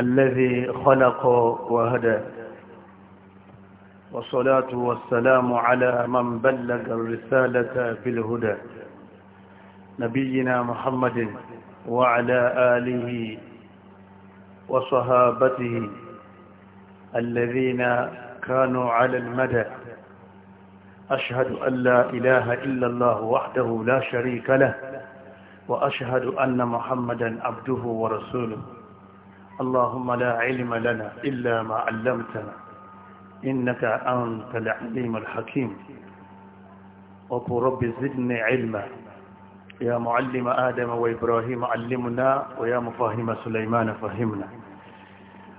الذي خلق وهدى والصلاة والسلام على من بلغ الرسالة بالهدى نبينا محمد وعلى آله وصحابته الذين كانوا على المدى أشهد أن لا إله إلا الله وحده لا شريك له وأشهد أن محمدا عبده ورسوله اللهم لا علم لنا إلا ما علمتنا إنك أنت العليم الحكيم وقل رب زدني علما يا معلم آدم وإبراهيم علمنا ويا مفاهم سليمان فهمنا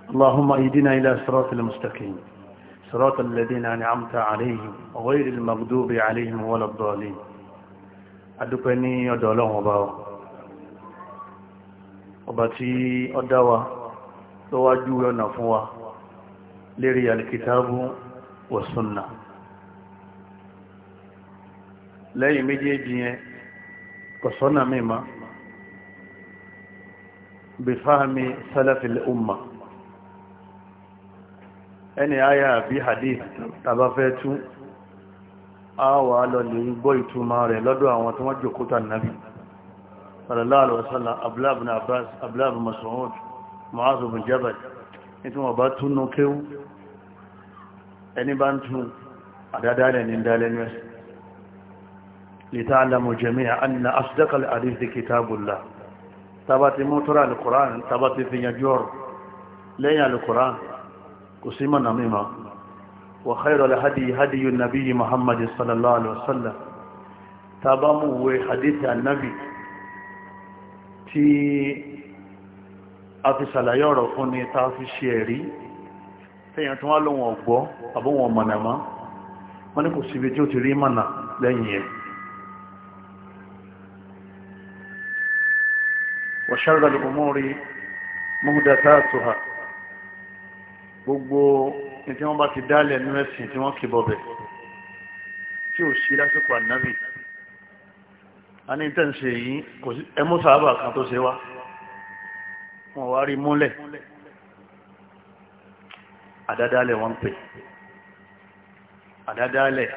اللهم ايدنا إلى صراط المستقيم صراط الذين أنعمت عليهم غير المغضوب عليهم ولا الضالين أدقني يدعو لهم وباو وباتي أدعوه tó wá júwe ọ̀nà fún wa lérí alkitabu wa sunna lẹ́yìn méjèèjì yẹn kò sọ́nà mímá bí fáhàmì salafil umma ẹni àyà bí hadith tàbá fẹ́ tún a wà lọ lè gbọ́ ìtumá rẹ̀ lọ́dọ̀ àwọn tí wọ́n jòkúta nàbí sallallahu alaihi wasallam abúláàbù Abbas Mu'adh bin Jabal nítorí wọ́n bá túnú kéwú ẹni bá ń tún àdádálẹ̀ ní dálẹ́nu ẹ̀ lita'lamu jami'a anna asdaqal hadithi kitabullah tabati mọ́tọ́rọ̀ al-Qur'an tabati fi yanjú ọ̀rọ̀ lẹ́yìn al-Qur'an kò sí mọ̀ nà mímọ̀ wa khayral hadi hadi a fi ṣàlàyé ọ̀rọ̀ fún ni ta fi ṣe ẹ̀rí tẹ́yàn tó wá lóhun ọ̀gbọ́ àbóhun ọ̀mọ̀nàmọ́ wọ́n ní kò síbi tí ó ti rí mọ̀nà lẹ́yìn ẹ̀ wa sharra al-umuri muhdathatuha gbogbo tí wọ́n bá ti dálẹ̀ nínú kan tó ṣe wá wọn wá rí múlẹ̀ àdádálẹ̀ wọn pè àdádálẹ̀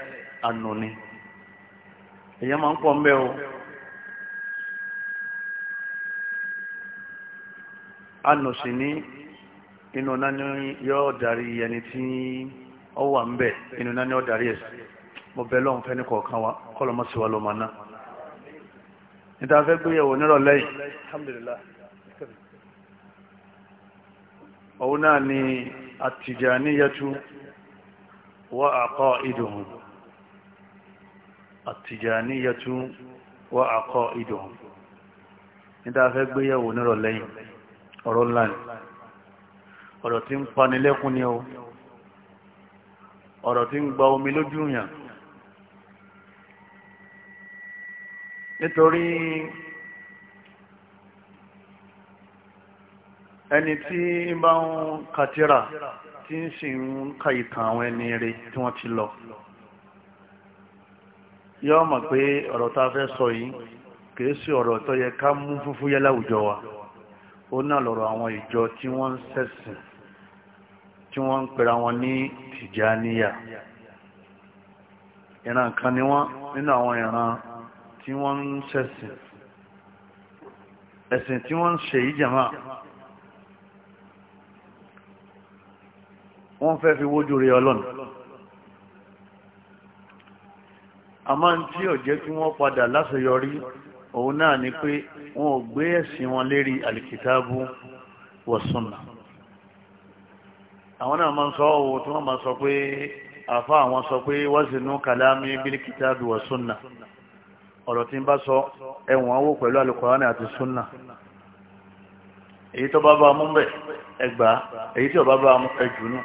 anùní èyàn máa ń pọ̀ o anù ní inú náà yóò darí ẹni tí ó wà ń bẹ̀ inú náà yóò darí mo bẹ̀ lọ́n fẹ́ ní kọ̀ọ̀kan wa kọ́lọ́mọ́sí wa náà òun náà ni àtìjàníyàtú wa aqaiduhum àtìjàníyàtú wa aqaiduhum níta fẹ́ gbéyàwó nírọ̀ lẹ́yìn ọ̀rọ̀ ńlá ọ̀rọ̀ tí ń panilẹ́kún ni o ọ̀rọ̀ tí ń gba omi lójú ẹni tí ń bá ń kàtírà tí ń sì ń ka ìtàn àwọn ẹni rẹ tí wọ́n ti lọ yọ mọ̀ pé ọ̀rọ̀ tá a fẹ́ sọ yìí kìí sí ọ̀rọ̀ tó yẹ ká mú fúfú yẹ láwùjọ wa ó náà lọ̀rọ̀ àwọn ìjọ tí wọ́n ń ṣẹ̀sìn tí wọ́n ń pera wọn ní tìjàníyà ìran kan ni wọ́n nínú àwọn ìran tí wọ́n ń ṣẹ̀sìn ẹ̀sìn tí wọ́n ń ṣe yìí jàmáà wọ́n fẹ́ fi wójú rí ọlọ́run àmọ́ tí ò jẹ́ kí wọ́n padà láṣeyọrí òun náà ni pé wọn ò gbé ẹ̀sìn wọn lérí alìkìtàbù wa sunna àwọn náà máa ń sọ owó tí wọ́n máa sọ pé àfá àwọn sọ pé wazinu kalami bilkitabi wa sunna ọ̀rọ̀ tí ń bá sọ ẹ̀wọ̀n owó sunna èyí tó bá bá mú bẹ̀ ẹgbàá èyí tí ò bá bá mú ẹjùnú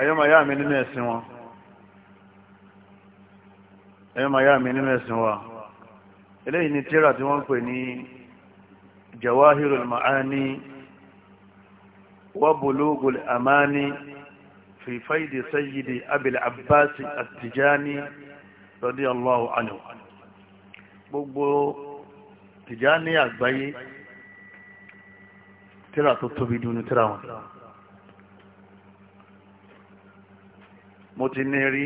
ẹ̀yọ́ máa yá mi nínú ẹ̀sìn wọn ẹ̀yọ́ máa yá mi nínú ẹ̀sìn wa eléyìí ni tíra tí wọ́n ń pè ní jawahirul ma'ani wa bulugul amani fi faidi sayyidi abil abbas at-tijani radiyallahu anhu gbogbo tijani àgbáyé tíra tó tóbi dunu tíra wọn mo ti ní rí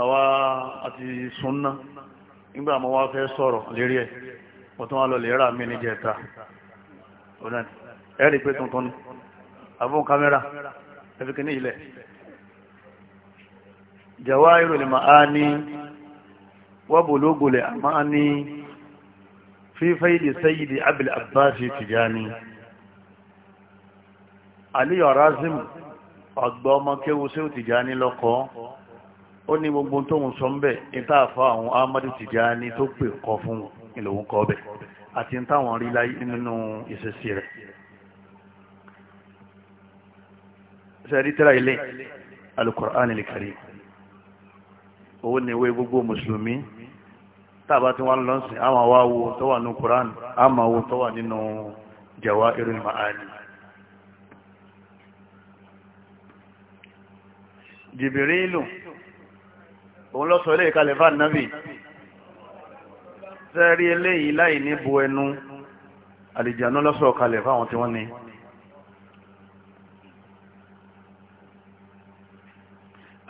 àwa àti súnná nígbà mo wá fẹ́ sọ̀rọ̀ lérí ẹ̀ mo tún wá lọ lè rà mí ní jẹta ẹ̀rì pé tuntun ni àbún kámẹ́rà ẹ̀fíkì ní ilẹ̀ jawairu li maani wa bulugul amani fi faidi sayyidi abul abbas tijani aliyu razim ọgbà ọmọ kéwu Ṣéhù Tìjání lọ́kọ́ ó ní gbogbo tóun sọ ń bẹ̀ ní táàfà àwọn Ahmadu Tìjání tó pè kọ fún ìlòun kọ bẹ̀ àti ń táwọn rí láyé nínú ìṣesí rẹ̀ sẹ́rí tẹ́lá ilé Al-Qur'an al-Karim òun ni ìwé gbogbo mùsùlùmí tàbá tí wọ́n lọ́sìn àwọn àwọ̀ tó wà nínú Qur'an àmọ́ tó wà nínú Jawahirul Ma'ani jìbìrìlù òun lọ́sọ̀ ilé ìkalẹ̀ fà nábì sẹ́rí eléyìí láì ní bu ẹnu àlìjànú lọ́sọ̀ kalẹ̀ fáwọn tí wọ́n ní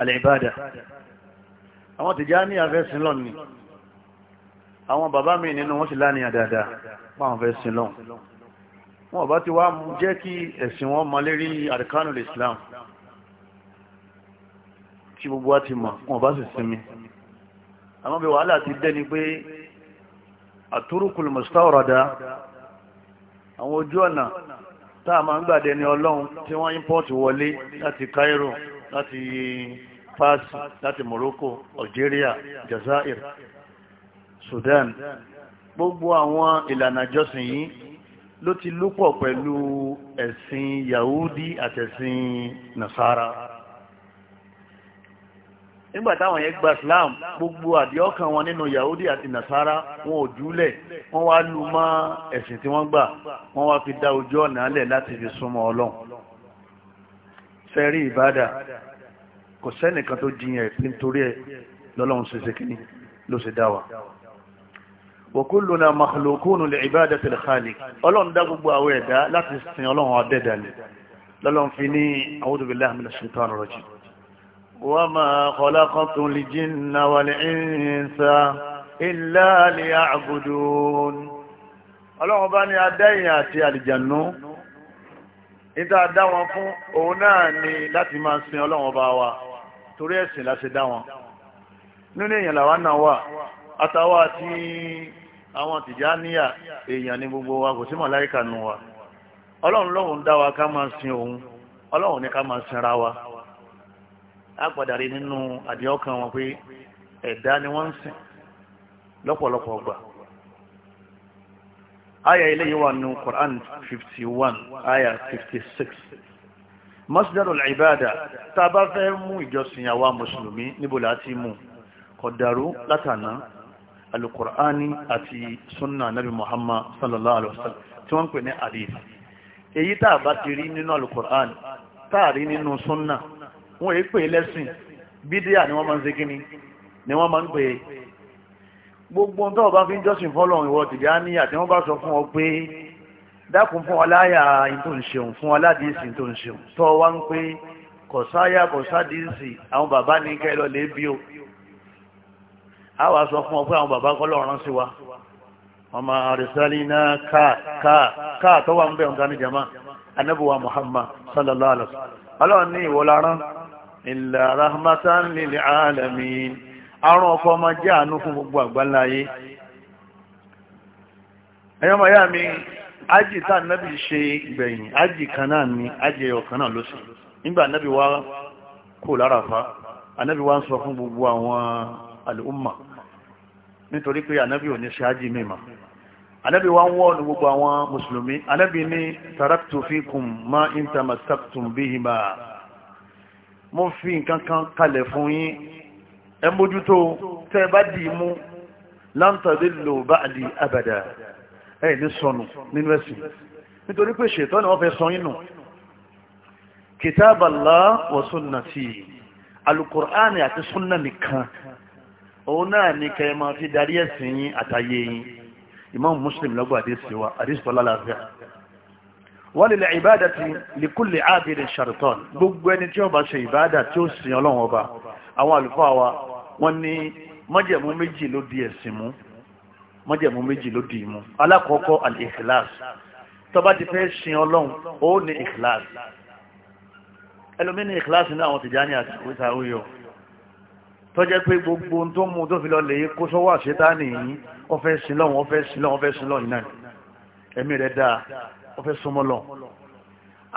alìbádà àwọn tìjá ní àfẹ́sìn lọ́n ni àwọn bàbá mi nínú wọ́n sì láníyàn dáadáa fáwọn fẹ́sìn lọ́n wọn bá ti wá jẹ́ kí ẹ̀sìn wọn mọ lérí àríkánù Islam tí gbogbo wa ti mọ̀ wọn bá sì sinmi àwọn bí wàhálà ti dẹ́ni pé àtúrùkùlù mustawrada àwọn ojú ọ̀nà tá a ń gbàdẹ ní ọlọ́run tí wọ́n import wọlé láti Cairo láti Fars láti Morocco Algeria Jazair Sudan gbogbo àwọn ìlànà ìjọsìn yìí ló ti lúpọ̀ pẹ̀lú ẹ̀sìn Yahudi àtẹ̀sìn Nasara nígbà táwọn yẹn gba Islam gbogbo àdìọ́kàn wọn nínú Yahudi àti Nasara wọn ò júlẹ̀ wọ́n wá lu mọ́ ẹ̀sìn tí wọ́n gbà wọ́n wá fi dá ojú ọ̀nà alẹ̀ láti fi súnmọ́ Ọlọ́run fẹ́rí ìbádà kò sẹ́nìkan tó jiyàn ẹ̀pín torí ẹ̀ lọ́lọ́run ṣe ṣe kíní ló ṣe dá wa wa kulluna makhluqun li ibadati al-khaliq ọlọ́run dá gbogbo àwọn ẹ̀dá láti sin ọlọ́run adẹ́dàlẹ̀ lọ́lọ́run fi ní a'udhu billahi وما خلقت الجن والإنس إلا ليعبدون ọlọ́run bá ní adáyìn àti àlìjànú níta dá wọn fún òun náà ni láti máa sin ọlọ́run bá wa torí ẹ̀sìn láti dá wọn nínú èèyàn làwa náà wà àtàwa àti àwọn tìjàníyà èèyàn ní gbogbo wa kò sí màláìkà nù wa ọlọ́run lọ́hùn dá wa ká máa sin òun ọlọ́run ní ká máa sinra wa á padà rí nínú àdìọ́kàn wọn pé ẹ̀dá ni wọ́n ń sìn lọ́pọ̀lọpọ̀ ọgbà aya eléyìí wà nínú Quran fifty one aya fifty six masdaru al-ibada tá a bá fẹ́ mú ìjọsìn àwa mùsùlùmí níbo la ti mú kọ̀dàrú látànà alukur'ani àti sunna nabi muhammad sallallahu alaihi wasallam tí wọ́n ń pè ní wọ́n èé pè lẹ́sìn bídíà ni wọ́n máa ń ṣe kíní ni wọ́n máa ń pè gbogbo ohun tó bá fi ń jọ́sìn fọ́lọ̀ ìwọ Tìjàní àti wọ́n bá sọ fún ọ pé dákun fún aláyà tó ń ṣeun fún aládìsí tó ń ṣeun tó wá ń pé kọ̀sáyà kọ̀sádìsí àwọn bàbá ní kẹ́lọ lè bí o a wà sọ fún ọ pé àwọn bàbá kọ́lọ̀ rán sí wa ọmọ àrísálí náà káà káà káà tó wà ń bẹ̀ ń ní jama anábùwà Muhammad sallallahu alaihi wa sallam ọlọ́run ní ìwọ̀lára ìlà rahmatan lil alamin àrùn ọkọ̀ ọmọ jẹ́ àánú fún gbogbo àgbáláyé ẹ̀yọ́mọ̀ yá mi ájì tá nábì ṣe gbẹ̀yìn ájì kan náà ni ájì ẹyọ kan náà ló sì nígbà nábì wá kò lára fa anábì wá ń sọ fún gbogbo àwọn al'umma nítorí pé anábì ò ní ṣe ájì mímọ̀ anábì wá ń wọ́n gbogbo àwọn mùsùlùmí anábì ní taraktu ma in tamassaktum mo fi nǹkan kan kalẹ̀ fún yín ẹ mójútó tẹ́ bá dì í mú láǹtàdé lò bá àdì àbàdà ẹ ní sọnù nínú ẹ̀sìn nítorí pé ṣètọ́ ni wọ́n fẹ́ sọ yín nù kìtàbàlá wa sunnati alukur'ani àti súnà nìkan òun náà ní kẹ́ máa fi darí ẹ̀sìn yín àtàyè yín Imam Muslim lọ́gbọ̀ àdéṣe wa àdéṣe tọ́lá làbẹ́ wọ́n lè ìbáàdà ti lìkúlè ábìrì ṣàrìtọ́n gbogbo ẹni tí ó bá ṣe ìbáàdà tí ó sin ọlọ́run ọba àwọn àlùfáà wa wọ́n ní májẹ̀mú méjì ló di ẹ̀sìn mú májẹ̀mú méjì ló di ìmú alákọ̀ọ́kọ́ al-ikhlas ti fẹ́ sin ọlọ́run ó ní ikhlas ẹlòmí ní ikhlas ní àwọn Tìjàní àti ìsàwíyọ tó jẹ́ pé gbogbo tó mú tó fi lọ kó sọ́wọ́ àṣetá nìyí ó fẹ́ sin lọ́run ó fẹ́ sin náà ẹ̀mí rẹ̀ dáa ó fẹ́ súnmọ́ lọ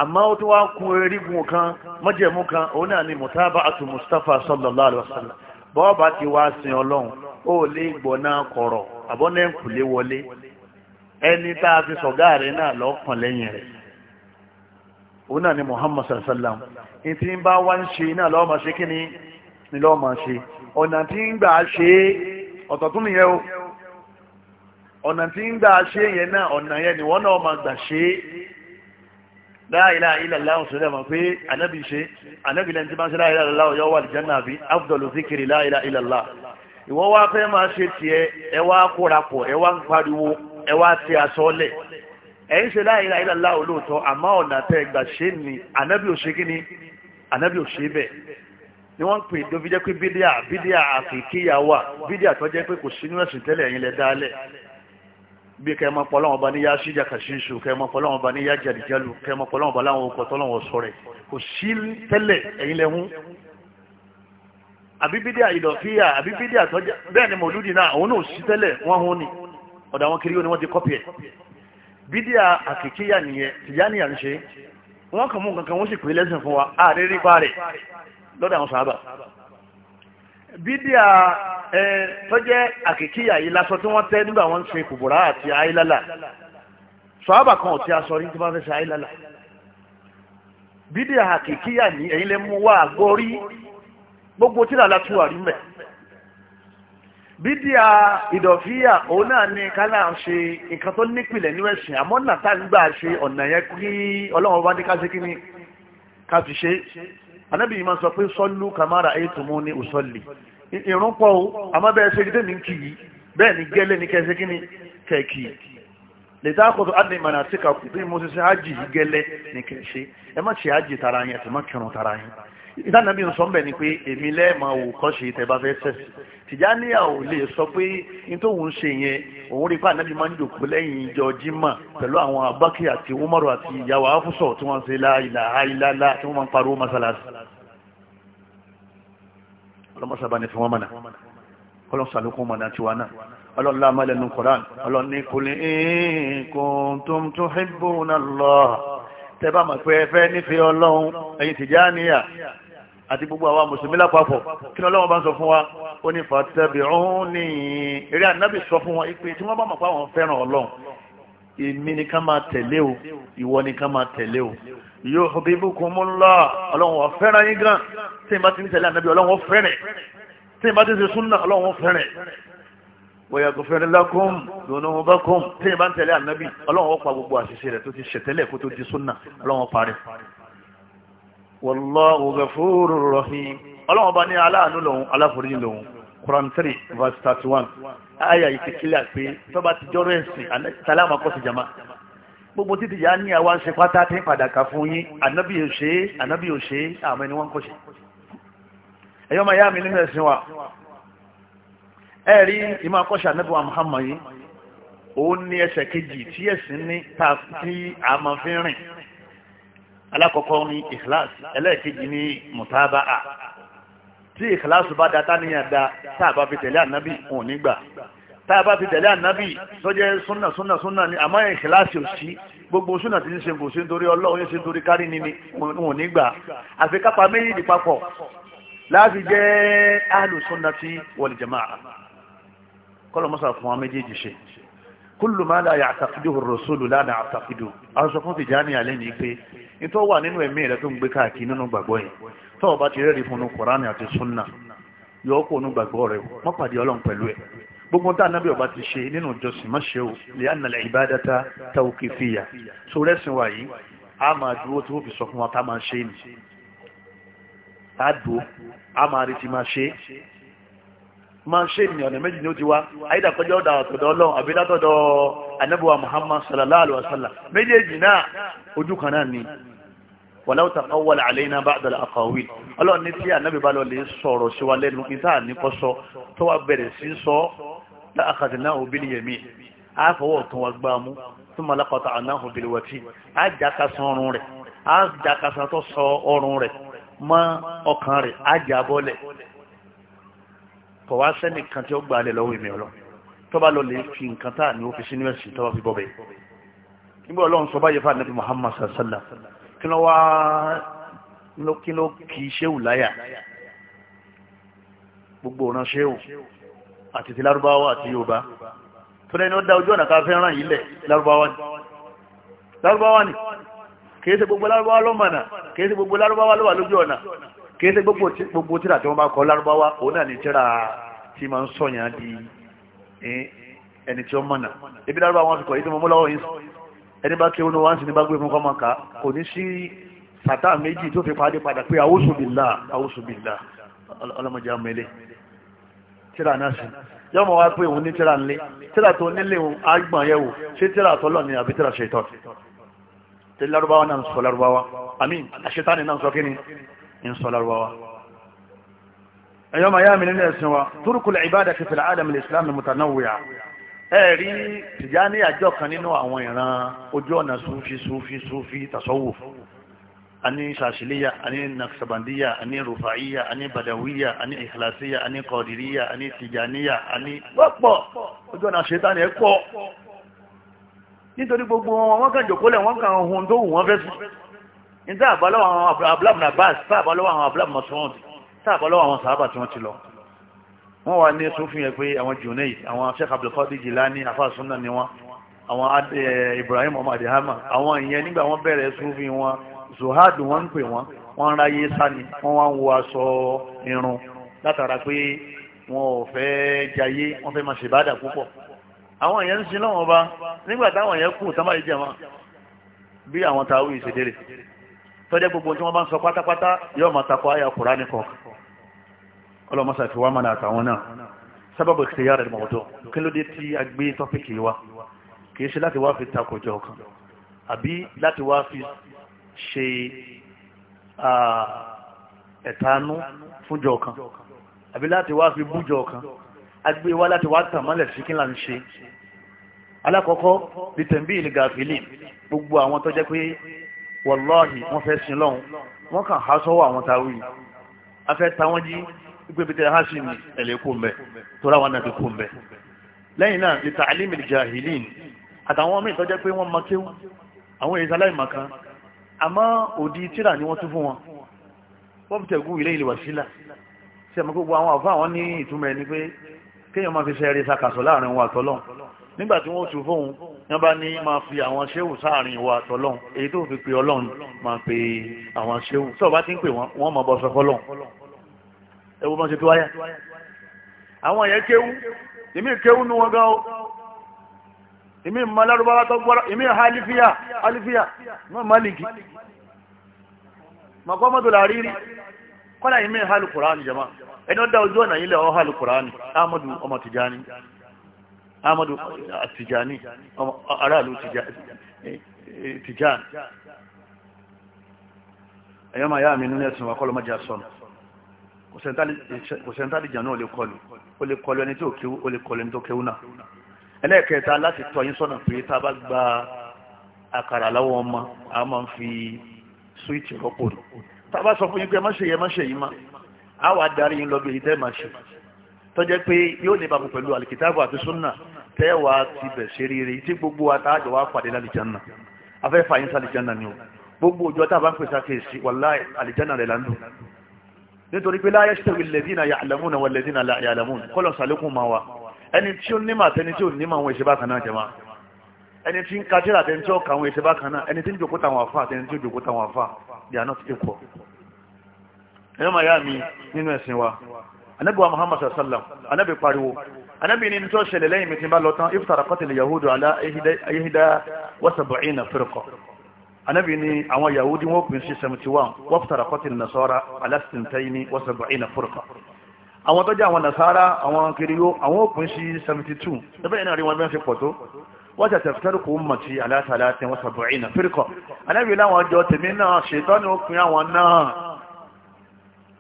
àmọ́ ó ti wá kun erigun kan mọ́jẹ̀mú kan òun náà ni mutaba àti mustapha sallallahu alaihi wasallam, sallam bọ́ọ̀bá ti wá sin ọlọ́run ó lè gbọ́ náà kọ̀rọ̀ àbọ́nà ìkùlé wọlé ẹni tá a fi sọ̀gá rẹ̀ náà lọ́kàn lẹ́yìn rẹ̀ òun náà ni muhammad sallam ní tí ń bá wá ni lọ́ọ́ máa ṣe ọ̀nà tí ń gbà ọ̀nà tí ń gbà ṣe yẹn náà ọ̀nà yẹn ni wọ́n náà máa gbà ṣe é láìlá ilẹ̀lá òṣèlú ẹ̀mọ̀ pé anábì ṣe anábì lẹ́ni tí máa ṣe láìlá ilẹ̀lá ọ̀yọ́ wà lìjánà àbí afdọ̀lù zikiri láìlá ilẹ̀lá ìwọ́n wá fẹ́ máa ṣe tiẹ̀ ẹ wá kórapọ̀ ẹ wá ń pariwo ẹ wá ti àsọlẹ̀ ẹ ń ṣe láìlá ilẹ̀lá olóòótọ́ àmọ́ ọ̀nà tẹ́ gbà ṣe ni anábì ò ṣe kí ni anábì ò ṣe bẹ́ẹ̀ ni wọ́n pè dóbi jẹ́ pé bídíà bídíà àfikíyà wà bídíà tó jẹ́ pé kò sínú ẹ̀sìn tẹ́lẹ̀ ẹ̀yin lẹ dálẹ̀ bí kẹ́ mọ́ pọ́lọ́wọ́n bá ní yá ṣíjà kàṣíṣù kẹ́ mọ́ pọ́lọ́wọ́n bá ní yá jàdìjálù kẹ́ mọ́ pọ́lọ́wọ́n bá láwọn ọkọ̀ tọ́lọ́wọ́ sọ rẹ̀ kò sí tẹ́lẹ̀ ẹ̀yin lẹ́hún àbíbídíà ìdọ̀fíà àbíbídíà tọ́jà bẹ́ẹ̀ ni mọ̀lúdì náà òun náà sí tẹ́lẹ̀ wọ́n hún ni ọ̀dà wọn kiri ni wọ́n ti kọ́pì ẹ̀ bídíà àkìkíyà nìyẹn tìyáníyà bídíà ẹ tọ́jẹ́ àkìkíyà yìí lásọ tí wọ́n tẹ́ nígbà wọ́n ń sin kùbùrà àti àìlálà sọ́ábà kan ọ̀tí aṣọ rí tí wọ́n fẹ́ ṣe àìlálà bídíà àkìkíyà ní ẹ̀yìn lè mú wá àgbọ́rí gbogbo tí làlá tún wà rí mẹ́ bídíà ìdọ̀fíyà òun náà ni kálá ṣe nǹkan tó nípìnlẹ̀ ní ẹ̀sìn àmọ́ nàtà ń ṣe ọ̀nà yẹn kí ọlọ́run bá ní ká ṣe kí ni ká fi ṣe anábì yìí máa sọ pé sọ́lú kàmáàrà ayé tó mú ní òsọ́lì ìrún pọ̀ o àmọ́ bẹ́ẹ̀ ṣe gídé mi kì bẹ́ẹ̀ ni gẹ́lẹ́ ni kẹsẹ́ kí ni kẹ̀kì lè dá àkóso adé ìmọ̀nà àti kàkú bí mo ṣe ṣe ájì yìí gẹ́lẹ́ ni kẹ̀ṣe ẹ má ṣe ájì tara yẹn ẹ má kẹrun tara yẹn ìdánàbí ń sọ mbẹ ni pé èmi lẹ́ẹ̀mọ òkọ́ ṣe tẹ̀bá fẹ́ sẹ̀sì tìjánìyà ò lè sọ pé ní tóun ṣe yẹn òun rí i pé ànábì máa ń jòkó lẹ́yìn ìjọ jimá pẹ̀lú àwọn abákì àti umaru àti ìyàwó afúsọ̀ tí wọ́n ṣe láìlà àìlàlà tí wọ́n máa ń pariwo masalasi ọlọ́mọsábà ni fi wọ́n mọ̀nà ọlọ́sàlùkùn mọ̀nà tiwa náà ọlọ́lá amálẹ́nu koran ọlọ́ni kùlẹ̀ ẹ̀ẹ́kùn tó ń tó hẹ́gbọ́n náà tẹ́bà mọ̀ pé ẹfẹ́ nífẹ̀ẹ́ ọlọ́run ẹ̀yin Tìjàníyà àti gbogbo àwa mùsùlùmí lápapọ̀ kí ọlọ́run bá ń sọ fún wa ó ní fàtẹ́bìrúnì eré ànábì sọ fún wa ipe tí wọ́n bá mọ̀ pé àwọn fẹ́ràn ọlọ́run èmi ni ká máa tẹ̀lé o ìwọ ni ká máa tẹ̀lé o yuhbibkumullah ọlọ́run wà fẹ́ràn yín gan tí n bá ti ń tẹ̀lé ànábì ọlọ́run fẹ́ràn tí n bá ti ń ṣe súnà ọlọ́run fẹ́ràn ويغفر لكم ذنوبكم تي بان تلي النبي الله هو قبو بو اسيسي رẹ̀ tó ti ṣe kó tó di sunna Ọlọ́hun parẹ́ wallahu ghafurur rahim Ọlọ́hun bá ní aláàánú lòun aláforíjì lòun Quran 3 verse 31 aya yìí kílẹ̀ pé tó ti jọ́rọ̀ ẹ̀sìn sálámà kọ́ sí jama gbogbo títí yá ní àwọn ṣe pátá tí ń padà fún yín ànábì ò ṣe ànábì ò ṣe àmọ́ ẹni wọ́n ń kọ́ ṣe ẹ̀yọ́ máa yá mi nínú ẹ̀sìn wa ẹ̀rí ìmọ̀ akọ́ṣà nẹ́bí wa Muhammad yìí òun ní ẹsẹ̀ kejì tí ẹ̀sìn ní ta tí a máa fi rìn alákọ̀ọ́kọ́ ní ìkìláàsì ẹlẹ́ẹ̀kejì ní mùtábàá tí ìkìláàsì bá da táníyàn da tá a bá fi tẹ̀lé ànábì òun nígbà tá a bá fi tẹ̀lé ànábì sọ́jẹ́ súnà súnà súnà ni àmọ́ ìkìláàsì ò sí gbogbo súnà tí ń ṣe kò sí nítorí ọlọ́run yóò ṣe nítorí kárí ni òun nígbà àfi kápá méjì papọ̀ láti jẹ́ ahlus kọ́lọ̀mọ́sà fún wa méjèèjì ṣe kúlù máa láyà àtàkìdò rọ̀sọ́lù lánàá àtàkìdò aṣọ fún Tìjàní alẹ́ ní pé ìtọ́ wà nínú ẹ̀mí rẹ̀ tó ń gbé káàkiri nínú gbàgbọ́ yẹn tọ́wọ́ bá ti rẹ́rìí fún un Kùránì àti súnà yọ kó nínú gbàgbọ́ rẹ̀ wọ́n pàdé Ọlọ́run pẹ̀lú ẹ̀ gbogbo tá anábì ọba ti ṣe nínú ìjọsìn má o lè á ìbádátá tàwùkì fìyà so rẹ́sìn wa yìí a máa dúró tí wọ́n fi sọ fún wa tá máa ṣe nì máa ṣe ìyàn ọ̀nà méjì ní ó ti wá àyídàkọjọ́ ọ̀dà àtọ̀dọ̀ ọlọ́run àbí látọ̀dọ̀ anábùwà muhammad sallallahu alaihi wasallam méjèèjì náà ojú kan náà ni wàláwù taqawwala alaina ba'd al-aqawil ọlọ́run ní tí anábì bá lọ lè sọ̀rọ̀ sí wa lẹ́nu kí táà ní kọ́ sọ tó wá bẹ̀rẹ̀ sí sọ la akhadnahu bil yamin á fọwọ́ tó wá gbá mú thumma laqata'nahu bil watin á jákasán ọrùn rẹ̀ á jákasán tó sọ ọrùn rẹ̀ mọ́ ọkàn rẹ̀ á jábọ́lẹ̀ kọ̀ wá sẹ́nì kan tí ó gbà lẹ̀ lọ́wọ́ èmi ọlọ́ tó bá lọ lè fi nǹkan tá ní ó fi tó bá fi bọ́bẹ̀ nígbà ọlọ́run sọ báyìí fún ànábì Muhammad sallallahu kí wa wá kí ló kì í ṣéwù láyà gbogbo ọ̀nà ṣéwù àti ti lárúbáwá àti yorùbá tó lẹ́ni ó dá ojú ọ̀nà ká ràn yìí lẹ̀ lárúbáwá ni lárúbáwá ni kìí ṣe gbogbo lárúbáwá ló mọ̀nà kìí ṣe gbogbo lárúbáwá ló wà lójú ọ̀nà kìí ṣe gbogbo tíra tí wọ́n bá kọ lárúbáwá òun náà ní tíra tí máa ń sọ̀yàn di ẹni tí ó mọ̀nà ibi lárúbáwá wọn ti kọ̀ yìí tí mo mú lọ́wọ́ yìí ẹni bá kí wọn wá ń sin ní bá gbé fún kọ́mọ ká kò ní sí sàtà méjì tó fi pàdé padà pé àwòsùbìlà àwòsùbìlà ọlọ́mọdé amẹ́lẹ́ tíra náà sí yọ́ mọ̀ wá pé òun ní tíra ńlé tíra tó nílé òun agbọ̀n yẹ̀wò ṣé tíra tọ́lọ̀ ni àbí tíra ṣe tọ́ tí lárúbáwá náà sọ lárúbáwá àmín àṣetáni ń sọ lárúbáwá ẹ̀yọ́ màá yá mi nínú ẹ̀sìn wa turukul ibada fi fil alam al-islam mutanawwi'a ẹ rí tìjáni àjọ kan nínú àwọn ìran ojú ọ̀nà sufi sufi sufi tasawuf ani shashiliya ani naksabandiya ani rufaiya ani badawiya ani ikhlasiya ani qadiriya ani tijaniya ani wọ́pọ̀ ojú ọ̀nà ṣetán ẹ̀ pọ̀ nítorí gbogbo wọn kàn jòkólẹ̀ wọn kàn ohun tó wù wọ́n níta àbálọ́wọ́ àwọn abúláàbùn abbas tá àbálọ́wọ́ àwọn abúláàbùn masọ́ọ̀dì tá àbálọ́wọ́ àwọn sàábà tí wọ́n ti lọ wọ́n wà ní sófin ẹ̀ pé àwọn junaid àwọn sheikh abdulkadir jilani afáàsúnà ni wọ́n àwọn eh, ibrahim ọmọ adihama àwọn ìyẹn nígbà wọ́n bẹ̀rẹ̀ sófin wọn zohad wọ́n ń pè wọ́n wọ́n ń ráyé sáni wọ́n wá ń wo aṣọ irun látara pé wọn ò fẹ́ jayé wọ́n fẹ́ máa ṣèbádà púpọ̀ àwọn èèyàn ń sin lọ́wọ́n ọba nígbà táwọn èèyàn kù tán báyìí jẹ̀mọ́ bí àwọn tàwí ìṣèdèrè tọ́jẹ́ gbogbo tí wọ́n bá ń sọ pátápátá yóò máa takọ àyà Kùránì kọ̀ọ̀kan ọlọ́mọsà fi wá mọ́nà àtàwọn náà sábàbù ìkìtìyà rẹ̀ mọ̀ọ́dọ̀ kí ló dé tí a gbé tọ́pìkì wa kìí ṣe láti wá fi takòjọ kan àbí láti wá fi ṣe ẹ̀tanú fúnjọ kan àbí láti wá fi bújọ a gbé wá láti wá tàmọ́lẹ̀ sí kí là ń ṣe alákọ̀ọ́kọ́ bí tẹ̀m̀bí ìlgàfìlì gbogbo àwọn tọ́jẹ́ pé wọlọ́ọ̀hì wọ́n fẹ́ sin lọ́hùn wọ́n kàn há sọ́wọ́ àwọn táwí afẹ́ táwọn jí gbẹ̀bẹ̀tẹ̀ há sí ní ẹ̀lẹ́ kó mbẹ́ tóra wọn náà ti kó mbẹ́ lẹ́yìn náà lè ta alimi jahilin àtàwọn míì tọ́jẹ́ pé wọ́n máa kéwù àwọn èyí sáláì máa kan àmọ́ òdi tíra ni wọ́n tún fún wọn wọ́n fi tẹ̀gú ilé ìlú wàsílà sí àmọ́ gbogbo àwọn àfọ àwọn ní ìtumọ̀ ẹni pé kéèyàn máa fi ṣe ẹrẹ sàkàsọ láàrin wọn àtọ́lọ́hùn nígbà tí wọ́n tún fóun wọ́n bá ní máa fi àwọn ṣéwù sáàrin wa tọ́lọ́n èyí tó fi pe ọlọ́run máa pe àwọn ṣéwù tó bá ti ń pè wọ́n wọ́n máa bọ́ sọ fọ́lọ́n ẹwọ́n bá ṣe tó wáyà àwọn yẹn kéwú èmi kéwú nu wọn gan o èmi malarubawa tó gbọ́ra èmi ha alifiya alifiya mọ́ maliki mọ̀kọ́mọ́tò làrírí kọ́lá èmi ha alukùránì jama ẹni ó dá ojú ọ̀nà yìí lẹ́wọ́ ha alukùránì ahmadu ọmọ tìjáni amadu tijani aráàlú tijani ẹ̀yọ́ ma yá mi nínú ẹ̀sùn wa kọlu mọ́já sọ́nà kò sẹ́ntàlì jà náà ó lè kọlu ó lè kọlu ẹni tí ó kéwú ó lè kọlu ẹni tó kéwú náà ẹlẹ́ẹ̀kẹta láti tọ́ yín sọ́nà pé tá a bá gba àkàrà láwọn ọmọ a máa ń fi súwìtì rọ́pò tá a bá sọ fún yín pé ẹ má ṣe yẹ má ṣe yín má a wà darí yín lọ bí tẹ́ máa ṣe tó jẹ́ pé yóò ní ìbámu pẹ̀lú alikitaabu àti sunna tẹ́wàá ti bẹ̀ ṣe rere tí gbogbo àtàjọ wa pàdé lálìjánná afẹ́fà yín sálìjánná ni o gbogbo òjò tá a bá ń pèsè àkèésí wàlá àlìjánná rẹ̀ lánàá nítorí pé láyé ṣètòrí lẹ́dínà yàlámùnà wà lẹ́dínà yàlámùnà kọ́lọ̀ sàlékún ma wa ẹni tí ó nímà tẹni tí ó nímà àwọn ìṣẹ́bá kan kan náà ẹni they are not equal ẹ̀rọ màá yá mi anabi wa muhammad sallam anabi pariwo anabi ni tó ṣẹlẹ̀ lẹ́yìn mi ti bá lọ tán iftaraqat al-yahudu ala ihda wa sab'ina firqa anabi ni àwọn yahudi wọ́n pín sí 71 wa iftaraqat an-nasara ala sintaini wa sab'ina firqa àwọn tó àwọn nasara àwọn kiriyó àwọn òpin sí 72 ẹgbẹ́ ìnáà rí wọn bẹ́ẹ̀ fi pọ̀ tó wọ́n tẹ̀ tẹ̀fẹ́rù kò mọ̀ sí aláṣà aláṣà wọn sab'ina firqa anabi láwọn ọjọ́ tèmi náà ṣètọ́ ni ó pín àwọn náà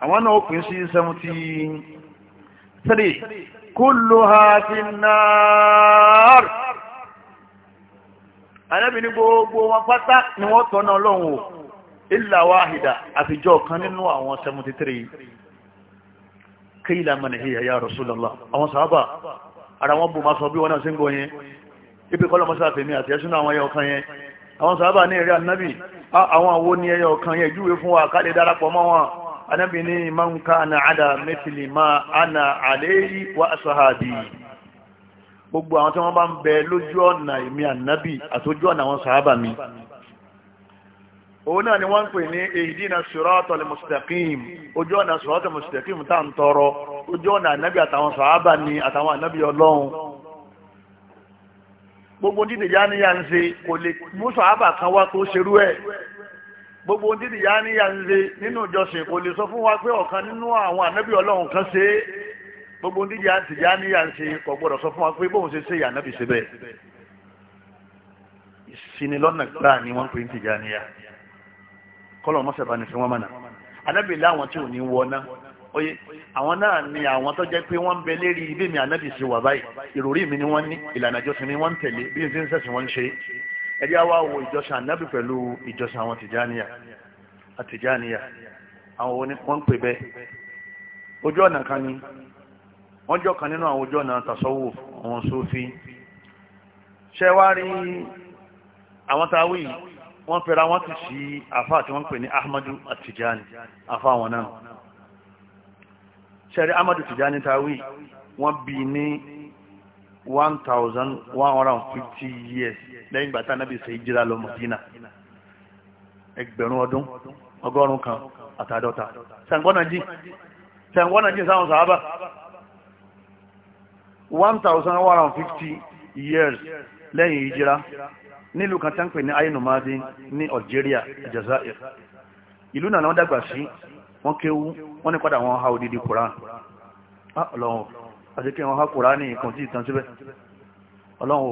àwọn náà ó pín sí seventy three kulluha fi nnar anábì ní gbogbo wọn pátá ni wọ́n tọ́nà ọlọ́run o illa wahida àfijọ́ kan nínú àwọn 73 qila man hiya ya Rasulullah àwọn sàábà ara wọn bù máa sọ bí wọn náà sí ń gbọ́ yẹn ibi kọ́lọ̀ mọ́sá fèmí àti ẹ̀ṣúná àwọn ẹyọ kan yẹn àwọn sàábà ní ẹ̀rẹ́ ànábì àwọn àwo ni ẹyọ kan yẹn ìjúwe fún wa ká lè darapọ̀ mọ́ wọn anábì ní man kana ala mithli ma ana alayhi wa ashabi gbogbo àwọn tí wọ́n bá ń bẹ lójú ọ̀nà èmi ànábì àtójú ọ̀nà àwọn sàábà mi òun náà ni wọ́n ń pè ní ihdina siratal mustaqim ojú ọ̀nà siratal mustaqim tá ń tọrọ ojú ọ̀nà ànábì àtàwọn sàábà ni àtàwọn ànábì ọlọ́run gbogbo dídè yá ni yá ń ṣe kò lè mú sàábà kan wá tó ṣerú ẹ̀ gbogbo ohun títí ya ní yanze nínú ìjọsìn kò lè sọ fún wa pé ọ̀kan nínú àwọn ànábì ọlọ́run kan ṣe é gbogbo ohun títí ya ti ya ní yanze kò gbọdọ̀ sọ fún wa pé bóun ṣe ṣe ìyànàbì ṣe bẹ́ẹ̀ ìsinilọ́nà gbáà ni wọ́n pè ń tìjà níyà kọ́lọ̀ mọ́sẹ̀bá ni fi wọ́n mọ̀nà ànábì láwọn tí ò ní wọná oye àwọn náà ni àwọn tó jẹ́ pé wọ́n ń bẹ lérí bí mi ànábì ṣe wà báyìí ìròrí mi ni wọ́n ní ìlànà ìjọsìn mi wọ́n ń tẹ̀lé bí n ṣe ń sẹ̀sìn wọ́n ń ṣe ẹjẹ́ wá wo ìjọsìn ànábì pẹ̀lú ìjọsìn àwọn tìjáníyà àtìjáníyà àwọn wo ni wọ́n ń pè bẹ́ẹ̀ ojú ọ̀nà kan ni wọ́n jọ kan nínú àwọn ojú ọ̀nà tàṣọ́wò àwọn sófin ṣe wá rí àwọn táwí wọ́n pẹ̀lú àwọn ti sí àfá àti wọ́n pè ní ahmadu àtìjáni àfá àwọn náà ṣe rí ahmadu tìjáni táwí wọ́n bí ní 1150 years lẹ́yìn gbàtà náà bí ṣe jíra lọ Mọdínà ẹgbẹ̀rún ọdún ọgọ́rùn kan àtàdọ́ta sẹ̀ǹgbọ́nà jí sẹ̀ǹgbọ́nà jí sáwọn sàábà 1150 years lẹ́yìn ìjírá nílùú kan tán pè ní ayinumadi ní Algeria Jazair ìlú náà wọ́n dàgbà sí wọ́n kéwú wọ́n ní padà wọ́n ha odidi Quran ah, ọlọ́run àti kí wọ́n ha Quran ní nǹkan tí ìtàn síbẹ̀ ọlọ́run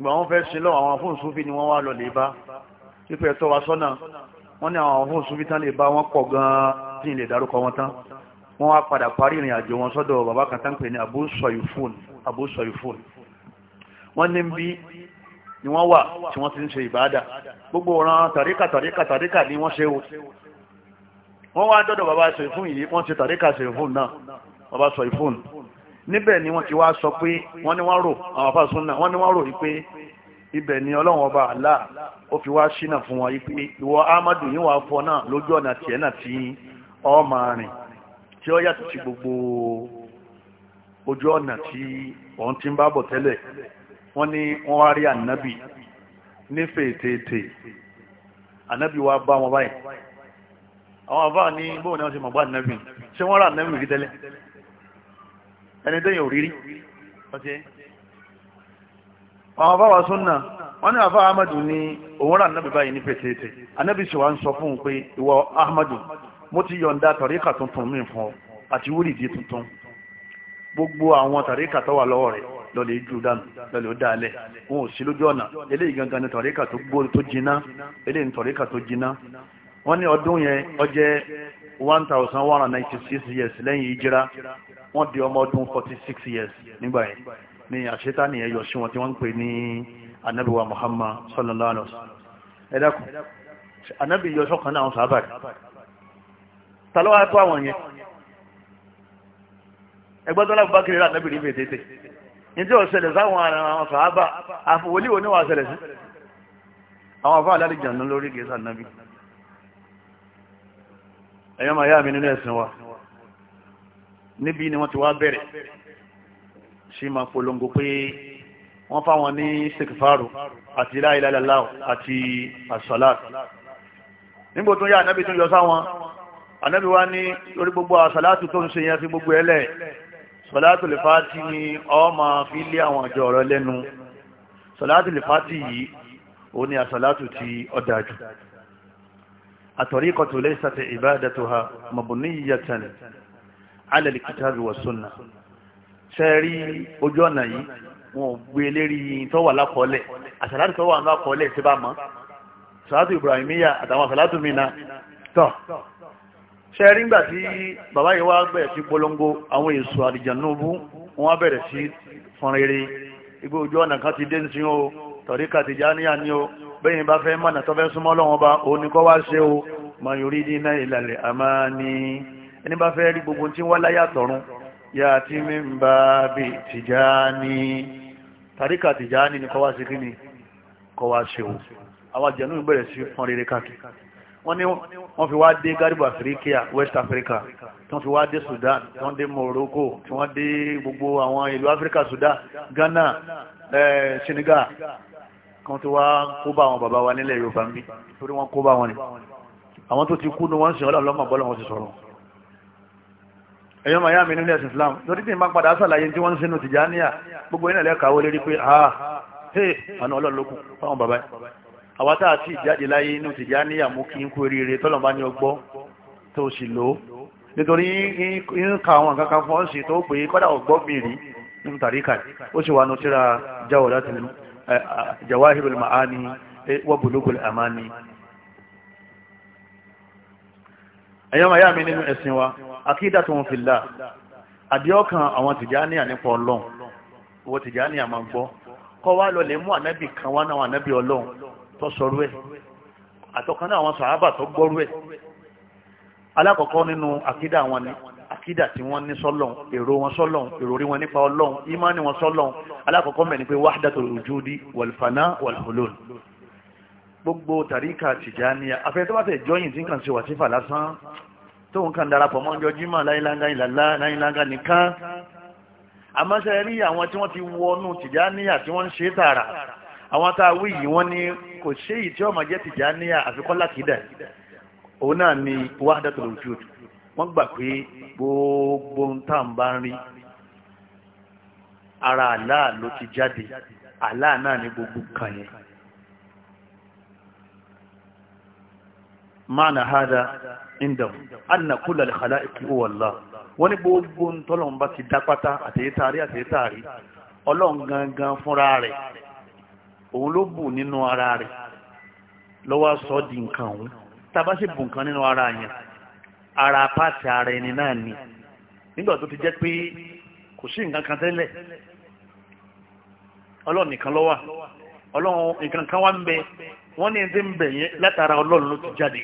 ìgbà wọn fẹ́ ṣe lọ àwọn afún ìsúfí ni wọ́n wá lọ lè bá pípẹ́ tọ́ wa sọ́nà wọ́n ní àwọn afún ìsúfí tán lè bá wọ́n pọ̀ gan-an tí ilẹ̀ dárúkọ wọn tán wọ́n wá padà parí ìrìn àjò wọn sọ́dọ̀ bàbá kan tán pè ní Abu Soyfun Abu Soyfun wọ́n ní bí ni wọ́n wà tí wọ́n ti ń ṣe ìbáadà gbogbo ọ̀ràn tàríkà tàríkà tàríkà ni wọ́n ṣe o wọ́n wá dọ́dọ̀ bàbá Soyfun yìí wọ́n ṣe tàríkà Soyfun náà bàbá Soyfun níbẹ̀ ni wọ́n ti wá sọ pé wọ́n ní wọ́n rò àwọn afá súnà wọ́n ní wọ́n rò wípé ibẹ̀ ni ọlọ́run ọba àlá ó fi wá ṣínà fún wọn wípé ìwọ amadu yìí wàá fọ náà lójú ọ̀nà tiẹ̀ náà tí ọ máa rìn tí ó yàtọ̀ sí gbogbo ojú ọ̀nà tí òun ti ń bá bọ̀ tẹ́lẹ̀ wọ́n ní wọ́n wá rí ànábì nífẹ̀ẹ́ tètè ànábì wá bá wọn báyìí àwọn afá ní bóun ni ti mọ̀ bá ànábì ṣé wọ́n rà ànábì ẹni tẹ́yìn òrírí àwọn afáwà súnnà wọ́n ni àfá ahmadu ní òun rà náà bíbáyìí ní pẹ̀tẹ̀ẹ̀tẹ̀ anábì ṣe wá ń sọ fún un pé ìwọ ahmadu mo ti yọ̀ǹda tàríkà tuntun mi fún ọ àti tuntun gbogbo àwọn tàríkà tó wà lọ́wọ́ rẹ̀ lọ́lẹ̀ dànù lọ́lẹ̀ ó wọn ò sí lójú ọ̀nà eléyìí gangan ni tó gbó tó jiná eléyìí ni tó jiná wọ́n ní ọdún wọ́n di ọmọ ọdún forty six years nígbà yẹn ní ni ẹ̀yọ̀ sí wọn tí wọ́n ń pè ní Ànábì Muhammad sallallahu alaihi wasallam ẹ dákun Ànábì yọ sọ́kàn náà sábà rẹ̀ ta ló wá tó àwọn yẹn ẹgbẹ́ tó lábùbá kiri rà Ànábì rí mi tètè njẹ́ ò ṣẹlẹ̀ sáwọn àwọn sàábà àfòwòlíwò ní wàá ṣẹlẹ̀ sí àwọn afá alálejò àná lórí gẹ̀ẹ́sà Ànábì ẹ̀yọ́ máa yá mi nínú ẹ̀sìn wa níbi ni wọ́n ti wá bẹ̀rẹ̀ sí máa polongo pé wọ́n fáwọn ní sèkìfàrò àti láìláìláìláò àti àṣàlá nígbò tó yá ànábì tó yọ sáwọn ànábì wá ní lórí gbogbo àṣàlátù tó ń ṣe yẹn sí gbogbo ẹlẹ́ sọ̀látù lè fàátì ni ọ máa fi lé àwọn àjọ ọ̀rọ̀ lẹ́nu sọ̀látù lè fàátì yìí ó ní àṣàlátù ti ọ̀dàjù àtọ̀rí kọ̀tù lẹ́sàtẹ̀ ìbádatuha mabuniyatan alẹ́ kìtàbí wà sunna sẹ́ẹ̀rí ojú ọ̀nà yìí wọn ò gbé e lérí tọ́wà lákọọ́lẹ̀ àṣàlátì tọ́wà ń lákọọ́lẹ̀ ṣe bá mọ́ sàlátù ibrahimiya àtàwọn àṣàlátù mìíràn tọ́ sẹ́ẹ̀rí ńgbà tí bàbá yìí wá bẹ̀rẹ̀ sí polongo àwọn èso àdìjànúbú wọn bẹ̀rẹ̀ sí fọnrere igbó ojú ọ̀nà kan ti dé sí o tọ̀ríkà tìjáníyà ni o bẹ́yìn bá fẹ́ mọ̀nà tọ́fẹ́ súnmọ́ lọ́wọ́ bá òun wá ṣe o mà yorì dínà ìlàlẹ̀ àmà ni ẹni bá fẹ́ rí gbogbo tí wọ́n láyà tọ̀run yà tí mi ń bá bí Tìjání tàríkà Tìjání ni kọ́wá sí kíni kọ́wá ṣe o àwọn àjẹ̀nú bẹ̀rẹ̀ sí fún rere káàkiri wọ́n ní wọ́n fi wá dé Garibu Africa West Africa tí wọ́n fi wá dé Sudan tí wọ́n dé Morocco tí wọ́n dé gbogbo àwọn ìlú Africa Sudan Ghana eh, Senegal kan tó wá kó bá àwọn bàbá wa nílẹ̀ Yorùbá ń bí torí wọ́n kó bá wọn ni àwọn tó ti kú ní wọ́n ń sìn ọlọ́ọ̀lọ́mọ̀ bọ́lọ̀ wọn ti sọ̀rọ̀ ẹ̀yọ́ màá yá mi nílẹ̀ Islam lórí tí n bá padà sàlàyé tí wọ́n ń sinú Tìjàníyà gbogbo yín lẹ́ka owó lérí pé Ha, ah, he, àna ọlọ́lọ́kù fáwọn bàbá yìí àwa tá a ti jáde láyé inú Tìjàníyà mú kí n kú eríire tọ́lọ̀ bá ní ọgbọ́ tó sì lò ó nítorí ń ka àwọn nǹkan kan fọ́ọ̀sì tó pé kọ́dà ọgbọ́ mi rí nínú tàríkà ó sì wà nù síra jáwọ̀ láti nínú jawahirul ma'ani wa bulugul amani ẹ̀yọ́ màá yá mi nínú ẹ̀sìn wa akídà tó ń fi là àdíọ́kan àwọn tìjáníà nípa ọlọ́run owó tìjáníà máa gbọ́ kọ́ wá lọ lè mú ànábì kan wá náà ànábì ọlọ́run tó sọrú ẹ̀ àtọ̀kan náà àwọn sàhábà tó gbọ́rú ẹ̀ alákọ̀ọ́kọ́ nínú akídà wọn ni akídà tí wọ́n ní sọ́lọ́n èrò wọn sọ́lọ́n èrò orí wọn nípa ọlọ́run ìmánì wọn sọ́lọ́n alákọ̀ọ́kọ́ mẹ́rin pé wahdatul wujudi wàlfàná wàlhulul gbogbo tàríkà tìjáníà afẹ́ tó bá fẹ́ jọyìn tí nǹkan ṣe wà sífà lásán tóun kàn darapọ̀ mọ́ ọjọ́ jimá láìláńgá nìkan àmọ́ ṣe rí àwọn tí wọ́n ti wọnú tìjáníyà tí wọ́n ń ṣe tààrà àwọn tá a wí yìí wọ́n ní kò ṣe èyí tí ó máa jẹ́ tìjáníyà àfikọ́ lákìdá òun náà ni wahdatul wujud wọ́n gbà pé gbogbo ń tàn bá ń rí ara Allah ló ti jáde Allah náà ni gbogbo kan yẹn mana hada indam anna kula lè kàlá ìkí owó ọ̀la wọ́n ní gbogbo ń tọ́lọ́run bá ti dápátá àtẹ̀yẹtàrí àtẹ̀yẹtàrí ọlọ́run gangan fúnra rẹ̀ òun ló bù nínú ara rẹ̀ lọ́wọ́ sọ di nǹkan òun tàbá sì bù nǹkan nínú ara yẹn ara pàtì ara ẹni náà ni nígbà tó ti jẹ́ pé kò sí nǹkan kan tẹ́lẹ̀ ọlọ́run nìkan ló ọlọ́run nǹkan kan wá ń bẹ wọ́n ní ti ń bẹ̀ yẹn látara ọlọ́run ló ti jáde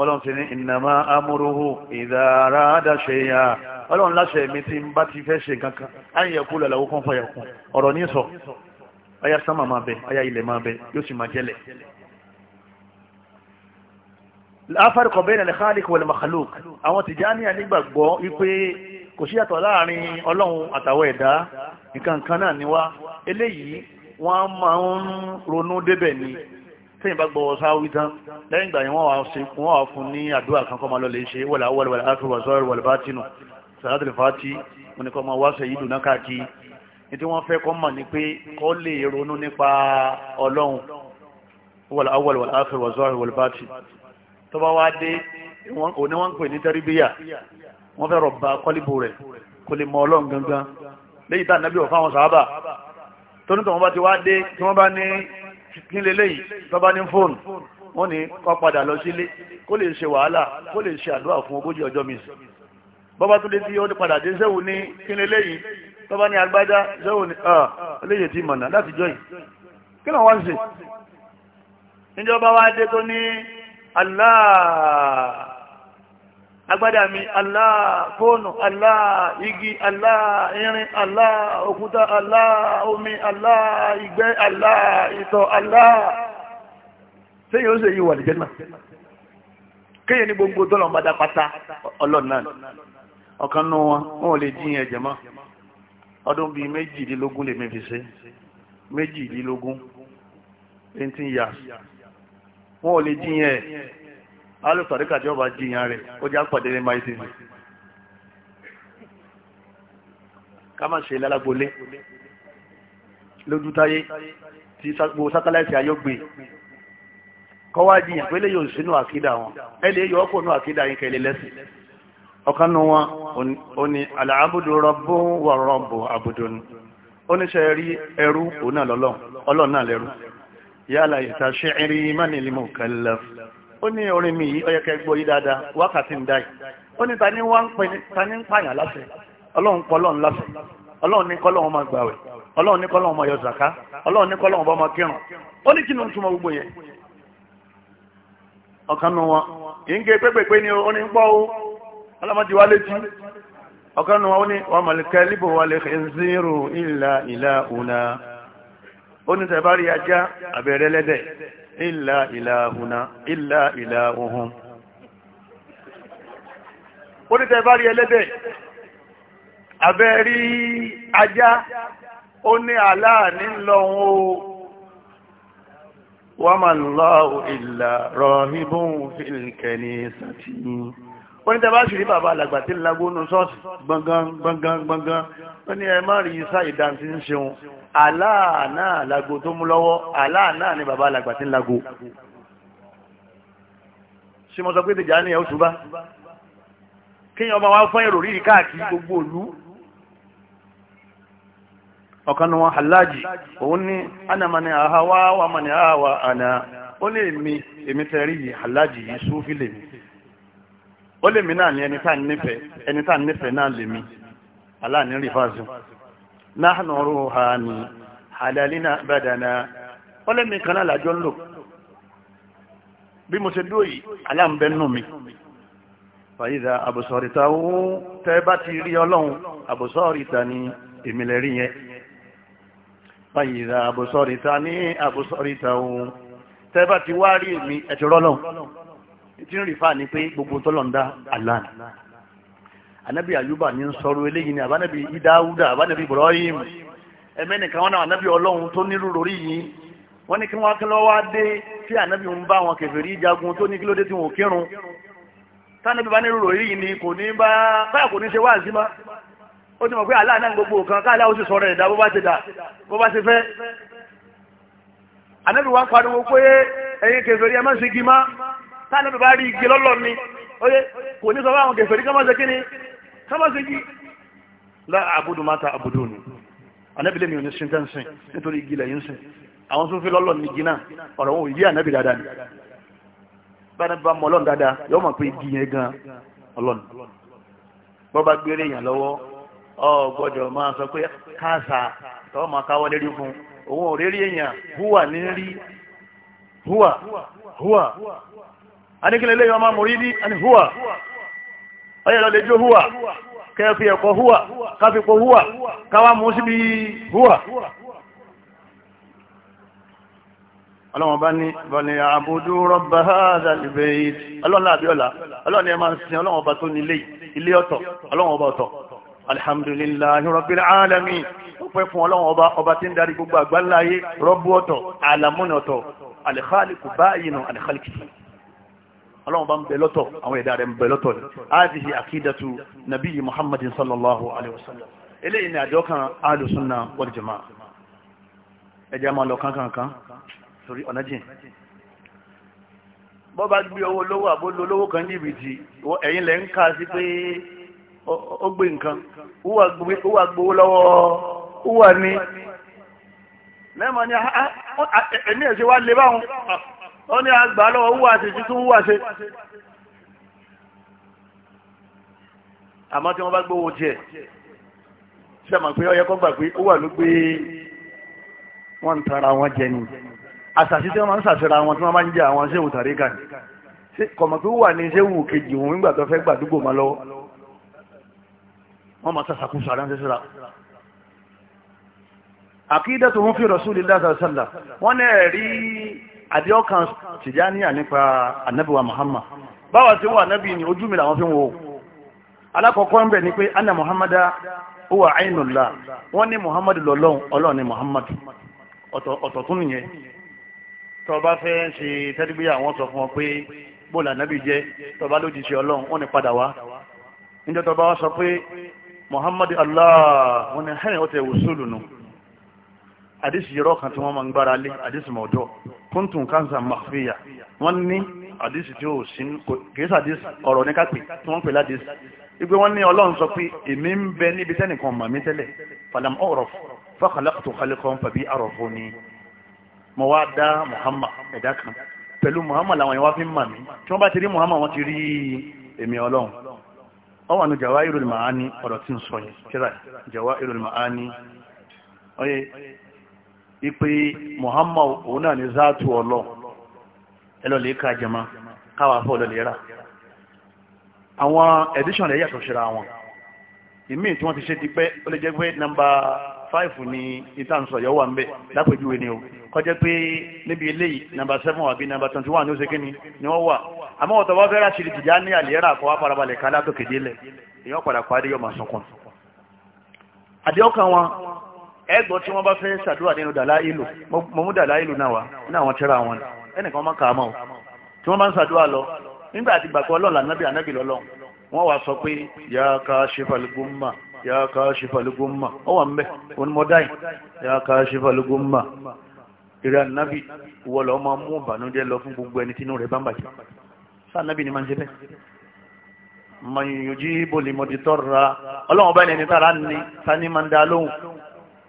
ọlọ́run ti ní ìnàmá amúrúhù ìdára àdáṣẹyà ọlọ́run láṣẹ mi ti ń bá ti fẹ́ ṣe kankan ayẹyẹ kú lọ́la òkun fọyàkùn ọ̀rọ̀ ní sọ ọyá sánmà máa bẹ ọyá ilẹ̀ máa bẹ yóò sì máa jẹ́lẹ̀ láfàríkọ̀ bẹ́ẹ̀ nàlẹ́ khaliq wal makhluq àwọn Tìjàníyà nígbàgbọ́ wípé kò síyàtọ̀ láàrin ọlọ́run àtàwọn ẹ̀dá nǹkan kan náà ni wá eléyìí wọ́n máa ń ronú débẹ̀ ni tẹ́yìn bá gbọ́ sáwí tán lẹ́yìn ìgbà yẹn wọ́n wà fún ní àdúrà kan kọ́ máa lọ lè ṣe wọ̀lá wọ̀lá wọ̀lá áfírí wà sọ́rọ̀ wọ̀lá bátínù sàrátìlì fàátì wọn ni kọ́ máa wá sẹ́yìn dùn náà káàkiri ní tí wọ́n fẹ́ kọ́ mọ̀ ní pé kọ́ lè ronú nípa ọlọ́run wọ̀lá wọ̀lá wọ̀lá áfírí wà sọ́rọ̀ wọ̀lá bátínù tó bá wá dé òní wọ́n pè ní tẹ́ríbíyà wọ́n fẹ́ rọ̀ bá kọ́líbù rẹ̀ kò lè mọ ọlọ́run gangan léyìí tá tóní tó wọ́n bá ti wá dé tí wọ́n bá ní kí leléyìí tó bá ní fóònù wọ́n ní kó padà lọ sílé kó lè ṣe wàhálà kó lè ṣe àdúrà fún ogójì ọjọ́ mi bọ́bá tó lè tí ó padà dé sẹ́wù ní kí leléyìí tó bá ní agbádá sẹ́wù ní eléyìí ti mọ̀nà láti jọ yìí kí náà wá ṣe níjọba wá dé tó ní aláà agbádá mi Allah fóònù Allah igi Allah irin Allah òkúta Allah omi Allah ìgbẹ́ Allah ìtọ̀ Allah tí yóò ṣe yí wà lìjẹ́ náà kéyẹ ní gbogbo dọ́lọ̀ bàdá pátá ọlọ́nà ọ̀kan nú wọn wọn ò lè dín ẹ̀jẹ̀ mọ́ ọdún bíi méjìdínlógún lè mẹ́fi ṣe méjìdínlógún 18 years wọn lè dín ẹ̀ alùsọ̀ríkà tí ó bá jiyàn rẹ̀ ó já pàdé ṣe lálágbólé lójútáyé tí gbogbo sátáláìsì ayọ́gbé kọ́ wá jiyàn pé lè wọn ẹ lè yọ ní àkídà yín kẹlẹ̀ lẹ́sìn ọ̀kan nu wọn ò ni ó ní ṣe rí na ó ní orin mi yìí ọyẹ́kẹ́ gbọ́ dáadáa wákàtí ń dáì ó ní tani wá ń pè ní tani ń pààyàn láṣẹ ọlọ́run kọ́ ọlọ́run láṣẹ ọlọ́run ní kọ́ ọlọ́run máa gbàwẹ̀ ọlọ́run ní kọ́ ọlọ́run máa yọ zàká ọlọ́run ní kọ́ ọlọ́run bá kírun ó ni ó ń túmọ̀ gbogbo yẹn ọ̀kan nu wọn pépèpé ni ó ní gbọ́ ọlọ́mọdé wa létí ọ̀kan nu wọn ó ní líbò ìlà ìlàhùnà ìlà ìlàhùn ó ní tẹ́ bá rí ẹlẹ́dẹ̀ abẹ́ rí ajá ó ní aláàní lọ́hun o wà máa lọ́wọ́ ìlà rọ̀hìbùn fìlìkẹ̀ ní sàtìyìn ó ní tẹ́bá ṣìrí bàbá alàgbà tí lágbónú sọ́ọ̀sì gbọ̀ngàn gbọ̀ngàn gbọ̀ngàn ó ní ẹ má rí isá ìdáǹtí ń ṣeun aláàánà àlágbó tó mú lọ́wọ́ aláàánà ni bàbá alàgbà tí lágbó ṣe mọ́ sọ pé tèjà ní ẹ̀ọ́sù bá kíyàn ọmọ wa fún èrò rírí káàkiri gbogbo òlú ọ̀kan wọn aláàjì òun ní anamani ahawa wa mani ahawa ana ó ní èmi èmi tẹ̀rí yìí aláàjì yìí súnfì lèmi ó lè mí náà ní ẹni tá nífẹ̀ẹ́ náà lè mí aláàní rí fásitì nahnu na halalina badana ó lè mí kan náà bí mo ṣe dúró yìí aláǹbẹ́nú mi fàyíza àbùsọ̀rìta ó tẹ́ bá ti rí ọlọ́run àbùsọ̀rìta ni rí yẹn fàyíza ní àbùsọ̀rìta ó tẹ́ bá ti rí tí ń rìfà ní pé gbogbo tọ́lọ̀ndá alan anábì ayúbà ní ń sọ̀rọ̀ eléyìí ni àbánábì idáúdà àbánábì ibrahim ẹmẹ́nìkan wọn náà anábì ọlọ́run tó nírú lórí yìí wọ́n ní kí wọ́n kẹ́lọ́ wá dé tí anábì ń bá wọn kèfèrí jagun tó ní kí ló dé tí wọn ò kírun tánábì bá nírú lórí yìí ni kò ní bá káà kò ní ṣe wá àzímá ó ti mọ̀ pé aláà náà gbogbo kan káàlá ó sì sọ̀rọ̀ ẹ̀dá bó bá ti dà bó bá ti fẹ́ anábì wá pariwo pé ẹ̀yin kèfèrí ẹ má ṣe gí má táwọn ẹbí bá rí igi lọ́lọ́ ni oye kò ní sọ fún àwọn kẹfẹ́rí kọ́mọ́ ṣe kíni kọ́mọ́ ṣe yí la àbúdù máa ta àbúdù ni ànábì lèmi ò ní sin tẹ́ǹsìn nítorí igi lẹ́yìn sìn àwọn tó fi lọ́lọ́ ní igi náà ọ̀rọ̀ wọn ò yí ànábì dáadáa ni báyìí náà bá mọ ọlọ́run dáadáa yóò mọ̀ pé igi yẹn gan ọlọ́run bọ́ bá gbére èèyàn lọ́wọ́ ọ gbọ́dọ̀ máa sọ pé káàsà tọ́ máa káwọ́ lérí fún òun ò aníkílẹ̀ ilé ọmọ mùrídí àni húwà ọyẹ́ lọ lè jó húwà kẹfì ẹ̀kọ́ húwà káfíkọ húwà káwà mú síbi húwà ọlọ́wọ́n bá ní bọ̀lẹ̀ àbúdú rọ́bà hádà lìbẹ̀ ọlọ́nà àbíọ́lá ọlọ́ni ẹ máa ń sin ọlọ́wọ́n bá tó nílé ilé ọ̀tọ̀ ọlọ́wọ́n bá ọ̀tọ̀ alhamdulillahi rabbil alamin ọpẹ́ fún ọlọ́wọ́n ọba ọba tí ń darí gbogbo àgbáláyé rọ́bù ọ̀tọ̀ alamúnọ̀tọ̀ alìkálìkù báyìí ọlọ́run bá ń bẹ lọ́tọ̀ àwọn ẹ̀dá rẹ̀ ń bẹ lọ́tọ̀ muhammadin sallallahu alaihi sallam eléyìí ni àjọkàn alùsùnà wal jamaa ẹjẹ́ máa lọ kankankan torí ọ̀nà bọ́ bá gbé owó lówó àbólò lówó kan jìbìtì ẹ̀yìn lẹ́ ń ká sí pé ó gbé nǹkan ó wà gbowó lọ́wọ́ ó wà ní lẹ́mọ̀ ni ah, ah, ah, ẹ̀mí ó ní àgbà lọ́wọ́ wúwà sí títún wúwà sí. àmọ́ tí wọ́n bá gbówó tiẹ̀ ṣe mọ̀ pé ọyẹ kọ́ gbà pé ó wà ló gbé wọ́n ń tara wọn jẹ ni àṣàṣì tí wọ́n máa ń ṣàṣẹra wọn tí wọ́n máa ń jẹ àwọn ṣéwù tàríkà ni kọ̀mọ̀ pé wà ní ṣéwù kejì òun nígbà tó fẹ́ gbàdúgbò máa lọ́wọ́ wọ́n máa ṣàṣàkóso àdáńṣe síra àkídà tó ń fi Rasulillah sallallahu alaihi wasallam wọ́n àdíọ́kan tìjáníyà nípa ànábíwa Muhammad báwa tí wà nábi ni ojú mi làwọn fi ń wo alákọ̀ọ́kọ́ ń bẹ̀ ni pé anna Muhammada huwa ainullah wọ́n ní Muhammad lọ́lọ́un ọlọ́run ni Muhammad ọ̀tọ̀ tún nìyẹn tó bá fẹ́ ṣe tẹ́lifíyà wọ́n sọ fún ọ pé bóòlù ànábì jẹ́ tó bá ló ti ṣe Allah wọ́n ní hẹ́rìn ó àdísì yọrọ kan tí wọ́n máa ń gbára lé àdísì mọ̀ọ́dọ́ kúntùn kánsà màfíyà wọ́n ní àdísì tí ó sí kìí sàdísì ọ̀rọ̀ ní kápẹ́ tí wọ́n pè ládísì igbe wọ́n ní ọlọ́run sọ pé èmi ń bẹ níbi tẹ́nìkan mà mí tẹ́lẹ̀ falam ọ̀rọ̀ fàkàlàkùtù kálíkan fàbí àròfó ni mo wá dá Muhammad ẹ̀dá kan pẹ̀lú Muhammad làwọn yẹn wá fi mà mí tí wọ́n bá ti rí Muhammad wọ́n ti rí èmi ọlọ́run ọwọ́ àná Jawahirul Ma'ani ọ̀rọ̀ tí ń sọ yẹn kíra Jawahirul Ma'ani ọyẹ wípé muhammad òun náà ní záàtù ọlọ́ ẹlọ́lẹ̀ ká jẹma káwà fọ́ ọlọ́lẹ̀ rà àwọn edition rẹ̀ yàtọ̀ síra wọn ìmí tí wọ́n ti ṣe ti pẹ́ ó lè jẹ́ pé nọ́mbà fáìfù ni ìtànsọ̀ yọ́wà ń bẹ̀ lápèjúwe ni o kọjẹ́ pé níbi eléyìí nọ́mbà sẹ́fún àbí nọ́mbà twenty one ní ó ṣe kíni ni wọ́n wà àmọ́ ọ̀tọ̀ wá fẹ́ra ṣe ìtìjà ní àlìyẹ́rà kọ́ farabalẹ̀ ká látòkèdélẹ̀ èèyàn padà parí yọ màsùnkùn àdéhùn kan wọn ẹgbọ́ tí wọ́n bá fẹ́ ṣàdúrà nínú dàláìlù mo mú dàláìlù náà wá ní àwọn tẹ́ra wọn ẹnìkan má kàá mọ́ o tí wọ́n bá ń ṣàdúrà lọ nígbà àti gbàgbọ́ ọlọ́ọ̀lá nábì ànábì lọ́lọ́ wọ́n wá sọ pé yá kashifal gumma yá kashifal gumma ó wà ń bẹ̀ onímọ̀dáì yá kashifal gumma ìrẹ́ ànábì wọ́n lọ́ máa mú ìbànújẹ́ lọ fún gbogbo ẹni tínú rẹ̀ bá ń bàjẹ́ sáà ni máa ń ṣe bẹ́ẹ̀ man yujibu limoditorra ọlọ́wọ́n bá ẹni tára ní tani máa ń dá lóhùn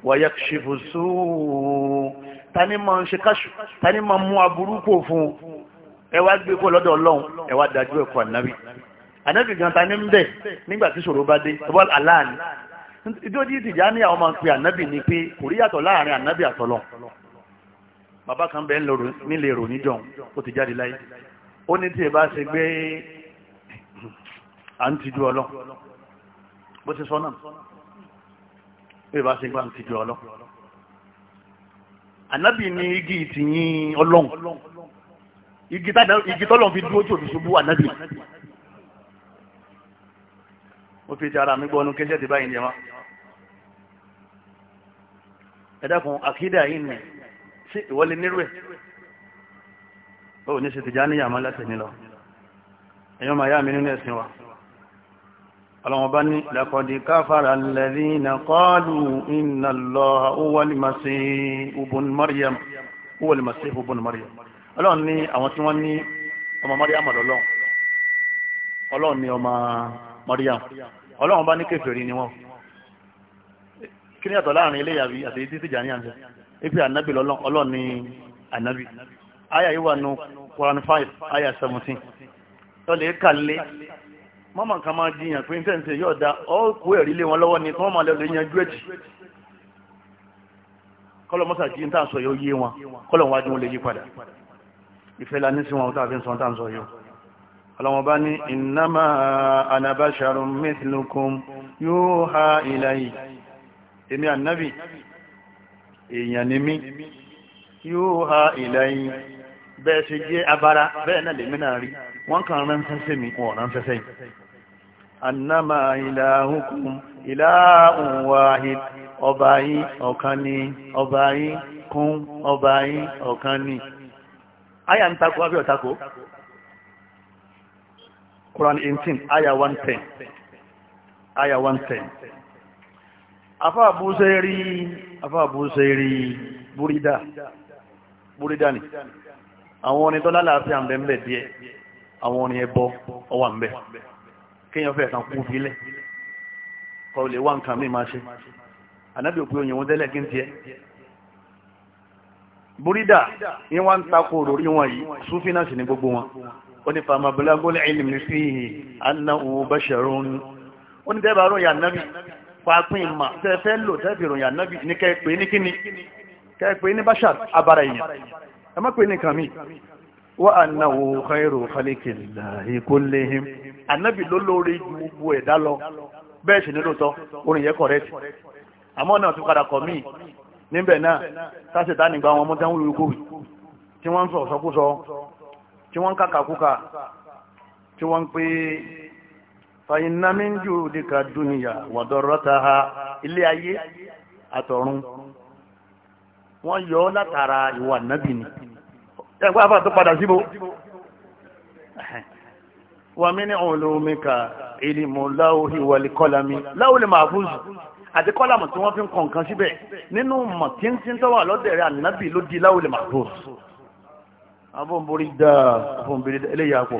wàyàkṣìfò sóò tani ma ń ṣe káṣù tani ma mú aburú kò fún ẹ wá gbé kó lọ́dọ̀ ọlọ́run ẹ wá dájú ẹ̀kọ́ ànábì ànábì gan tani ń bẹ̀ nígbà tí ṣòro bá dé ọba aláàní ìdójú ìtìjà ní àwọn máa ń pe ànábì ni pé kò rí yàtọ̀ láàrin ànábì àtọ̀lọ́ bàbá kan bẹ́ẹ̀ nílé èrò níjọ ó ti jáde láyé ó ní tí ẹ bá ṣe gbé à ń tijú ọlọ́ bó ti sọ náà bí ìbá ṣe gbà ń tijú ọlọ́ ànábì ní igi ìtìyín ọlọ́run igi tọ́lọ́run fi dúró tí òbí ṣubú ànábì ó fi ti ara mi gbọ́ ọ́nú kẹ́sẹ̀ ti báyìí ní ẹ̀ma ẹ̀dàkùn àkídà yìí nì sí ìwọlé nírú ẹ̀ ó ní ṣe tìjà níyàmọ́ látẹ̀ nílọ ẹ̀yọ́ màá yá mi nínú ẹ̀sìn wa ọlọ́wọ́bá ní lẹ́kọ̀dí káfàrà lẹ́rí na kọlù iná lọ owólìmọ̀sí ubun Maryam ọlọ́run ní àwọn tí wọ́n ní ọmọ Maryam ọlọ́run ọlọ́run ní ọmọ Maryam ọlọ́run bá ní kèfèrí ni wọ́n kí ní yàtọ̀ láàrin ilé yàrí àti títí jà ní àǹsẹ̀ ipi ànábì ọlọ́run ní ànábì aya yíwà nù mọ́mọ́ kan máa jiyàn pé ntẹ̀ǹtẹ̀ yóò da ọ́ kó ẹ̀rí lé wọn lọ́wọ́ ni kí wọ́n máa lọ lè yanjú ẹ̀ jì kọ́lọ̀ mọ́sá jí ń tà sọ yóò yé wọn kọ́lọ̀ wá dún lè yí padà ìfẹ́ la ní sí wọn tàbí sọ tà ń sọ yóò ọlọ́wọ́n bá ní innama ana basharun mithlukum yuha ilayya èmi ànábì èèyàn ni mí yuha ilayya bẹ́ẹ̀ ṣe jẹ́ abara bẹ́ẹ̀ náà lèmi náà rí wọ́n kàn ránṣẹ́ sí mi wọ́n ránṣẹ́ sẹ́yìn annama ilahukum ilahun wahid ọba yín ọ̀kan ni ọba yín kún ọba yín ọ̀kan ni aya ń takò àbí ọ̀takò Quran 18 aya 110 aya 110 afa abuseri afa abuseri burida burida ni àwọn orin tó ń bẹ ń bẹ díẹ̀ àwọn orin ẹbọ ọwà ń bẹ kéèyàn fẹ́ kan kú filẹ̀ kọ́ lè wá nǹkan ṣe ànábì òpin òyìnbó tẹ́lẹ̀ kí n tiẹ̀ búrídà ní wọ́n ń takò wọn yìí ní gbogbo wọn ó ní fama bulagola ilmi fihi annahu basharun ó ní tẹ́bàá ròyìn ànábì fàápín ìmà tẹ́fẹ́ lò tẹ́fẹ́ ròyìn ànábì ní kẹ́ẹ̀pẹ́ ní kíni kẹ́ẹ̀pẹ́ ní èèyàn ẹ má pè ní kàmí wa annahu khairu a kullihim annabi ló ju gbogbo ẹ̀dá lọ bẹ́ẹ̀ sì ni lóòótọ́ orin yẹ kọ̀rẹ́tì àmọ́ náà tún padà kọ̀ míì níbẹ̀ náà sáṣetá nígbà wọn mọ́tẹ́ ń wí tí wọ́n ń sọ sọkúsọ tí wọ́n ń tí wọ́n ń dunya ilé ayé àtọ̀run wọ́n yọ látara ìwà ẹgbẹ́ àfà tó padà síbò wà mí ní olómìnkà ìlìmọ̀ láwòhí wàlì kọ́lámi láwòlì màfúùsù àti kọ́lámù tí wọ́n fi ń kọ̀ nǹkan síbẹ̀ nínú mọ̀ tí ń tí ń tọ́wà lọ́dẹ̀rẹ̀ ànábì ló di láwòlì màfúùsù abúmbórí dáa abúmbórí dáa eléyà pọ̀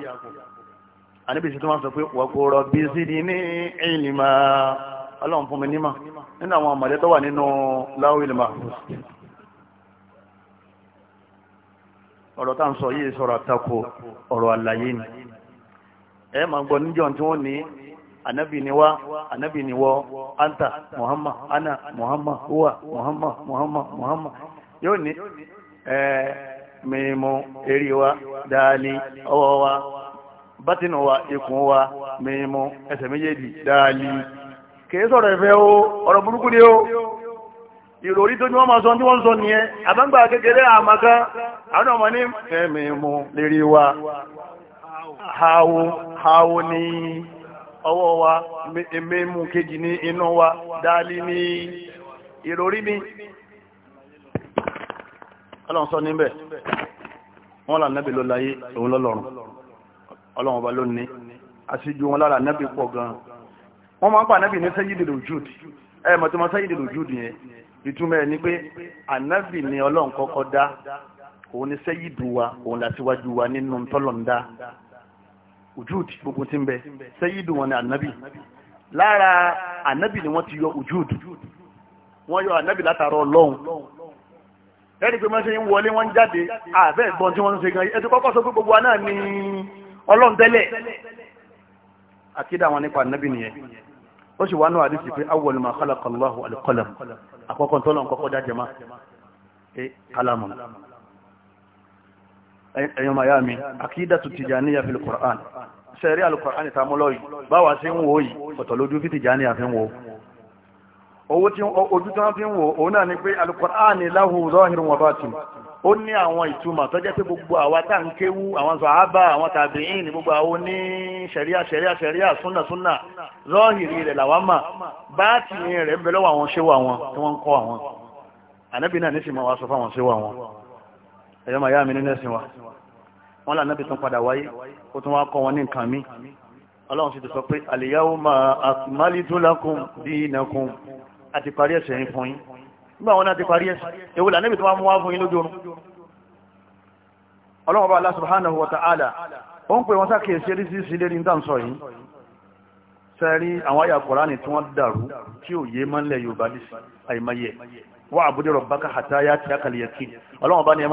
ànábì sí tó máa sọ pé wàkúrọ̀ bí sí ní ìlìmọ̀ ọlọ́run fún mi nímọ̀ nínú àwọn àmọ̀lẹ́tọ́wà nínú láwòlì màfúùsù ọ̀rọ̀ tá ń sọ yìí sọ̀rọ̀ àtakò ọ̀rọ̀ àlàyé ni ẹ máa gbọ́ níjọ́ tí wọ́n ní ànábì ni wá ànábì anta muhammad ana muhammad uwa muhammad muhammad muhammad yóò ní mímú eré wa dáálí ọwọ́ wa bátínù wa ikùn wa mímú ẹsẹ̀ méjèèjì dáálí kìí sọ̀rọ̀ ẹ̀fẹ́ o ọ̀rọ̀ burúkú ni o ìròrí tó ní wọ́n máa sọ tí wọ́n sọ ní ẹ àbágbà kékeré àmàká àwọn ọmọ ní ẹ̀mì mú lérí wa hawo ní ọwọ́ wa mímú kejì ní inú wa dálí ní ìròrí ní ọlọ́run sọ níbẹ̀ wọ́n là nẹ́bì ló láyé òun lọ́lọ́run ọlọ́run ọba lónìí àṣíjú wọn lára nẹ́bì pọ̀ gan wọ́n máa ń ìtumọ̀ ẹ̀ ni pé ànábì ni ọlọ́run kọ́kọ́ dá òun ni sẹ́yìdù wa òun làṣíwájú wa nínú tọ́lọ̀ǹda ujúùdì gbogbo tí ń bẹ sẹ́yìdù wọn ni ànábì lára ànábì ni wọ́n ti yọ ujúùdì wọ́n yọ ànábì látara ọlọ́run ẹni pé wọ́n ṣe ń wọlé wọ́n ń jáde àbẹ́ ìbọn tí wọ́n ń ṣe gan ẹ̀ tó kọ́kọ́ sọ pé gbogbo wa náà ni ọlọ́run tẹ́lẹ̀ àkídà wọn nípa ànábì nìyẹn ó sì wá náà àdìsí pé awwal ma khalaqa Allahu al-qalam àkọ́kọ́ tọ́lọ̀ kọ́kọ́ dá jẹma e kalamu ẹ̀yọ́ miami akídàtù tìjàníyà fi al-Qur'an sẹ́rí al-Qur'an ta mú lọ́yìn báwa sí ń wò yìí ọ̀tọ̀ lójú fi tìjàníyà fi ń wò owó tí ojú tí wọ́n fi ń wò òun náà ni pé al-Qur'an lahu zahirun wa batin ó ní àwọn ìtumọ̀ tó jẹ́ pé gbogbo àwa tá ń kéwú àwọn sàhábà àwọn tàbíìn ní gbogbo àwọn ní ṣẹ̀ríà ṣẹ̀ríà ṣẹ̀ríà súnà súnà lọ́hìrì rẹ̀ làwọn mà bá ti yin rẹ̀ ń bẹ lọ́wọ́ àwọn ṣéwà wọn tí wọ́n ń kọ́ àwọn ànábì náà ní sì máa wá sọ fáwọn ṣéwà wọn ẹ̀yọ́ màá nígbà wọn náà ti parí ẹ̀sìn ewu lànà ibi tó máa mú wá fún yín lójú ọlọ́wọ́ bá subhanahu wa ta'ala ó ń pè wọn sákè sí eréṣì sí lérí ń dáǹsọ yìí sẹ́rí àwọn àyà Kùránì tí wọ́n dàrú tí ò yé mọ́lẹ̀ Yorùbá ní àìmáyẹ̀ wọ́n àbúdé rabbaka hatta ya'tiyakal yaqin ọlọ́wọ́ bá ní ẹ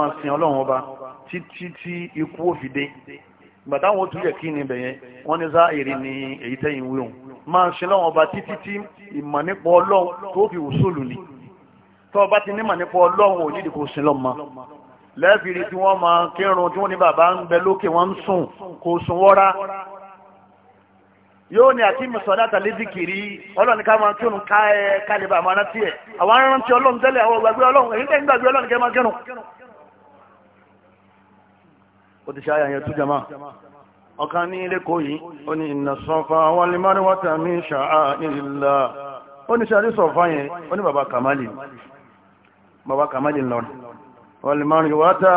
ni bẹ̀yẹn wọ́n ní záàrí ni èyí tẹ́yìn wíhùn máa sin ọlọ́wọ́ bá títí tí ìmọ̀ nípa ọlọ́wọ́ tó fi wùsùlù ni tó bá ti nímọ̀ nípa ọlọ́run ò nídìí lọ́mọ lẹ́ẹ̀fìrí tí wọ́n máa kírun tí wọ́n ní bàbá ń bẹ lókè wọ́n ń sùn kò sùn wọ́rá yóò ní àti mùsọ̀dá tàlé zikiri ọlọ́run ká máa kírun ká ẹ bàbá máa rántí ẹ̀ àwọn arántí ọlọ́run tẹ́lẹ̀ àwọn ọlọ́run èyí tẹ́ ń gbàgbé ọlọ́run kẹ́ máa kírun. ó ti ṣe jama ní yìí ó ní bàbá kàmáàdì ńlọrin wọ́n lè mọ́rin wá tà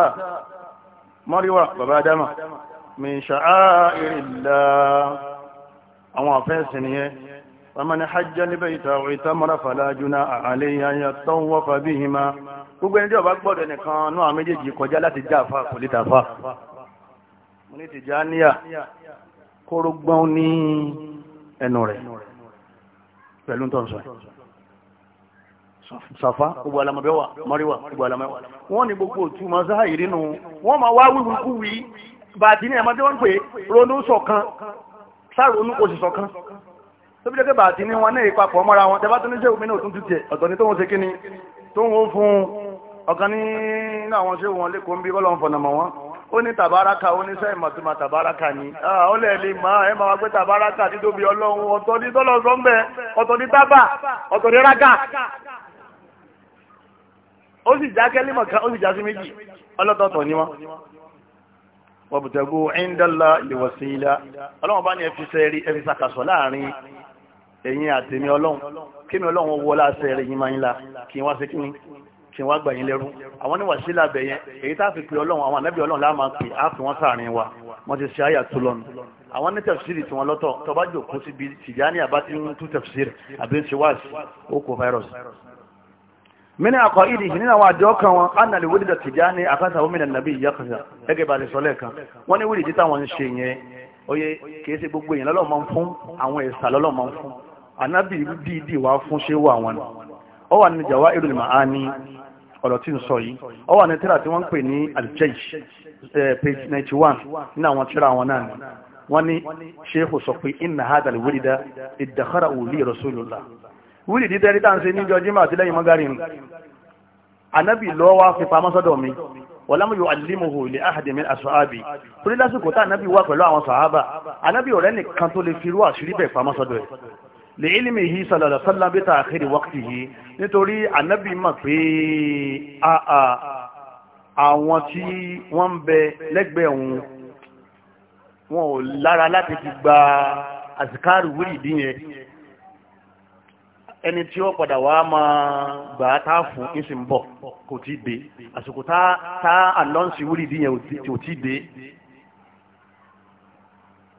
mọ́rin wà bàbá adama min sha'a'irillah àwọn àfẹ́sìn nìyẹn فمن حج البيت او اعتمر فلا جناح عليه ان يطوف بهما gbogbo ẹni tí ó bá gbọ́dọ̀ nìkan náà méjèèjì kọjá láti já àfá kò lè tàfá mo ní ti já níyà kórógbọ́n ní ẹnu rẹ̀ pẹ̀lú tọ́nsọ̀ sàfá gbogbo alamọ̀bẹ́wà mọ́ríwà gbogbo alamọ̀bẹ́wà wọ́n ní gbogbo òtún máa sáà yìí nínú wọ́n máa wá wíwú kú wí bàtí ní ẹ̀mọ́ tí wọ́n ń pè ronú ṣọ̀kan sáàrònú kò sì ṣọ̀kan tó bí jẹ́ bàtí ní wọn ní ìpapọ̀ mọ́ra wọn tẹ́bá tó ní ṣé òmìnira òtún títẹ̀ ọ̀tọ̀ ni tóun ṣe kí ni tóun ó fún ọ̀kan ní àwọn ṣé wọn lẹ́kọ̀ọ́ ń bí bọ́lọ̀ ń fọ̀nà mọ̀ wọn ó ní tàbáraka ó ní sẹ́ ìmọ̀tìmọ̀ tàbáraka ni ó lẹ̀ lè má ẹ máa gbé tàbáraka títóbi ọlọ́run ọ̀tọ̀ ní tọ́lọ̀ sọ́ńbẹ́ ọ̀tọ̀ ní tábà ọ̀tọ̀ ní rágà ó sì já kẹ́límọ̀ kan ó sì já sí méjì ọlọ́tọ̀ọ̀tọ̀ ni wọ́n wọ́bùtẹ́gù ẹ̀ńdọ́lá ìwọ̀sílá ọlọ́run bá ní ẹfi sẹ́rí ẹfi sàkàsọ̀ láàrin ẹ̀yin àtẹ̀mí ọlọ́run kí mi ọlọ́run wọ láṣẹ rẹ̀ yín máa ń la kí n wá sí kíni kí n wá gbà yín lẹ́rú àwọn ní wàsílà bẹ̀ yẹn èyí tá a fi pe ọlọ́run àwọn ànábì ọlọ́run láà máa pè á fi wọ́n sáàrin wa wọ́n ti ṣe àyà tó lọ́nu àwọn ní tẹ̀fsírì tí wọ́n lọ́tọ̀ tó bá jòkó síbi tìjáni àbá ti ń tú tẹ̀fsírì àbí ń ṣe wáàsì ó kó fáírọ̀sì من akọ ìdí nínú àwọn àjọ kan wọn a nàlè wíìdì tìjà ní àkásà omi nàbí ìyàkàsà gẹ́gẹ́ bá lè sọ lẹ́ẹ̀kan wọ́n ní wíìdì títà wọn ń ṣe yẹn oyè kìí ṣe gbogbo èèyàn lọ́lọ́ máa ń fún àwọn ẹ̀sà lọ́lọ́ máa ń fún anábì dídì wá fún ṣé wà wọn ọ wà ní jàwá ìlú màání ọ̀rọ̀ tí ń sọ yìí ọ wà ní tíra tí wọ́n ń pè ní aljaish page ninety one nínú àwọn tíra wọn náà ni wọ́n ní ṣéèkù sọ pé inna hadal wíìdà ìdàkárà òlì rasulullah wíìlì dídẹ́ rí tàǹsí níjọ jimá àti lẹ́yìn mọ́gárì ni anábì lọ́wọ́ fi pamọ́ sọ́dọ̀ mi wọ́lámù yóò alìmòhò ilẹ̀ ahàdìmí àṣọ́ábì torí lásìkò tá anábì wà pẹ̀lú àwọn sàhábà anábì ọ̀rẹ́ nìkan tó lè fi rú àṣírí bẹ̀ pamọ́ sọ́dọ̀ ẹ̀ lè ilimi yìí sọ̀lọ̀lọ̀ sọ́lá bí ta àkèrè wákìtì yìí nítorí anábì mọ̀ pé àwọn tí wọ́n ń bẹ lẹ́gbẹ̀ẹ́ òun wọn ò lára láti fi gba àsìkáàrù wúrì yẹn ẹni tí ó padà wá máa gbà á tá fún ìsì ń bọ̀ kò tí dé àsìkò tá àlọ́ǹsì wúrì díyẹn tí ò tí dé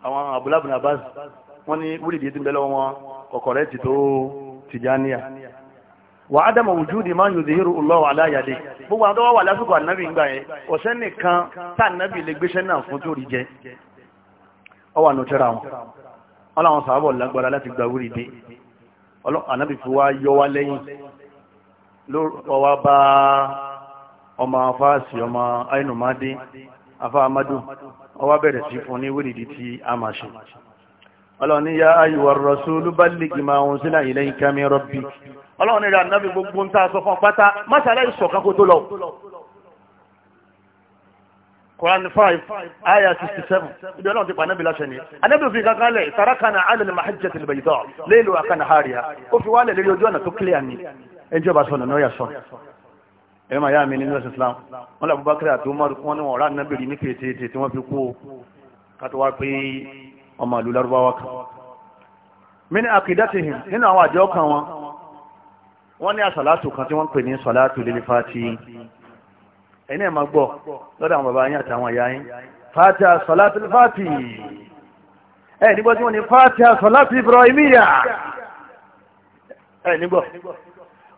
àwọn abúlábùnà bá wọ́n ní wúrì díẹ̀ tí ń bẹ lọ́wọ́ wọn kọ̀kọ̀rẹ́ ti tó Tìjàníyà wà á dámà ojú ni máa ń yòdì hírò ọlọ́wà aláyàdé gbogbo àwọn tó wà wà lásìkò ànábì ń gbà yẹn ọ̀sẹ́ nìkan tá ànábì lè gbéṣẹ́ náà fún tó rí jẹ ọwà nù tẹ́ra wọn wọn làwọn sàábọ̀ lágbára láti gba wúrì dé ànábì fi wá yọ wá lẹ́yìn lọ́wọ́ bá ọmọ afáàsì ọmọ ainumadi afáàmádù ọwá bẹ̀rẹ̀ sí fún ní wíìdì tí a máa ṣe ọlọ́ni ya ayùwà rọ̀súlù bá lèkì máa ń sílẹ̀ ilẹ̀ ìkàmì rọ̀bì ọlọ́ni rẹ̀ ànábì gbogbo ń tàà sọ Quran 5 ayah 67 ibi ọlọ́run ti pa anábì láṣẹ ni anábì òfin kankan lẹ̀ tarakana alẹ́lẹ̀ mahajjẹ́ tẹ̀lẹ̀ bẹ̀yìí tọ́ lélo akana haria ó fi wálẹ̀ lórí ojú ọ̀nà tó kílẹ̀ ni ẹjọ́ bá sọ̀nà náà yà sọ ẹ̀rọ màá yá mi nínú ẹ̀sìn Islam wọn làbú bá kírà tó mọ́rù wọn ni wọn rà anábì rí ní kété tí wọ́n fi kú kátó wá pé ọmọ ìlú Lárúbáwá kan min akidatihim nínú àwọn àjọ kan wọn wọn ní àsàlátù kan tí wọ́n pè ní sàlátù lil fati ẹ̀yin ẹ̀ máa gbọ́ lọ́dọ̀ àwọn bàbá yín àtàwọn ìyá yín fàtí àsọ̀láti fàtí ẹ̀ nígbọ́ tí wọ́n ní fàtí àsọ̀láti Ibrahimiyya ẹ̀ nígbọ́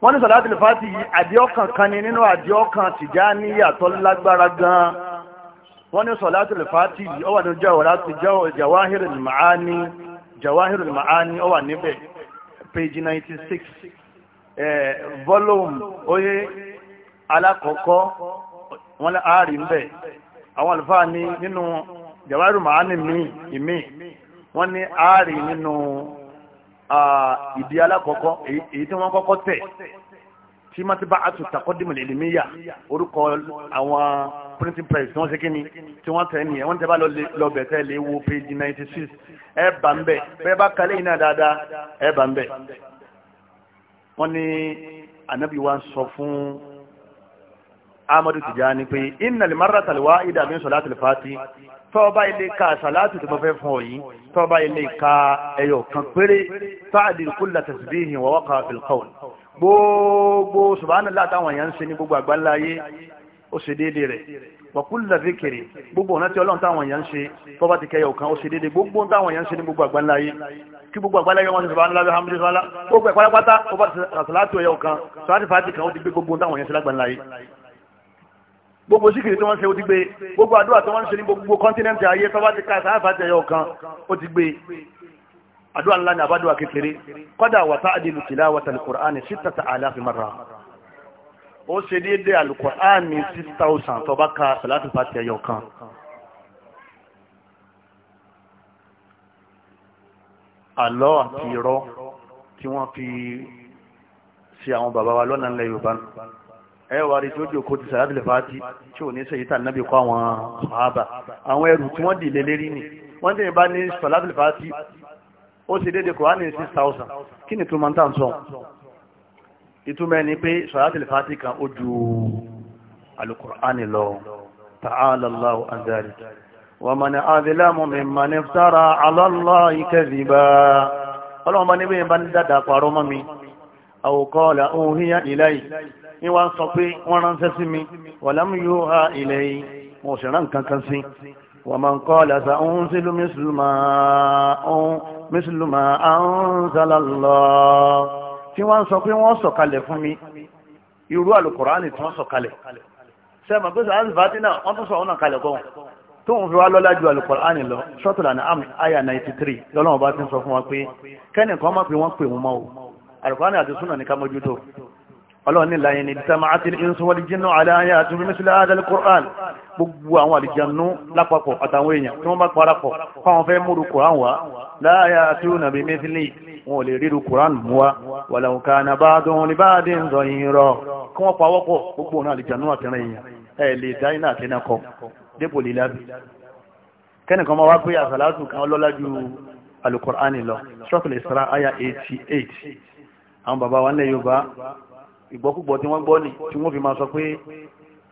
wọ́n ní sọ̀láti fàtí àdíọ́kàn kan ni nínú àdíọ́kàn Tìjàníyà tó lágbára gan wọ́n ní sọ̀láti fàtí ó wà ní Jawahirul Ma'ani Jawahirul Ma'ani 96 volume oyè wọ́n lé ààrí ń bẹ̀ àwọn àlùfáà ní nínú jàwárù màánì mi ìmí wọ́n ní ààrí nínú ìdí alákọ̀ọ́kọ́ èyí tí wọ́n kọ́kọ́ tẹ̀ tí má ti bá àtúntò takọ́dìmọ̀ lèlèmíyà orúkọ àwọn printing press tí wọ́n ṣe kíni tí wọ́n tẹ̀ nìyẹn wọ́n tẹ̀ bá lọ bẹ̀ tẹ́ lè wo page ninety six ẹ bá ń bẹ̀ bẹ́ẹ̀ bá kalẹ̀ yìí náà dáadáa ẹ bá ń bẹ̀ wọ́n ní ànábì sọ fún amadu tijani pé inna lè mara tàlíwá ìdá mi sọ̀lá tàlífàtì tọ́ọ̀bá ilé ka sàlátì tó fẹ́ fún ọ̀yí tọ́ọ̀bá ilé ka ẹyọ kan péré fáàdì kúlà tẹ̀sìbíhìn wa waqa fil qawl gbogbo subhanallah táwọn èèyàn ń ṣe ní gbogbo àgbáláyé ó ṣe déédéé wa kulla zikiri gbogbo ọ̀nà tí ọlọ́run táwọn èèyàn ń ṣe tọ́ba ti kẹyọ kan ó ṣe déédéé gbogbo táwọn èèyàn ń ṣe ní gbogbo àgbáláyé kí gbogbo àgbáláyé subhanallah alhamdulillah ó gbẹ̀ pátápátá ó bá ṣe sàlátì ẹyọ kan sàlátì fàájì kan ó ti gbé gbogbo táwọn èèyàn ṣe gbogbo síkìrì tí wọ́n ṣe ó ti gbé gbogbo àdúrà tí wọ́n ṣe ní gbogbo kọ́ńtínẹ́ǹtì ayé tó bá ti ká sáà fàtẹ̀ ẹyọ kan ó ti gbé àdúrà ńlá ní àbádùà kékeré kọ́dà wàtá àdìlù tìlá wàtà alukur'ani sítàtà àláfi mara ó ṣe déédéé alukur'ani six thousand tó bá ka sàlátì fàtẹ̀ ẹyọ kan àlọ́ àti irọ́ tí wọ́n fi ṣe àwọn bàbá wa lọ́nà ńlẹ̀ yorùbá ẹwà rí tí ó jòkó ti sàrádìlè fàájì tí ò ní sẹ́yí tà nábì kọ́ àwọn sàhábà àwọn ẹrù tí wọ́n dìlé lérí ni wọ́n dìlé bá ní sàrádìlè fàájì ó sì dédé kò wá ní 6000 kí ni túmọ̀ tà ń sọ ìtumọ̀ ni pé sàrádìlè fàájì kan ó ju alukur'ani lọ ta'ala Allahu an wa man adlamu mimman iftara ala Allahi kadhiba ọlọ́run bá níbi yẹn bá ní dáadáa pàrọ́ mọ́ mi àwòkọ́ọ̀lá ohun híyá ìláyì ní wá ń sọ pé wọ́n ránṣẹ́ sí mi wà lámú yóò ha ilẹ̀ yìí mo sì rán kankan sí wà máa ń kọ́ làṣà ohun sílú mísìlùmá ohun mísìlùmá àrùn sálàlọ́ tí wọ́n sọ pé wọ́n sọ̀kalẹ̀ fún mi irú àlùkùránì tí wọ́n sọ̀kalẹ̀ sẹ́mọ̀ pé sọ àti fàtínà wọ́n tún sọ alùpàánì àti súnà ní ká mójútó ọlọ́run ní láyé ní ìdíta máa ti ní insu wal jinnu ala ayatin misla hadha al-Qur'an gbogbo àwọn àlìjànú lápapọ̀ àtàwọn èèyàn tí wọ́n bá parapọ̀ fáwọn fẹ́ múrù Qur'an wá la ya'tuna bi mithlihi wọn ò lè ríru Qur'an mú wa walau kana ba'duhum li ba'din zahira kí wọ́n pawọ́pọ̀ gbogbo àwọn àlìjànú 88 àwọn bàbá wa nílẹ̀ Yorùbá ìgbọ́kúgbọ́ tí wọ́n gbọ́ ni tí wọ́n fi máa sọ pé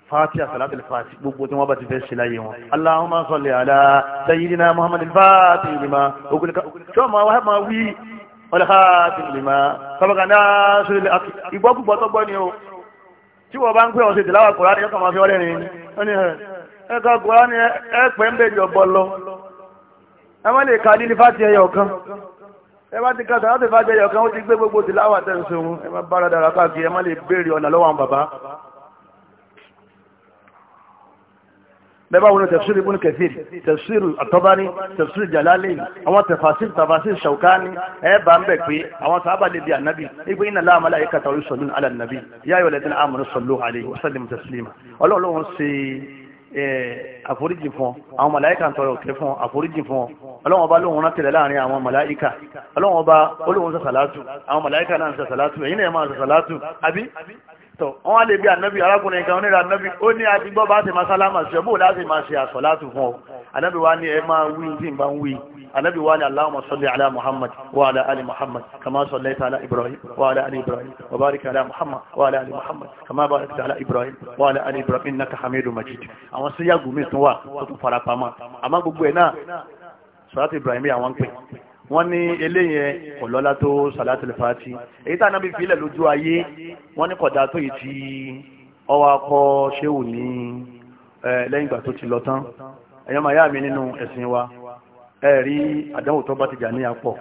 fatiha salat al-fati gbogbo tí wọ́n bá ti fẹ́ ṣe láyé wọn Allahumma salli ala sayyidina Muhammad al-fati lima ogulika tí wọ́n máa máa wí al-khatim lima sábàkà náà sórí ìgbọ́kúgbọ́ tó gbọ́ ni o tí wọ́n bá ń pè ọ̀sẹ̀ ìdìláwà Kùránì yọ́kàn máa fi ọ́rẹ́ rìn ní ẹ̀ka Kùránì ẹ̀pẹ́ ń bèèrè ọ̀bọ lọ ẹ má lè ka lílifá ti ẹyọ kan ẹ bá ti kàtà láti fàájẹ yọ̀ kan ó ti gbé gbogbo ti láwà tẹ́ ń sunun ẹ má bára dára káàkiri ẹ má lè béèrè ọ̀nà lọ́wọ́ àwọn bàbá bẹ́ẹ̀ bá wọn tafsir ibn kathir tafsir at-tabari tafsir jalalayn àwọn tafasir tafasir shawkani ẹ bá ń bẹ̀ pé àwọn sábà lè bí ànábì ipò inna allaha malaikatahu yusalluna ala an-nabi ya ayyuhalladhina amanu sallu alayhi wa sallimu taslima àforíjì fún àwọn màláíkà ń tọrọ òkè fún àforíjì fún ọlọ́wọ́n bá lóhun rán tẹ̀lẹ̀ láàrin àwọn màláíkà ọlọ́wọ́n bá olóhun sàṣàlátù àwọn màláíkà náà sàṣàlátù ẹ̀yin náà máa sàṣàlátù àbí tọ̀ wọ́n wá lè bí ànábì arákùnrin kan onírà ànábì ó ní àti gbọ́ bá ti máa sálámà sí ọbọ̀ láti máa ṣe àsọ̀ láti fún ọ ànábì wá ní ẹ máa wí tí n bá ń wí ànábì wá ní Allahumma salli ala Muhammad wa ala ali Muhammad kama sallaita ala Ibrahim wa ala ali Ibrahim wa barik ala Muhammad wa ala ali Muhammad kama barakta ala Ibrahim wa ala ali Ibrahim innaka hamidum majid àwọn sí yàgùn mi tún wà tó tún farapamọ́ àmọ́ gbogbo Ibrahim yà wọ́n ń wọ́n ní eléyẹn kò lọ́lá tó salatul fati èyí tá ànábì fílẹ̀ lójú ayé wọ́n ní kódà tó yìí ti ọwọ́ akọ ṣéwù ní lẹ́yìn ìgbà tó ti lọ tán ẹ̀yọ́ màá yá mi nínú ẹ̀sìn wa ẹ rí àdánwò tó bá ti jà ní apọ̀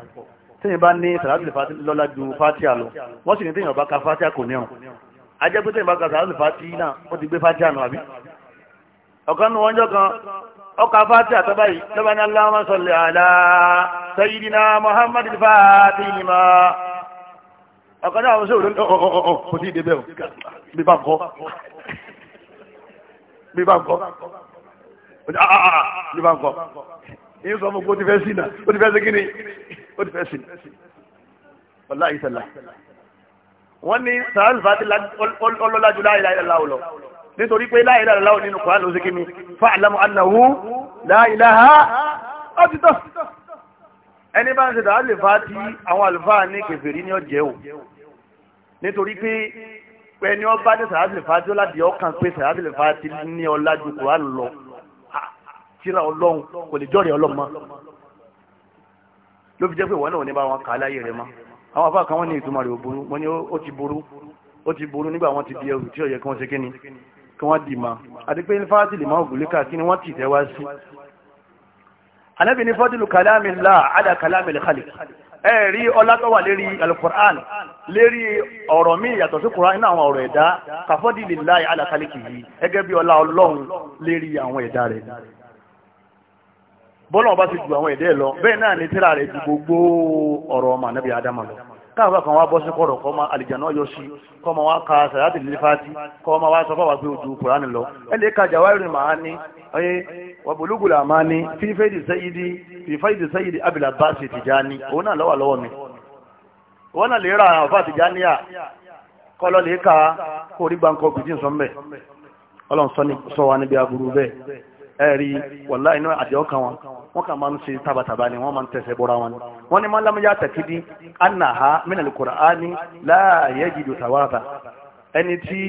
téèyàn bá ní salatul fati lọ́lá ju fatia lọ wọ́n sì ní téèyàn bá ka fatia kò ní ọ̀ ajẹ́ pé téèyàn bá ka salatul fati náà wọ́n ti gbé fatia nù àbí ọ̀kan nù wọ́njọ́ kan ọkà fàtí àtọ́bá yìí lọ́bá ní Allahumma salli ala sayyidina Muhammad fàtí ìlímà ọ̀kan náà ṣe òrùn ọ̀ọ̀ọ̀ kò sí ìdẹ́bẹ̀ ò bí bá kọ́ bí bá kọ́ ah, ah, ah, bí bá kọ́ ní sọ fún kó ti fẹ́ sí náà ó ti sí kíni ó ti sí ọ̀lá ìṣẹ̀lá wọ́n ní sàrẹ́lì fàtí ọlọ́lájú láìláìlá nítorí pé la ilaha illallah nínú Kùránì ló sí kí ni fa'lamu annahu la ilaha ọ́títọ́ ẹni bá ń ṣe tàà lè fa tí àwọn àlùfáà ní kèfèrí ní ọjẹ́ ò nítorí pé ẹni ọba ní tàà lè fa tí ó láti ọkàn pé tàà lè fa tí ní ọlá ju Kùránì lọ tíra ọlọ́run kò lè jọ́rẹ̀ ọlọ́run mọ́ ló fi jẹ́ pé wọ́n náà ní bá wọn kà á láyé rẹ̀ mọ́ àwọn afá kan ní ìtumọ̀ rẹ̀ ò burú wọ́n ní ó ti burú nígbà wọ́n ti di ẹrù tí ó kí wọ́n ṣe kí ni kí wọ́n dì ma àti pé fáàtì lè máa gùn lékà kí ni wọ́n ti tẹ́wá sí anábì ní fọ́dílù kàlámì ńlá àdà kàlámì lẹ́kàlì ẹ rí ọlá tó wà lérí alukur'an lérí ọ̀rọ̀ mi yàtọ̀ sí kura nínú àwọn ọ̀rọ̀ ẹ̀dá kàfọ́dílì láì àdà kàlíkì yìí gẹ́gẹ́ bí ọlá ọlọ́run lérí àwọn ẹ̀dá rẹ̀ bọ́lá ọba ti ju àwọn ẹ̀dá lọ bẹ́ẹ̀ náà ni tíra rẹ̀ ju gbogbo ọ̀rọ̀ ọmọ anábì ádámà lọ káàbà kan wá bọ́ sí kọ̀rọ̀ kọ́ ma àlìjànà yọ sí kọ́ ma wá ka sàyàtì lífàtì kọ́ ma wá sọ fáwà pé ojú kùránì lọ ẹlẹ́ ka jàwáìrì màá ní ọyẹ wàbùlùgùlà màá ní fífẹ́dì sẹ́yìdì fífẹ́dì sẹ́yìdì abìlà bá sì Tìjání òun náà lọ́wọ́ lọ́wọ́ mi òun náà lè ra àfà Tìjáníyà kọ́lọ́ lè ka kó rí gbàǹkọ́ bìtì sọ́mbẹ̀ ọlọ́run sọ wa níbi aburú bẹ́ẹ̀ ẹ̀rí wàlá inú àjẹ́ ọkàn wọn wọ́n kà máa ń ṣe tabataba ni wọ́n máa ń tẹ̀sẹ̀ bọ́ra wọn wọ́n ni máa ń lámúyá tẹ̀kídí annaha min al-Qur'ani la yajidu thawaba ẹni tí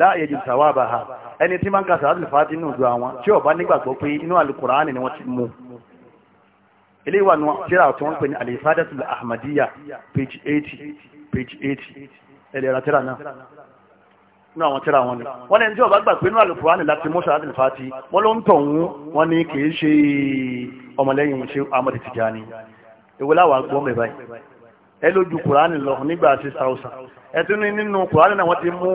la yajidu thawaba ha ẹni tí máa ń kàṣà láti fàájì inú ìjọ àwọn tí ó nígbàgbọ́ pé inú al-Qur'ani ni wọ́n ti mú ilé ìwà ni tíra tí wọ́n pè ní al Ahmadiyya page 80 page 80 ẹ̀lẹ́ra tíra náà ní àwọn tíra wọn ni wọ́n ní ẹnjọ́ bá gbà pé ní Al-Qur'ani láti mọ́ṣà láti fàtí wọ́n ló ń tọ̀ wọ́n wọ́n ní kìí ṣe ọmọlẹ́yìn ṣe Ahmad Tijani ìwé láwà gbọ́ mẹ́ báyìí ẹ lójú Qur'ani lọ nígbà sí sàrọ̀sà ẹ tún ní nínú Qur'ani náà wọ́n ti mú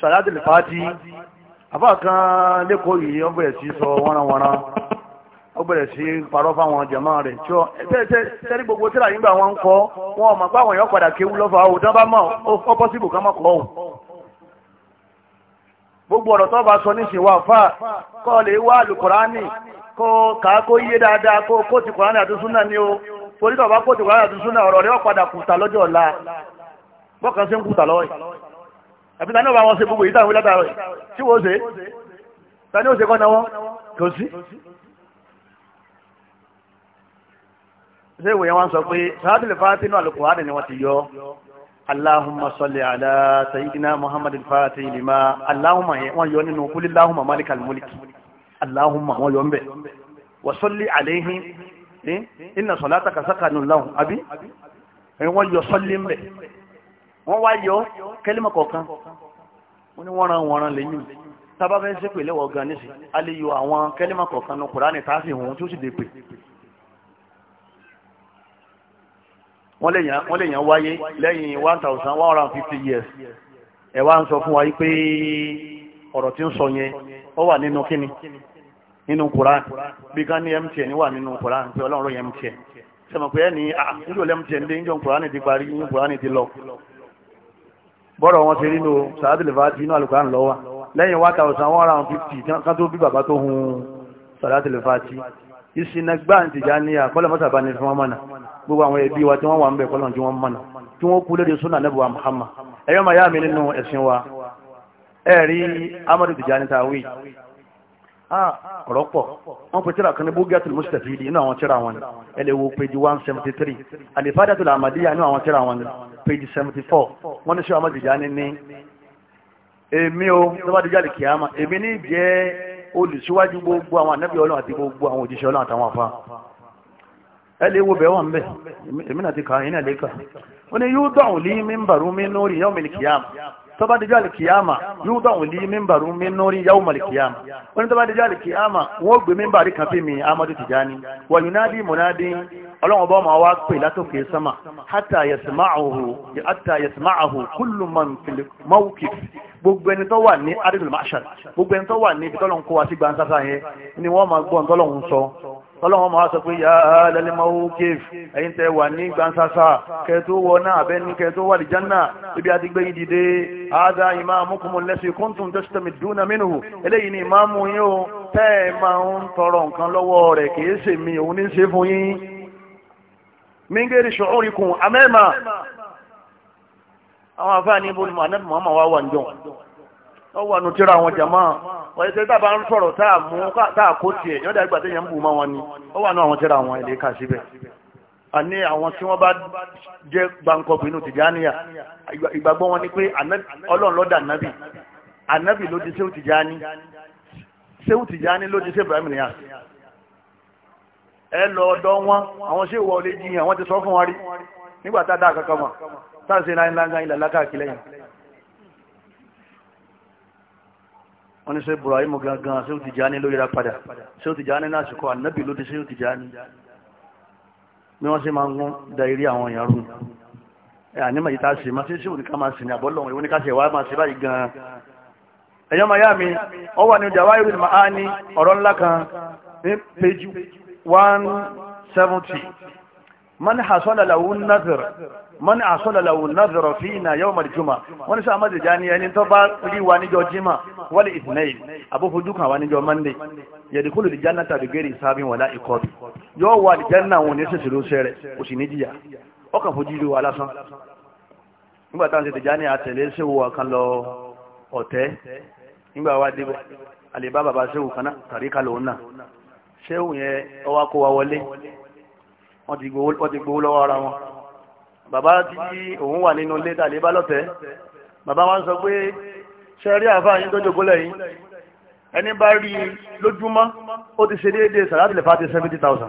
sàlátì fàtí àbá kan lẹ́kọ̀ọ́ yìí wọ́n bẹ̀rẹ̀ sí sọ wọ́nranwọ́nran ó bẹ̀rẹ̀ sí parọ́ fáwọn jàmáà rẹ̀ tí ó tẹ́rí gbogbo tíra yìí gbà wọn ń kọ́ wọn ọ̀mọ̀ pàwọn èèyàn padà kéwú lọ́fà ó dán bá mọ̀ ó pọ́sibù ká mọ̀ kọ́ òun gbogbo ọ̀rọ̀ tó bá sọ ní ṣìwà fà kọ́ lè wá alùkùránì kó kàákó yé dáadáa kó kó ti kùránì àti súnà ní o torí tó bá kó ti kùránì àti súnà ọ̀rọ̀ rẹ̀ ọ̀padà kùtà lọ́jọ́ ọ̀la bọ́kàn sí ń kùtà lọ́wọ́ ẹ̀bí ta ní ọba wọn ṣe gbogbo ìdáhùn látàrọ̀ tí wọ́n ṣe ta ní ó ṣe kọ́ náwọ́ kò sí ṣé ìwòye wọn sọ pé sáà اللهم صل على سيدنا محمد الفاتح لما اللهم وان يوني نقول اللهم مالك الملك اللهم وان يوني وصلي عليه إن صلاتك سكن لهم أبي وان يصلي به wọ́n wá yọ kẹ́límọ̀ kọ̀ọ̀kan wọ́n ní wọ́nran wọ́nran lè yìn tábàbẹ́ ń sépè lẹ́wọ̀ gan nísì a àwọn kẹ́límọ̀ kọ̀ọ̀kan ní kùránì tààfin òun tí ó sì dé pè wọ́n lè yàn wáyé lẹ́yìn one thousand one hundred fifty years ẹ wá ń sọ fún wa yí pé ọ̀rọ̀ tí ń sọ yẹn ó wà nínú kíni nínú Quran bí ká ní MTN wà nínú Quran pé ọlọ́run yẹn MTN sọmọ pé ẹni nílò ah, MTN dé níjọ Quran ti parí ní Quran ti lọ bọ́rọ̀ wọn ti rí lo sàádìlẹ̀fà ti inú àlùkàn lọ wa lẹ́yìn one thousand one hundred fifty kan tó bí bàbá tó hun sàádìlẹ̀fà ti ìsìnàgbà ti já ní àkọlẹ̀ mọ́sàbánifọ́mọ́nà gbogbo àwọn ẹbí wa tí wọ́n wà ń bẹ̀ kọ́lọ̀ tí wọ́n mọ̀nà tí wọ́n kú lórí súnà nẹ́bùwà Muhammad ẹ̀yọ́ ma yá mi nínú ẹ̀sìn wa ẹ̀rí Amadu Tijani tàwí ọ̀rọ̀pọ̀ wọ́n pè tíra kan ní inú àwọn tíra wọn 173 amadiya inú àwọn tíra wọn page 74 wọ́n ní Amadu Tijani ẹlẹ́ wo bẹ̀wọ̀n bẹ̀ ìmìnà ti kàáyìn náà lékà ó ní yóò dọ̀wùn lí mímbàrú mi nórí yàwó mìlìkìyàmù tó bá dìjọ́ alìkìyàmà yóò dọ̀wùn lí mímbàrú mi nórí yàwó mìlìkìyàmù ó ní tó bá dìjọ́ alìkìyàmà wọ́n gbé mímbàrí kan fi mi amadu tijani wà yunadi munadi ọlọ́run ọba ọmọ wa pè látòkè sama hátà yẹsìmáàhù kúlù mọ́wùkì gbogbo ẹni tó wà ní adìgbòlùmáṣà gbogbo ẹni tó wà ní ibi tọ́lọ́run tọ́lọ́wọ́n máa sọ pé yà á lẹ́lẹ́mọ́wó kéf ẹ̀yin tẹ́ wà ní gbansasa kẹtó wọ náà abẹ́ ní kẹtó wà lìjánà ibi àti gbé yìí dìde àádá imamukum lẹ́sì kúntùn tẹ́sítẹ́mì dúnà mínú eléyìí ni ìmáàmù yín o tẹ́ ẹ máa ń ọwọ́ àánú tíra àwọn jàmá ọ̀yẹ́ tẹ́lẹ̀ tàbá ń sọ̀rọ̀ táà kó tiẹ̀ yọ́n dà ìgbà tẹ́yẹ̀ ń bù mọ́ wọn ni ọwọ́ àánú àwọn tíra àwọn ilé kà síbẹ̀ àní àwọn tí wọ́n bá jẹ́ gbàǹkọ̀bù inú Tìjàníyà ìgbàgbọ́ wọn ni pé Ọlọ́run ló dá ànábì ànábì ló di séwù Tìjàní séwù Tìjàní ló di séwù Ibrahim Niyas ẹ lọ ọ̀dọ̀ wọn àwọn ṣé ìwọ jiyàn wọn ti sọ fún wọn rí nígbà tá a dá àkàkọ mọ táà ń ṣe náà ńlá ńlá ìlàlákà àkìlẹyìn wọ́n ní ṣe Ibrahim gangan ṣe ó ti já ní lórí rápadà ṣe ó ti já ní lásìkò ànábì ló ti ṣe ó ti já ní bí wọ́n ṣe máa ń gún da eré àwọn èèyàn rú ẹ̀ ànímọ̀ yìí tá a ṣe máa ṣe ṣe òní ká máa ṣe ní àbọ́lọ́wọ̀n ìwé ní ká ṣe wá máa ṣe báyìí gan ẹ̀yọ́ máa yá mi ọ wà ní Jawahirul Ma'ani ọ̀rọ̀ ńlá kan ní page one seventy man hasala lahu nazar mọ́ni àṣọ́lọ̀lọ̀wò náàzọ̀rọ̀ fi ìnà yọ́ mọ̀lìjúmà wọ́n ní sáàmà jìjá ní ẹni tó bá rí wa níjọ jímà wọ́n lè ìtìnẹ́yìn abúfojú kan wa níjọ mọ́ndé yẹ̀dìkúlù ìjánà tàbí gẹ́rì sábí wọ̀lá ìkọ́bì yóò wà ìjánà wọn ní ṣèṣì ló ṣẹrẹ kò sì ní jìyà ọkàn fojú rí wa lásán nígbà táwọn ṣe tìjá ní àtẹ̀lé ṣéwò kan lọ ọ̀tẹ́ nígbà wa débẹ̀ àlèbá bàbá ṣéwò náà tàrí kalò náà ọwá kó wa wọlé wọ́n ti gbowó lọ́wọ́ ara wọn bàbá tí òun wà nínú ilé tàbí bá lọ́tẹ̀ bàbá wọn sọ pé ṣẹ́rí àfáà yín tó jòkó lẹ́yìn ẹni bá rí lójúmọ́ ó ti ṣe déédéé sàrátìlẹ̀ fàtí 70,000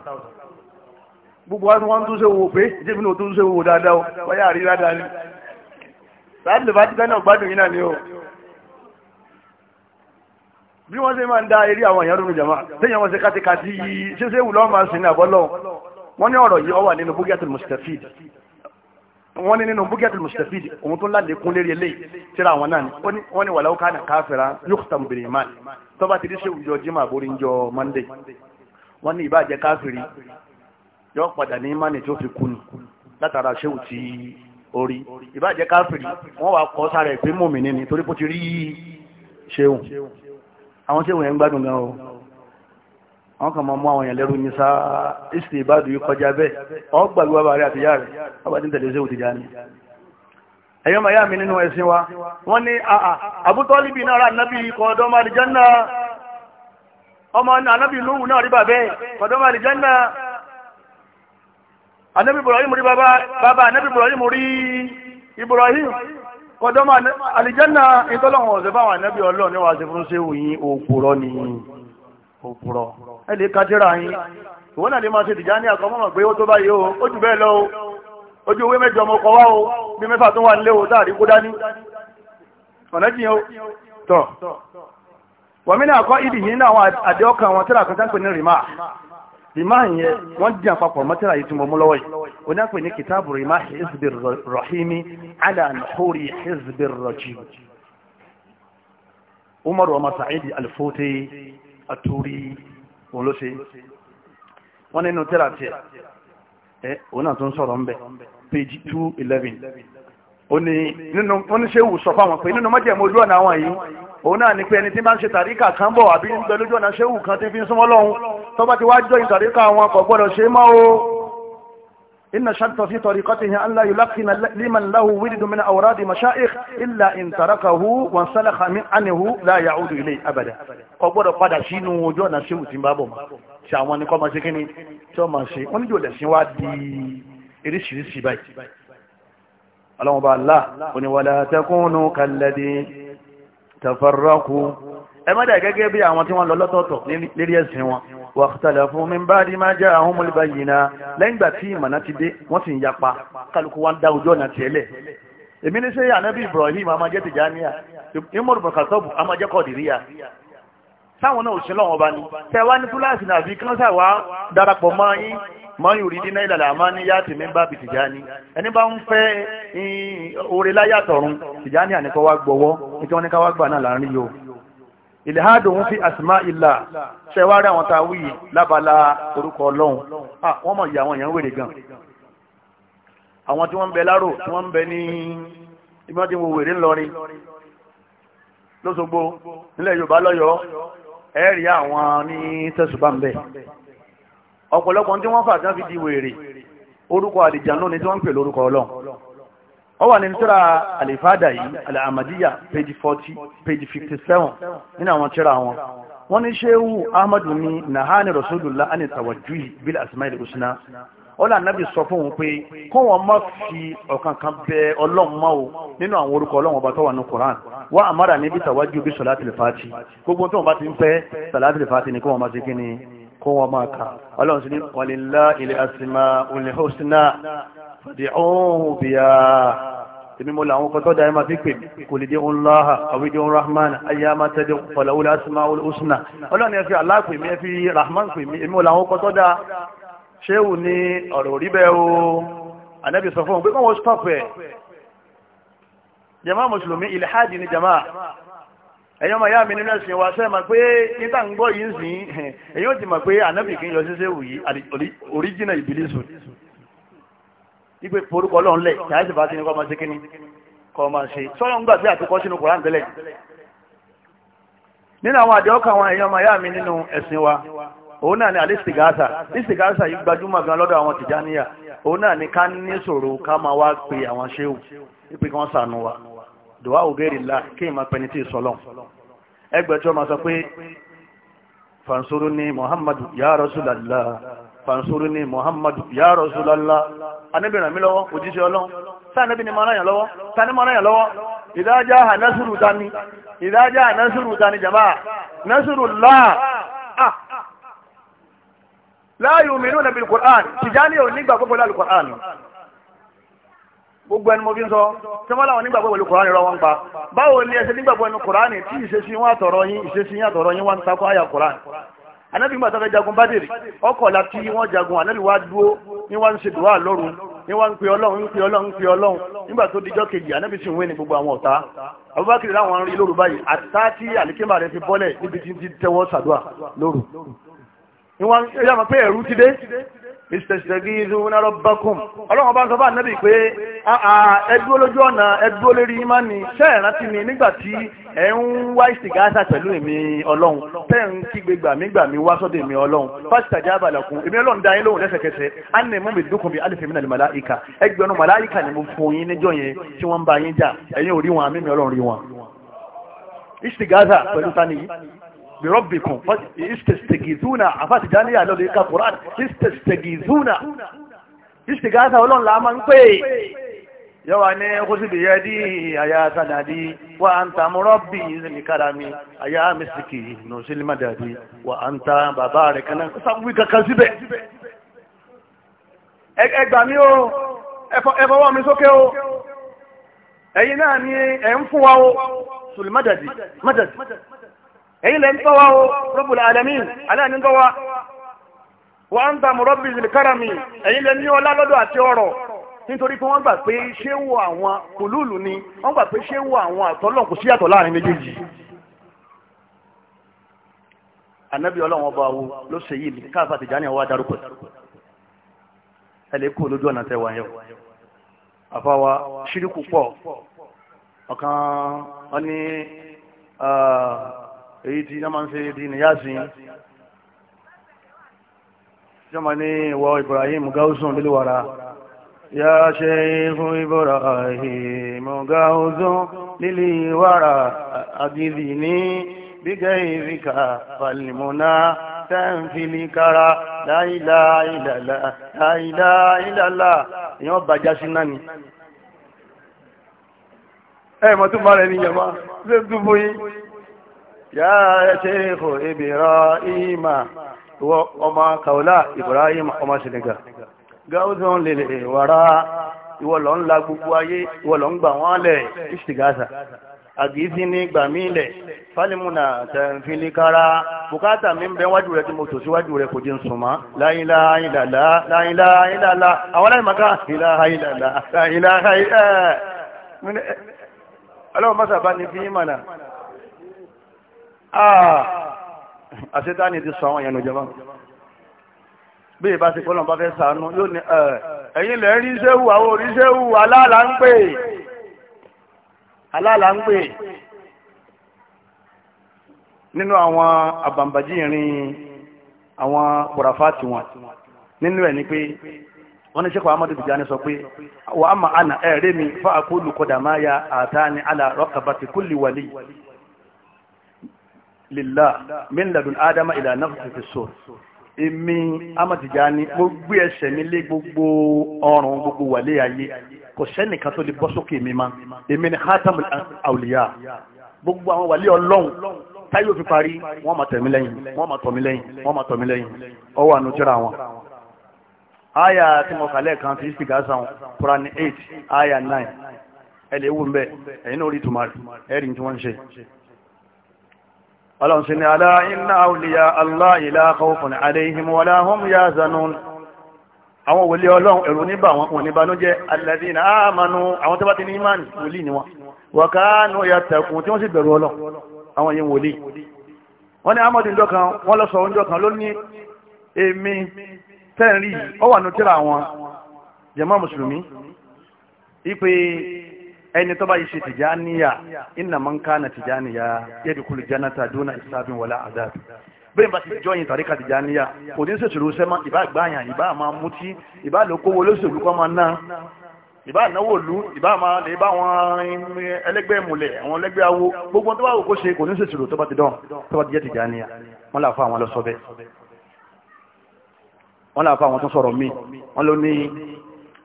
gbogbo wá tí wọ́n tún ṣe wò pé jébìnà tó tún ṣe wò dáadáa wáyà àrí dáadáa ní sàrátìlẹ̀ fàtí tẹ́nà gbádùn yìí náà ni ó bí wọ́n ṣe máa ń dá eré àwọn èèyàn lónìí jama téèyàn wọ́n ṣe kátikáti ṣe ṣe wù lọ́wọ́ máa ń sin àbọ́lọ́ wọ́n ní ọ̀rọ̀ yìí ó nínú bugyatul mustafid wọ́n ní nínú bukiyat mustafid òun tó lálẹ́kún lérí eléyìí tíra àwọn náà ni wọ́n ní wàláwó kánà káfẹ́ra yókùtàmù bèrè ìmáà tó bá ti rí sèwù jọ jimá borí ń jọ monday wọ́n ní ìbáàjẹ́ káfìrí yọ padà ní ìmáàni tó fi kú ni látara sèwù ti orí ìbáàjẹ́ káfìrí wọ́n wà kọ́ sára ẹ̀ pé mòmìnir ni torí bó ti rí sèwù àwọn sèwù yẹn ń gbádùn gan o àwọn kan máa mú àwọn èèyàn lẹ́rú ní sáà ìsìn ìbádù yìí kọjá bẹ́ẹ̀ ọgbà ìwà bàárẹ̀ àti yáà rẹ̀ ọba ní tẹ̀lé ṣéwù Tìjàní ẹ̀yọ́ màyá mi nínú ẹ̀sìn wa wọ́n ní Abu Tọ́líbì náà rà nábì kọ̀ọ̀dọ́mọ àlìjánná ọmọ ànábì lóhùn náà rí bàbẹ́ kọ̀ọ̀dọ́mọ àlìjánná ànábì Ibrahim ẹ lè ka tíra yín ìwọ náà lè máa ṣe tìjà ní àkọ́mọ́mọ́ pé ó tó báyìí o ó jù bẹ́ẹ̀ lọ o ojú owó mẹ́jọ ọmọ kọwá o bí mẹ́fà tó wà nílé o táàrí kó dání ọ̀nà jìn o tọ̀ wọ́n mi náà kọ́ ìdí yìí náà àwọn àdé ọkàn wọn tíra kan sáńpẹ̀ ní rìmá rìmá yẹn wọ́n jẹ́ àpapọ̀ mọ́ tíra yìí tí mo mú lọ́wọ́ yìí ó náà pè ní kìtàbù rìmá hizbi rahimi ala nuhuri hizbi rajim umaru ọmọ sa'idi alfote aturi òun ló ṣe wọ́n nínú tẹ́lá tiẹ̀ ẹ òun náà tó ń sọ̀rọ̀ ń page two eleven ó ní nínú wọ́n ní ṣé wù sọ fáwọn pé nínú mọ́jẹ̀mú ojú ọ̀nà àwọn yìí òun náà ni pé ẹni tí bá ń ṣe tàríkà kan bọ̀ àbí ń bẹ lójú ọ̀nà ṣéwù kan tí fi ń súnmọ́ lọ́hùn tó ti wá jọyìn tàríkà wọn kò gbọ́dọ̀ ṣe mọ́ o. إن شرط في طريقته أن لا يلقن لمن له ولد من أوراد مشائخ إلا إن تركه وانسلخ من عنه لا يعود إليه أبدا ọgbọ́dọ̀ padà sínú ojú ọ̀nà sí òtí bábọ̀ mọ́ tí àwọn ní kọ́mọ sí kí ni tí ó máa ṣe wọ́n níjò lẹ̀sìn wá di iríṣiríṣi báyìí ọlọ́run bá láà oníwàlá tẹkùnù kàlẹ́dì tẹfẹ́rọ́kù ẹ má dà gẹ́gẹ́ bí àwọn tí wọ́n lọ lọ́tọ̀ọ̀tọ̀ lérí ẹ̀sìn wọn واختلفوا من بعد ما جاءهم البينات lẹ́yìn ìgbà tí ìmọ̀nà ti dé wọ́n sì ń yapa kálukú wá ń dá ojú ọ̀nà tiẹ̀ lẹ̀ èmi ní sẹ́yìn ànábì Ibrahim amajẹ́ tìjànìyà imor bukatobu amajẹ́ kọ̀dìríyà sáwọn náà òṣèlú ọ̀wọ́n bá ní tẹ̀wá ní túláàsì náà fi kánṣà wá darapọ̀ mọ́ yín mọ́ yìí rí ìlàlà àmá ní yàtì mi bá bi Tìjání ẹni bá ń fẹ́ oore láyàtọ̀run Tìjání àníkọ́ wá gbọ́wọ́ nítorí wọ́n ní ká wá gbà náà láàrin yóò ìlẹ́hádùn fi àsìmá ìlà ṣẹwárí àwọn ta wí lábala orúkọ ọlọ́run wọ́n mọ̀ ìyà àwọn èèyàn wèrè gan àwọn tí wọ́n ń bẹ láró tí wọ́n ń bẹ ní ìmọ́dínwó wèrè ńlọrin lóṣogbo nílẹ̀ yorùbá lọ́yọ́ ẹ̀rí àwọn ní tẹ̀sùbá ń bẹ ọ̀pọ̀lọpọ̀ tí wọ́n fà tí wọ́n fi di wèrè orúkọ ó wà nínú tíra àlèfáàdà yìí àlàmàdíyà page forty page fifty seven nínú àwọn tíra wọn wọ́n ní ṣéhù ahmadu ní nahani rasulullah ani tawajjuhi bil asmail husna ọlá anabi sọ fún òun pé kọ́wọ́n má fi ọ̀kan kan bẹ ọlọ́run má o nínú àwọn orúkọ ọlọ́run ọba tó wà ní quran wá àmàrà níbi tawajjuhi bí salatil fati gbogbo tó wọn bá ti ń fẹ́ salatil fati ni kọ́wọ́n má ṣe kí ni kọ́wọ́n má ka ọlọ́run sì ní walillahi al asmaul husna fàdí ọ̀hún bíyà èmi mo làwọn kọ́tọ́ dáa máa fi pè mí kò lè dé òun láha àwídé òun rahman ayé a máa tẹ́lẹ̀ fọlọ́wọ́ láti máa wọlé òsùnà ọlọ́ni ẹ fi Allah pè mí ẹ fi rahman pè mí èmi mo làwọn kọ́tọ́ dáa ṣéwù ni ọ̀rọ̀ rí bẹ́ẹ̀ o ànábì sọ fún un pé kọ́ wọ́n stop ẹ̀ jama mùsùlùmí ilhadi ni jama ẹ̀yọ́ ma yá mi nínú ẹ̀sìn wa sẹ́ẹ̀ ma pé níta ń gbọ́ yìí ń sìn èyí ó ti mọ̀ pé ànábì kì í yọ sí ṣéwù yìí wípé forúkọ ọlọ́run lẹ̀ kí àìsàn bá ti ní kọ́ máa ṣe kíní kọ́ máa ṣe sọ́yọ́ ń gbàgbé àtúkọ́ sínú koran tẹ́lẹ̀ nínú àwọn àdéhùn kan àwọn èèyàn màyá mi nínú ẹ̀sìn wa òun náà ni àlìsìgáàsà àlìsìgáàsà yìí gbajúmọ̀ gan lọ́dọ̀ àwọn tìjáníyà òun náà ni ká ní ṣòro ká máa wá pe àwọn ṣéwù wípé kí wọ́n sànù wa dùwà ògèrè ńlá kí ìmọ̀ pẹ̀lú tí ìsọlọ́n ẹgbẹ̀jọ́ máa sọ pé fansuru ni muhammadu ya rasulallah fansuru ni muhammadu ya rasulallah anabi ràn mí lọ́wọ́ òjíṣẹ́ ọlọ́run sáànẹ́bí ni mọ́ráyàn lọ́wọ́ sáàní mọ́ráyàn lọ́wọ́ ìdájá ànásùrù tani ìdájá ànásùrù tani jama násùrù láà láàyò mìíràn nàbí kùrán tìjáni ò nígbà gbogbo lálù kùrán gbogbo ẹni mo fi ń sọ tí wọ́n láwọn nígbàgbọ́ pẹ̀lú kùránì rọ wọn pa báwo ni ẹsẹ̀ nígbàgbọ́ ẹnu kùránì tí ìṣesí wọn àtọ̀rọ̀ yín ìṣesí yín àtọ̀rọ̀ yín wọn ń takọ́ àyà kùránì anabi gbàtà fẹ́ jagun bádìrì ọkọ̀ láti wọ́n jagun anabi wá dúó ní wá ń ṣe dùwà lọ́rùn ní wá ń pe ọlọ́run ń pe ọlọ́run ń pe ọlọ́run nígbà tó dijọ́ kejì anabi sì ń wé ní gbogbo àwọn ọ̀tá abubakar láwọn ń rí lóru báyìí àtá tí àlékèmà rẹ fi bọ́lẹ̀ níbi tí ń tẹ́wọ́ sàdúà lóru ní wá ń ṣe ìṣẹ̀ṣẹ̀gìrún rọ̀bọ̀kùn ọlọ́run bá ń sọ bá nẹ́bì pé ẹdúró lójú ọ̀nà ẹdúró lérí ìmánì ṣẹ́ẹ̀rántí mi nígbàtí ẹ ń wá ìsìgáṣà pẹ̀lú èmi ọlọ́run tẹ́ ń kígbe gbàmí gbàmí wá sọ́dọ̀ èmi ọlọ́run pásítà jẹ́ àbàlẹ̀kùn èmi ọlọ́run dá yín lóhùn lẹ́sẹ̀kẹsẹ̀ á ní mú mi dúkùn bí alẹ́fẹ̀ mi nà ní màláìka ẹgbẹ̀rún màláìka ni mo fún yín níjọ́ yẹn tí wọ́n ń bá yín jà ẹ̀yin ò rí mi ọlọ́run rí wọn. ìsìgáṣà pẹ̀lú بربكم استستجيزونا àfáàtì jáníyà lọ́lọ́ ìka Quran استستجيزونا ìṣtìgáta ọlọ́run la máa ń pè yọ́wà ní kúsìbì yẹ́ dí àyà sàdàdí wà á ń ta mọ́rọ́bì ìzìnìkára mi àyà mẹ́sìkì nùsílímàdàdí wà á ń ta bàbá rẹ̀ kaná sáwí kankan síbẹ̀ ẹgbà mi ó ẹfọwọ́ mi sókè ó ẹ̀yin náà ni ẹ̀ ń fún wa ó sùlímàdàdí eyi lẹ́ ń tọ́wá o Rabbul Alamin aláàánú tọ́wá wa anta murabbi zil karami ẹ̀yin lẹ́ ní ọlá lọ́dọ̀ àti ọ̀rọ̀ nítorí pé wọ́n gbà pé ṣé wo àwọn kòlúùlù ni wọ́n gbà pé ṣé wo àwọn àtọ́lọ̀ kò láàrin méjèèjì anabi ọlọ́run ọba wo ló ṣe yìí ní káfà ọwọ́ adarúkọ ẹ lè èyí tí wọ́n máa ń ṣe di nìyásin jọmọ ní ìwọ Ibrahim gáúsùn lílúwara ya ṣe fún Ibrahim gáúsùn lílúwara àgìdì ní bígẹ́ ìríkà falimuna tẹ́ǹfìlì kára láìláìlàlá èyàn bàjá sí náà ni ẹ̀mọ̀ tó bá rẹ̀ ní yẹ̀mọ́ tó tó fóyí يا شيخ إبراهيم وما قولا إبراهيم وما سنقا غوث للوراء ìwọ̀lọ́ ńlá gbogbo ayé ìwọ̀lọ́ ń gbà wọ́n lẹ̀ ìṣìgáṣà àgìsí ní gbà mí lẹ̀ fálímùnà tẹ̀fìlíkára bùkátà mi ń bẹ wájú rẹ̀ tí mo tò síwájú rẹ̀ kò jẹ́ nsùnmọ́ láìláìlàlá láìláìlàlá àwọn aláìmọ̀ká láìláìlàlá láìláìlàlá ọlọ́run mọ́sàbá ni fi mọ̀nà Ah! àṣetáni ti sọ àwọn èèyàn ìjọba bí ìbá ti kọ́ lọ́n bá fẹ́ sànú yóò ní ẹ̀yin lẹ́ rí sẹ́wù àwọn oríṣẹ́wù aláàlá ń pè aláàlá ń pè nínú àwọn àbàǹbàjìnrin àwọn kùràfáàtì nínú ẹ̀ ni pé wọ́n amadu bìjáni sọ pé ẹ̀rẹ́ mi fáakúlù kọ́dà máa ya àtàní kúlì lillah min ladun adama ila nafsi fi sur èmi amadija ni mo gbé ẹsẹ̀ mi lé gbogbo ọrùn gbogbo wàlé ayé kò sẹ́nìkan tó lè bọ́ sókè mi ma èmi ni khatamul awliya gbogbo àwọn wàlé ọlọ́run táyé òfin parí wọ́n máa tẹ̀mí lẹ́yìn wọ́n máa tọ̀mí lẹ́yìn wọ́n máa tọ̀mí lẹ́yìn ọwọ́ àánú wọn. aya tí mo kàlẹ́ kan ti sì gáàsà wọn Quran eight aya nine ẹ lè wù mbẹ ẹ̀yin náà rí tùmárì ẹ̀rí tí wọ́n ń ṣe ọlọ́run sí ni alá iná àwòlíyà aláìláàkọ́ fún àdéhìm wọlá hóm yá zanun àwọn wòlé ọlọ́run ẹ̀rù níbà wọn wọn ní banújẹ́ alẹ́dínà àmànú àwọn tó bá ti ní ìmáàni wòlí ni wọn wọ̀kánú ya tẹ̀kùn tí wọ́n sì bẹ̀rù ọlọ́run àwọn yẹn wòlí wọ́n ní amọ́dún jọ kan wọ́n lọ sọ oúnjọ kan ló ní èmi tẹ́ẹ̀rí ọwà nù tíra àwọn jàmá mùsùlùmí ipe ẹni tó bá yìí ṣe tìjáníyà iná máa ń ká na tìjáníyà yẹ́ di kúlù jánátà dúnà ìsábìn wọlá àdáàbì bí n bá ti jọ yin tàríkà tìjáníyà kò ní sèṣòro sẹ́mà ìbá gbáyàn ìbá máa mutí ìbá lókòwò olóṣèlú kọ́ máa ná ìbá náwó lu ìbá máa lè bá wọn ẹlẹ́gbẹ́ múlẹ̀ àwọn ẹlẹ́gbẹ́ awo gbogbo tó bá wò kó ṣe kò ní sèṣòro tó bá ti dán tó bá ti jẹ́ tìjáníyà wọ́n là fún àwọn lọ sọ bẹ́ẹ̀ là fún àwọn tó sọ̀rọ̀ míì wọ́n ló ní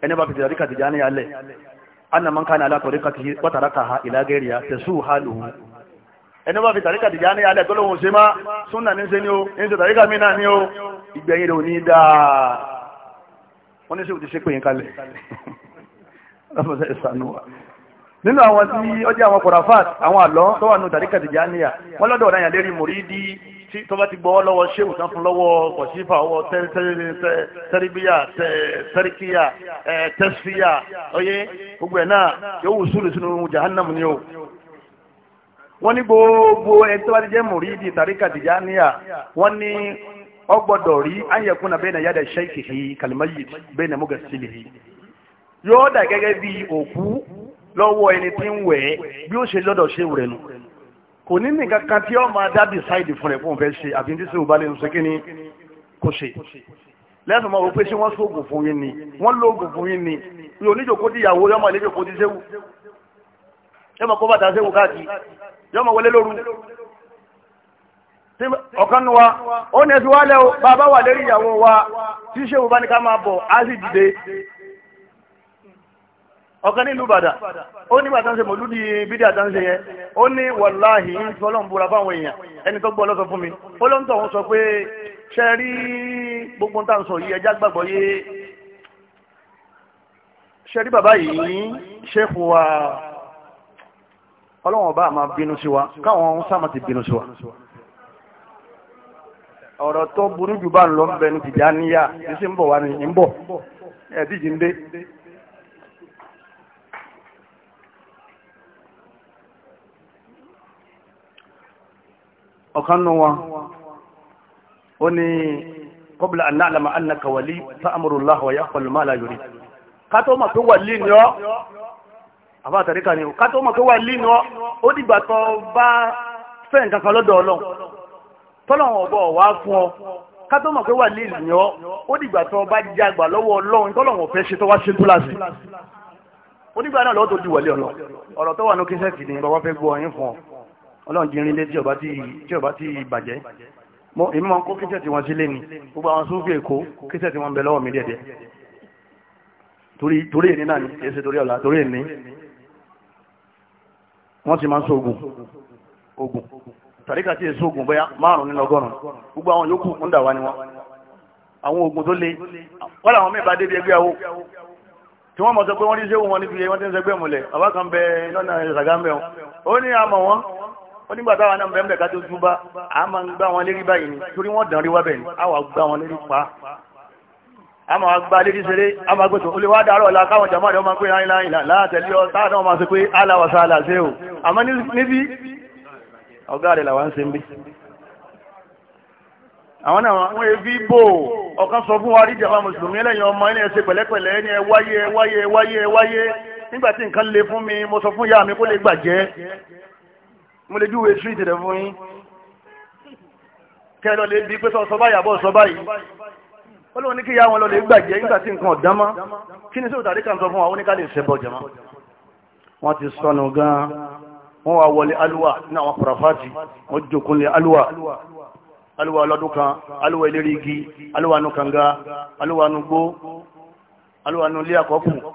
ẹni bá fi tìjáníyà lẹ̀ anna man kana ala tariqatihi wa tarakaha ila ghayriha tasu haluhu ẹni bá fi tàríkà dìjà ní alẹ́ tọ́lọ́hun ṣe má súnà ní ṣe ní o ní ṣe tàríkà mí náà ní o ìgbẹ̀yìn rẹ̀ ò ní dáa wọ́n ní ṣe òtí ṣe pé yín kalẹ̀ nínú àwọn tí ọjọ́ àwọn kọ̀ràfàt àwọn àlọ́ tó wà nù tàríkà dìjà níyà wọ́n lọ́dọ̀ ọ̀dà yàn lérí mùrídìí tí tó ti gbọ́ lọ́wọ́ ṣéwù tán fún lọ́wọ́ kọ̀sífà ọwọ́ tẹ́ríbíyà tẹ́ríkíyà tẹ́síyà ọyẹ gbogbo ẹ̀ náà yóò wù sùúrù sínú jahannam ni o. wọ́n ní gbogbo ẹni tó ti jẹ́ mùrídìí tàríkà tìjàníyà wọ́n ní ọgbọ́dọ̀ rí ayẹ̀kún náà bẹ́ẹ̀ náà yáda iṣẹ́ ìkìkì kalimayi bẹ́ẹ̀ kò ní nìkan kan tí ó máa dá decide fún rẹ̀ fún fẹ́ ṣe àbí tí sí òbálẹ̀ ń sókè ní kò ṣe lẹ́sùn máa wọ pé ṣé wọ́n sóògùn fún yín ni wọ́n lóògùn fún yín ni ní oníjòkó tí ìyàwó yọ́mọ̀ lé jòkó tí séwu yọ́mọ̀ kó bàtà séwu káàkiri yọ́mọ̀ wọlé lóru ọ̀kan nu wa ó ní ẹ̀sùn wálẹ̀ bàbá wà lérí ìyàwó wa tí séwu bá ní ká máa bọ̀ á sì dìde ọ̀kan nílùú Ìbàdàn ó nígbà tán ṣe mọ̀lú ní bídí àtànṣe yẹn ó ní wàláhì ń fi ọlọ́run búra fáwọn èèyàn ẹni tó gbọ́ lọ́sọ fún mi ó ló ń tọ̀hún sọ pé ṣe rí gbogbo tá à ń sọ yìí ẹjá gbàgbọ́ yé ṣe rí bàbá yìí ṣéèkù wa ọlọ́run ọba àmà bínú sí wa káwọn sáàmà ti bínú sí wa ọ̀rọ̀ tó burú jù bá ń lọ ń bẹnu tìjà níyà ní ọ̀kan nù wọn ó ní kọ́bùlà aláàlámà annaka wàlí ta'amuru Allah wa yaqbalu ma la yurid ká tó mọ̀ pé wàlí ni ọ́ àbá àtàríkà ni ká tó mọ̀ pé wàlí ni ọ́ ó dìgbà tó bá fẹ́ nǹkan kan lọ́dọ̀ ọlọ́run tọ́lọ́run ọ̀bọ̀ wá fún ọ ká tó mọ̀ pé wàlí ni ọ́ ó dìgbà tó bá jágbà onígbà náà lọ́wọ́ tó di wàlí ọlọ́run ọ̀rọ̀ tó wà ní kíṣẹ́ẹ̀kì ni bàbá fẹ́ gbọ́ ọyún fún ọ ọlọ́run jí rinlé tí ọba ti bàjẹ́ èmi máa ń kó kíṣẹ́ tí wọ́n sílé ni gbogbo àwọn sófì èkó kíṣẹ́ tí wọ́n bẹ lọ́wọ́ mi dẹ̀dẹ̀ torí èní náà ni kìí ṣe torí ọ̀la torí èní wọ́n sì máa ń so ogun tàríkà tí èso ogun bóyá márùn-ún nínú ọgọ́rùn-ún gbogbo àwọn yòókù ń dà wá ni wọ́n àwọn ogun tó le wọ́n làwọn mẹ́ta débi ẹgbẹ́ àwọ̀ tí wọ́n mọ̀ sọ pé wọ́n rí ṣéwù wọn níbi wọ́n ti ń sẹgbẹ́ mọ̀lẹ̀ àbá bẹ lọ́nà ìṣàgámẹ́ wọn ó ní àmọ̀ wọn ó nígbà táwọn náà bẹ́ẹ̀ ká tó túbá a máa ń gbá wọn lérí báyìí ni torí wọ́n dàn rí wá bẹ́ẹ̀ ni a wà gbá wọn lérí pa a máa gbá lérí ṣeré a máa gbé tó olè wá dàárọ̀ la káwọn jàmáà rẹ̀ máa pé láyìn láyìn látẹ̀lé ọ táwọn náà máa sọ pé aláwàsá aláṣẹ o àmọ́ níbi ọ̀gá rẹ̀ làwọn ń ṣe ń bí àwọn náà wọ́n ebi bò ọ̀kan sọ fún wa rí mùsùlùmí ẹlẹ́yìn ọmọ ẹni ẹsẹ̀ pẹ̀lẹ́pẹ̀lẹ́ ẹni ẹwáyé ẹwáyé ẹwáyé ẹwáyé nígbàtí nǹkan le fún mi mo sọ fún ìyá mi kó lè gbàjẹ́ mo lè júwe street rẹ̀ fún yín kẹ́ lọ lè bí pé sọ báyìí àbọ̀ sọ báyìí ó lóun ní kí ya wọn lọ lè gbàjẹ́ nígbà tí nǹkan ọ̀dán mọ́ kí ni sóòtà àríkà ń sọ fún wa ó ní ká lè ṣẹbọ jẹmọ́ wọ́n ti sọnù gan wọ́n wà wọlé alúwà ní àwọn kùràfáàtì wọ́n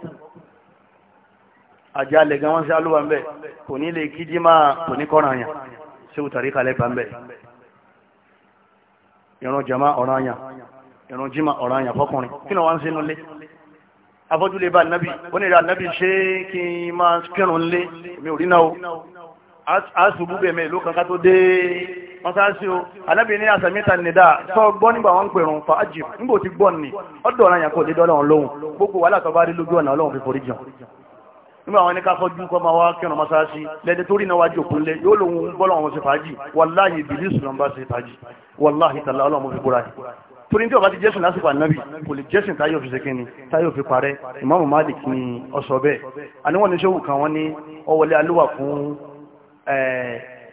àjálẹ̀ gan wọ́n sí alúwà ń bẹ̀ kò ní lè kí jímá kò ní kọ́ràn àyàn sí òtàrí kalẹ̀ bá ń bẹ̀ ìran jama ọ̀ràn àyàn ìran jímá ọ̀ràn àyàn fọkùnrin kí ni wọ́n ń sínú lé afọ́jú lè bá nábì ó ní ra nábì ṣé kí n máa kírun lé mi ò rí náà o a ṣubú bẹ̀mẹ̀ ìlú kankan tó dé mọ́sáàsì o anábì ní àsàmìta nìdá sọ gbọ́ nígbà wọn ń pèrún fa ajib nígbò tí gbọ́ ni ọdọ̀ ọ̀ràn àyàn kò lè dọ́lọ́run lóhun gbogbo wàhálà tó bá rí lójú ọ̀nà ọlọ́run fi forí jàn nígbà àwọn ẹni ká fọ́jú kọ́ máa wá kẹrùn masáàsì lẹ́ni tó rí náà wájú òkú lé yóò lòun bọ́lọ̀ àwọn ṣe fàájì wàláhì ìbílísù náà bá ṣe fàájì wàláhì tàlà ọlọ́mọ fi kúra ẹ̀ torí tí ọba ti jẹ́sùn lásìkò ànábì kò lè jẹ́sùn táyọ̀ fi ṣeké ni táyọ̀ fi parẹ́ ìmáàmù Malik ni ọsọ bẹ́ẹ̀ àníwọ̀n ní ṣéwù kan wọ́n ní ọwọlé alúwà fún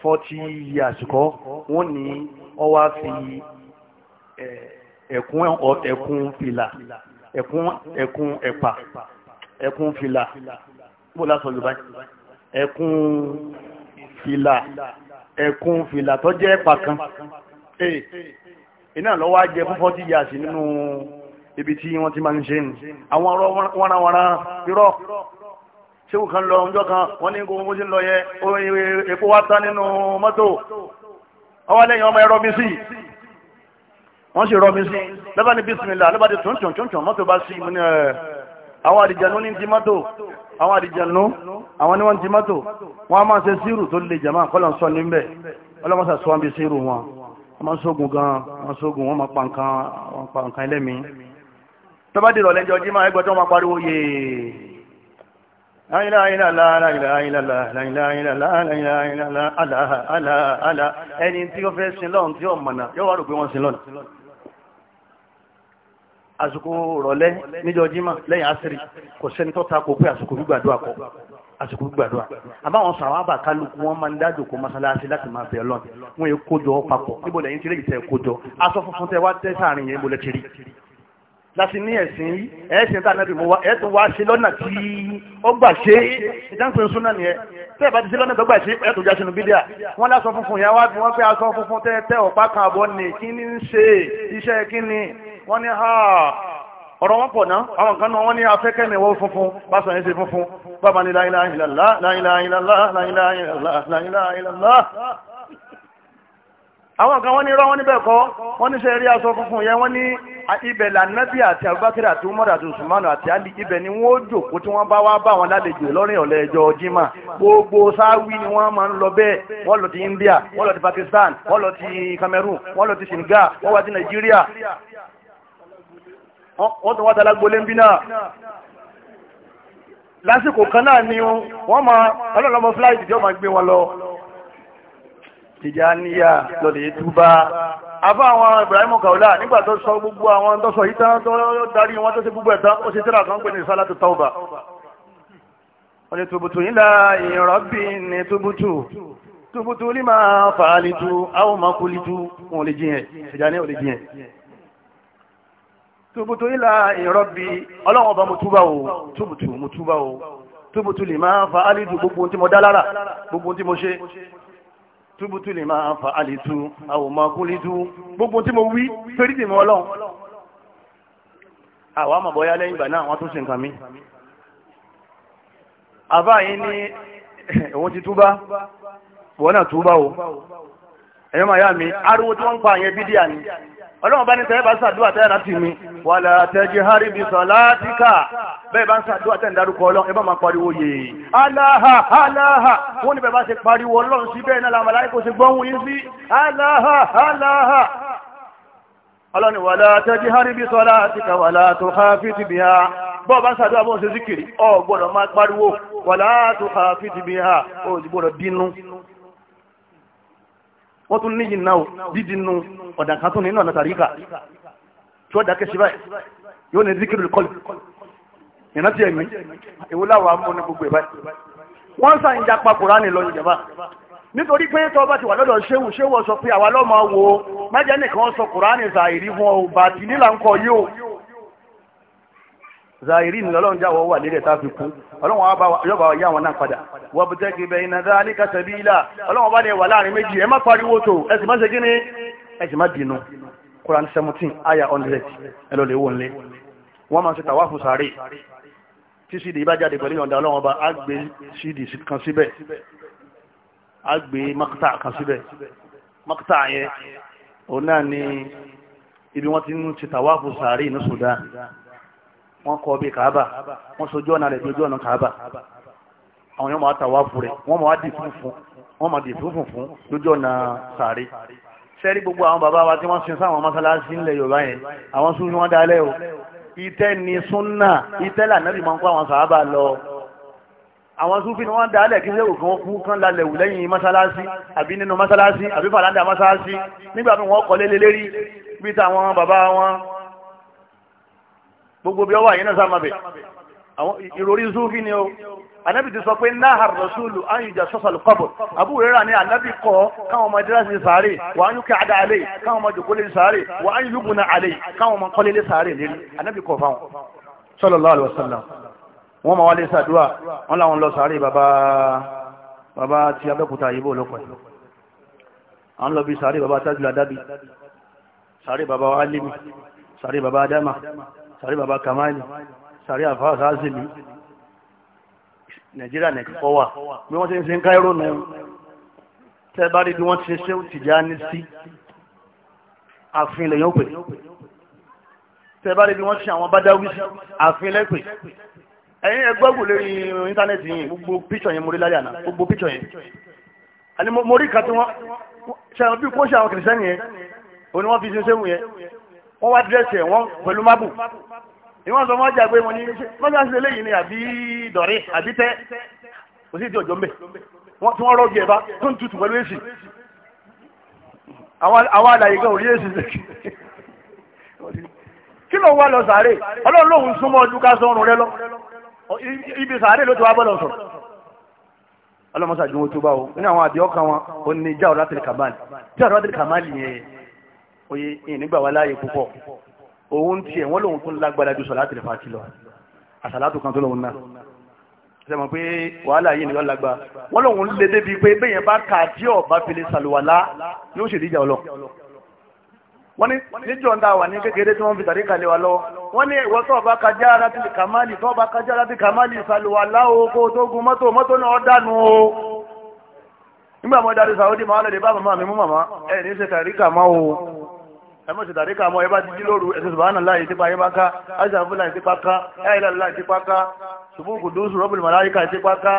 fọ́tí àsìkò wọ́n ní ọwá fi ẹ̀kún ẹ̀kún fìlà ẹ̀kún ẹ̀kún ẹ̀pà ẹ̀kún fìlà bó lásọ yorùbá ẹkún fìlà ẹkún fìlà tó jẹ́ ẹ̀pà kan iná lọ́wọ́ ajẹ́ fún fọ́tí yàsí nínú ibi tí wọ́n ti máa ń ṣe nù àwọn ọ̀rọ̀ wọ́nrawọ́nra irọ́ ṣéwù kan lọ ọjọ́ kan wọ́n ní gbogbo ṣe ń lọ yẹ epo wá tán nínú mọ́tò ọwọ́ lẹ́yìn ọmọ ẹ̀rọ mi sí wọ́n sì rọ mi sí lọ́bàá ní bísímìlà lọ́bàá ti tún tún tún tún mọ́tò bá sí mi ní ẹ̀ẹ́ àwọn àdìjànú ní jímọ́tò àwọn àdìjànú àwọn ní wọ́n jímọ́tò wọ́n a máa ṣe sírù tó lè jàmá kọ́lọ̀ sọ níbẹ̀ ọlọ́mọ́sà sọ wọ́n bí sírù wọn wọ́n máa ṣógun gan wọ́n ṣógun wọ́n máa pa nǹkan ẹlẹ́mí tó bá dìrọ̀ lẹ́jọ́ jímọ́ ẹgbẹ́ tó máa pariwo yé ẹni tí ó fẹ́ sin lọ́n tí ó mọ̀nà yóò wá rò pé wọ́n sin lọ́nà àsìkò rọ̀lẹ́ níjọ́ jímọ̀ lẹ́yìn àṣírí kò sẹ́ni tó ta kò pé àsìkò gbígbàdúrà kọ́ àsìkò gbàdúrà àbáwọn sàwábà kálukú wọn máa ń dájò kó mọ́sálásí láti máa bẹ̀rẹ̀ lọ́nà wọn èkójọ papọ̀ níbo lẹ́yìn tí lè tẹ̀ kójọ aṣọ funfun tẹ wá tẹ́ sáàrin yẹn níbo lẹ́ láti ní ẹ̀sìn yìí ẹ̀sìn tá ànábì mú wa ẹ̀ tó wá ṣe lọ́nà tí ó gbà ṣe ìdáǹpẹ̀ súnà nìyẹn tẹ́ ẹ̀ bá ti ṣe lọ́nà tó gbà ṣe ẹ̀ tó já sínú bídíà wọ́n lásọ funfun yẹn wá bí wọ́n fẹ́ aṣọ funfun tẹ́ tẹ́ ọ̀pá kan àbọ̀ ni kí ni ń ṣe iṣẹ́ kí ni wọ́n ní ha ọ̀rọ̀ wọn pọ̀ náà àwọn kan náà wọ́n ní afẹ́kẹ́ ni wọ́n funfun bá sọ yẹn ṣe funfun bàbá ni láìláìlá láìláìlá láìláìlá láìláìlá àwọn kan wọ́n ní rọ́ wọ́n níbẹ̀ kọ́ wọ́n ní sẹ́ rí aṣọ funfun yẹn wọ́n ní ibẹ̀ lànàbí àti Abubakar àti Umar àti Usman àti Ali ibẹ̀ ni wọ́n jòkó tí wọ́n bá wá bá wọn lálejò lọ́rìn ọ̀lẹ́ ẹjọ́ jimá gbogbo sáwí ni wọ́n máa ń lọ bẹ́ẹ̀ wọ́n lọ ti India wọ́n lọ ti Pakistan wọ́n lọ ti Cameroon wọ́n lọ ti Senegal wọ́n wá ti Nàìjíríà wọ́n tún wá tala gbolé ń bí náà tìjàníyà lọ́lẹ̀ túbá afá àwọn Ibrahim Kaula nígbà tó sọ gbogbo àwọn tọ́sọ̀ yìí tán tó darí wọn tó ṣe gbogbo ẹ̀tán ó ṣe tírà kan pè ní tauba wọ́n ni tubutu ila rabbi ni tubutu tubutu lima fa'alitu aw ma qulitu wọn lè jiyàn tìjàníyà ò lè jiyàn tubutu ila rabbi ọlọ́wọ́n bá mo túbá o tubutu mo túbá o tubutu lima fa'alitu gbogbo tí mo dá lára gbogbo tí mo ṣe túbútú lè máa fa àlètú àwòmọ́ kúlítú gbogbo tí mo wí torí tèmi ọlọ́run àwọn àmọ̀bọ̀yá lẹ́yìn ìgbà náà wọ́n tún ṣe nǹkan mi àbá yìí ní òun ti túbá wọ́n náà túbá o ẹ̀yọ́ màá yá mi ariwo tí wọ́n ń pa àyẹn ni ọlọ́run bá ní tẹ́ bá sàdúwà tẹ́ láti mi wà látẹ́jì haribi sọ̀látíkà bẹ́ẹ̀ bá ń sàdúwà tẹ́ ń darúkọ ọlọ́run ẹbá ma pariwo yìí aláha aláha wọ́n ní bẹ́ẹ̀ bá ṣe pariwo ọlọ́run sí bẹ́ẹ̀ náà làmàlá kò ṣe gbọ́hùn yín sí aláha aláha ọlọ́run ni wà látẹ́jì haribi sọ̀látíkà bá wọ́n tún níyìn náà dídì nu ọ̀dà kan tún nínú ọ̀nà tàríkà tí ó dákẹ́ síbáyì yóò ní díkìrì kọlù ìrántí ẹ̀mí èwo láwàá mú ní gbogbo ìbáyì wọ́n sàn ìjà pa kùránì lọ ìjọba nítorí pé tó bá ti wà lọ́dọ̀ ṣéwù ṣéwù sọ pé àwa lọ́mọ wo mẹ́jẹ́ nìkan sọ kùránì sàìrí fún ọba tì nílà ń kọ yóò zahiri ni lọ́lọ́run jáwọ́ wà lédè tá fi kú ọlọ́run yọba ọ̀yá wọn náà padà wọ́n bí tẹ́kì bẹ iná dáa ní kásẹ̀bí ilá ọlọ́run bá ní ẹwà láàrin méjì ẹ má pariwo tó ẹsì má ṣe kí ni ẹsì má bínú Quran 17 aya 100 ẹlọ lè wọ́n lé wọ́n máa ṣe tàwa fún sàárè tí sídìí bá jáde pẹ̀lú ìyọ̀ǹda ọlọ́run bá á gbé kan síbẹ̀ á gbé makta kan síbẹ̀ makta yẹn òun náà ni ibi wọ́n wọ́n kọ́ bí kàábà wọ́n sojú ọ̀nà rẹ̀ dojú ọ̀nà kàábà àwọn yóò máa tàwa fún rẹ̀ wọ́n máa dì fún fún wọ́n máa dì fún fún fún dojú ọ̀nà sàárè sẹ́rí gbogbo àwọn bàbá wa tí wọ́n sin sáwọn mọ́sálásí ńlẹ̀ Yorùbá yẹn àwọn sún wọn dalẹ̀ o ìtẹ́ ni súnà ìtẹ́ lànàbì máa ń kó àwọn sàábà lọ àwọn súnfì ni wọ́n dalẹ̀ kí sẹ́wò kan kú kan lálẹ̀ wù lẹ́yìn mọ́sálásí àbí nínú mọ́sálásí àbí fàlàndà mọ́sálásí nígbà tí wọ́n kọ́ lé lé lérí bí táwọn bàbá wọn gbogbo bí ọwọ́ àyínà sáà má bẹ̀ àwọn ìròrí zufi ni o anabi ti sọ pé náà rasulu ayùjà sọ́sọ̀lù kọ́bọ̀ abúrẹ́rà ni anabi kọ́ káwọn ọmọ dírẹ́sì sáré wà á yúkẹ́ àdá àlè káwọn ọmọ jòkó lè sáré wà á yúkù náà àlè káwọn ọmọ kọ́lé lè sáré lérí anabi kọ́ fáwọn sallallahu alaihi wasallam wọ́n máa wá lè sàdúrà wọ́n láwọn lọ sáré bàbá bàbá ti abẹ́kúta yìí lọ́pọ̀ sáré bàbá tájú sàrí bàbá kamali sàrí àfáà sáàzìlì nàìjíríà nìkọ́ wà bí wọ́n ti ń ṣe ń káírò náà tẹ́ bá rí bí wọ́n ti ṣe Tìjàní sí àfin lèyàn pè tẹ́ bá rí bí wọ́n ti ṣe àwọn bádáwí sí àfin lẹ́pẹ̀ ẹ̀yin ẹgbọ́gbò lórí íńtánẹ́ẹ̀tì yìí gbogbo píṣọ̀ yẹn mo rí lálẹ́ àná gbogbo píṣọ̀ yẹn àní mo rí ìka tí wọ́n ṣe àwọn bí kò ṣe àwọn kìrìsẹ́nì yẹn òní wọ́n fi ṣe ṣéwù yẹn wọ́n wá dírẹ́sì ẹ̀ wọ́n pẹ̀lú mábù ìwọ́n sọ wọ́n jàgbé wọn ní mọ́sánsì eléyìí ni àbí dọ̀rí àbí tẹ́ kò sí ti ọjọ́ mbẹ́ wọ́n tí wọ́n rọ́ọ̀gì ẹ̀bá tó ń tutù pẹ̀lú èsì àwọn àlàyé gan òrí èsì kí ló wá lọ sàárè ọlọ́run lòun súnmọ́ ojú ká sọ́run rẹ lọ ibi sàárè ló ti wá bọ́lọ̀ sọ̀rọ̀ ọlọ́mọsàdúnwó tó bá o ní àwọn àdìọ́kan wọn ò ní jáwọ́ látìlì kàmáàlì jáwọ́ látìlì kàmáàlì yẹn oye ìnígbà wa láàyè púpọ̀ òun tiẹ̀ wọ́n lòun tún lágbára ju sọ̀lá tìrẹ̀fà ti lọ àsàlátù kan tó lòun náà sẹ́mọ̀ pé wàhálà yìí nìyọ́ lágbà wọ́n lòun lè débi pé bẹ́yẹn bá kà tí ọ̀bá fele sàlùwàlá yóò ṣèlú ìjà ọlọ́ wọ́n ní níjọ́ ń dá wà ní kékeré tí wọ́n fi tàrí kalẹ̀ wa lọ wọ́n ní ìwọ tó ọba kajá ara ti kàmáàlì tó ọba kajá ara kàmáàlì sàlùwàlá o kó tó gun mọ́tò mọ́tò náà dànù o nígbà mọ́ dárí sàwọ́dì máa lọ bá màmá mi mú màmá ẹ̀ ní ṣe tàrí kàmá o ẹmọ́ ti tàríkà mọ́ ẹbá ti jí lóru ẹ̀sùn subhana láì tí pàáyé bá ká aṣàfúnlá ìtí pàká ẹ̀ẹ́lá láì tí pàká ṣùgbọ́n dúúsù rọ́bùlù màláríkà ìtí pàká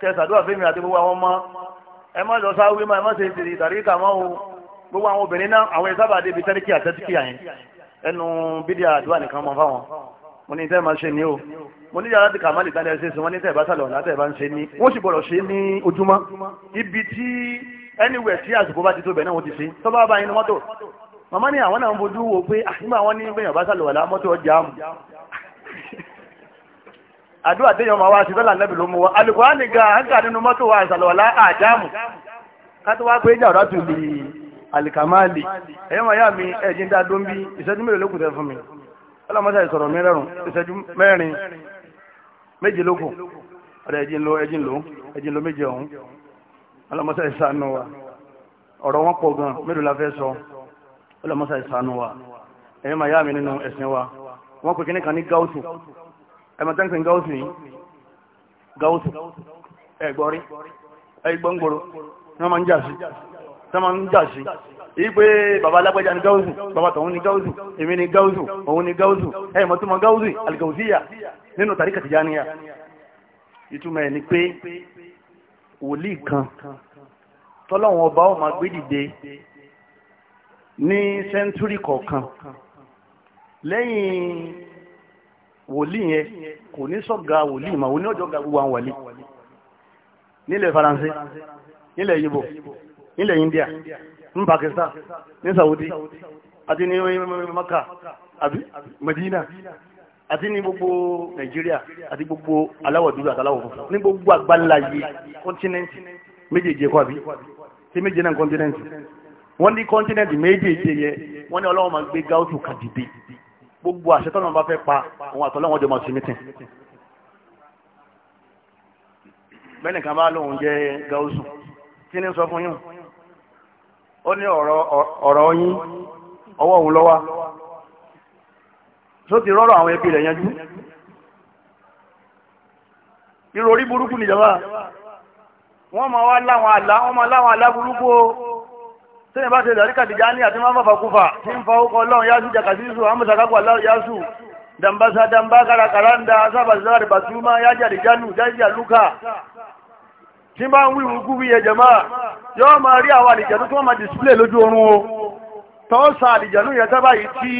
kẹsàdúrà fíìmì àti gbogbo àwọn ọmọ ẹmọ́ lọ sáwé máa ẹmọ́ ti tìrì tàríkà mọ́ o gbogbo àwọn obìnrin náà àwọn ìsábà débi tẹ́ríkì àtẹ́tíkì àyẹn ẹnu bídíà àdúrà nìkan mọ́ fáwọn mo ní tẹ́ máa ṣe ní o mo ní yàrá kà má lè tẹ́lẹ̀ ṣe sí wọn ní tẹ́ ìbá sàlọ̀ látẹ̀ bá ń ṣe ní wọ́n sì gbọ́dọ̀ ṣe ní ojúmọ́ ibi tí anywhere tí àsìkò bá ti tó bẹ̀ náà wọ́n ti ṣe tó bá bá yín ní mọ́tò mama n'i àwọn náà ń bojú wo pé ah, àyíká àwọn ní bẹ́yàn bá sàlùwàlá mọ́tò ọjà mu àdúrà téèyàn máa wá sí lọ́la nẹ́bì ló wa alùpùpù ní ga àǹkà nínú mọ́tò wa ìsàlùwàlá àjáàmù ká tó wá pé ìjà ọ̀rá tù lè àlìkàmáàlì ẹ̀yọ́ màá yá mi ẹ̀jìn dá dó bí ìṣẹ́jú fún mi ìsọ̀rọ̀ ìṣẹ́jú mẹ́rin ọlọ́mọ́sá ìsànú wa ẹ̀yẹ́ màá yá mi nínú ẹ̀sìn wa wọ́n pè kíní kan ní gáúsù ẹ̀mọ̀ tẹ́ǹsì gáúsù yìí gáúsù ẹ̀gbọ́rí ẹ̀gbọ́ngbòrò wọ́n máa ń jà sí wọ́n máa ń jà sí èyí pé bàbá alágbájá ní gáúsù bàbá tọ̀hún ní gáúsù èmi ní gáúsù òun ní gáúsù ẹ̀mọ̀ tó mọ gáúsù àlìgàúsíyà nínú tàríkà tìjáníyà ìtumọ̀ ẹ̀ ni pé wòlíì kan tọ́lọ́wọ́n ọba ó máa gbé dìde ní sẹ́ńtúrì kọ̀ọ̀kan lẹ́yìn wòlíì yẹn kò ní sọ́ga wòlíì mà oní ọjọ́ ga gbogbo àwọn wàlí nílẹ̀ faransé nílẹ̀ yibo nílẹ̀ india ní pakistan ní saudi àti ní maka àbí medina àti ní gbogbo nàìjíríà àti gbogbo aláwọ̀ dúdú àtàláwọ̀ funfun ní gbogbo àgbáńlá yìí kọ́ńtínẹ́ǹtì méjèèjì ẹ̀kọ́ àbí tí méje náà kọ́ńtínẹ́ǹtì wọ́n ní kọ́ńtínẹ́ǹtì méjèèjì yẹ wọ́n ní ọlọ́wọ́n ma gbé gáúsù kan dìde gbogbo àṣẹ tọ́lọ́run bá fẹ́ pa òun àtọ́lọ́run jọ máa ṣe mítìn bẹ́ẹ̀ nìkan bá lóun jẹ́ gáúsù kí ni sọ fún yín ó ní ọ̀rọ̀ yín ọwọ́ òun lọ́wọ́ só ti rọ́rọ̀ àwọn ẹbí rẹ̀ yanjú ìròrí burúkú nìjọba wọ́n máa wá láwọn àlá wọ́n máa láwọn àlá burúkú o. sẹ́yìn bá ṣe lọ́ríkà tìjà ní àti máa fàkúfà tí ń fa ókọ ọlọ́run yásù jàkàsísù àmúsàkápọ̀ aláwọ̀ yásù dambasa damba karakara ń da sábàsára rẹ̀ bàtúmá yájà dìjánu jájà lúkà tí bá ń wí wùkú wí ẹ̀jẹ̀ máa yọ́ máa rí àwọn àdìjẹ̀nú tó máa dìsílẹ̀ lójú oorun o tọ́ sa àdìjẹ̀nú yẹn sábà yìí tí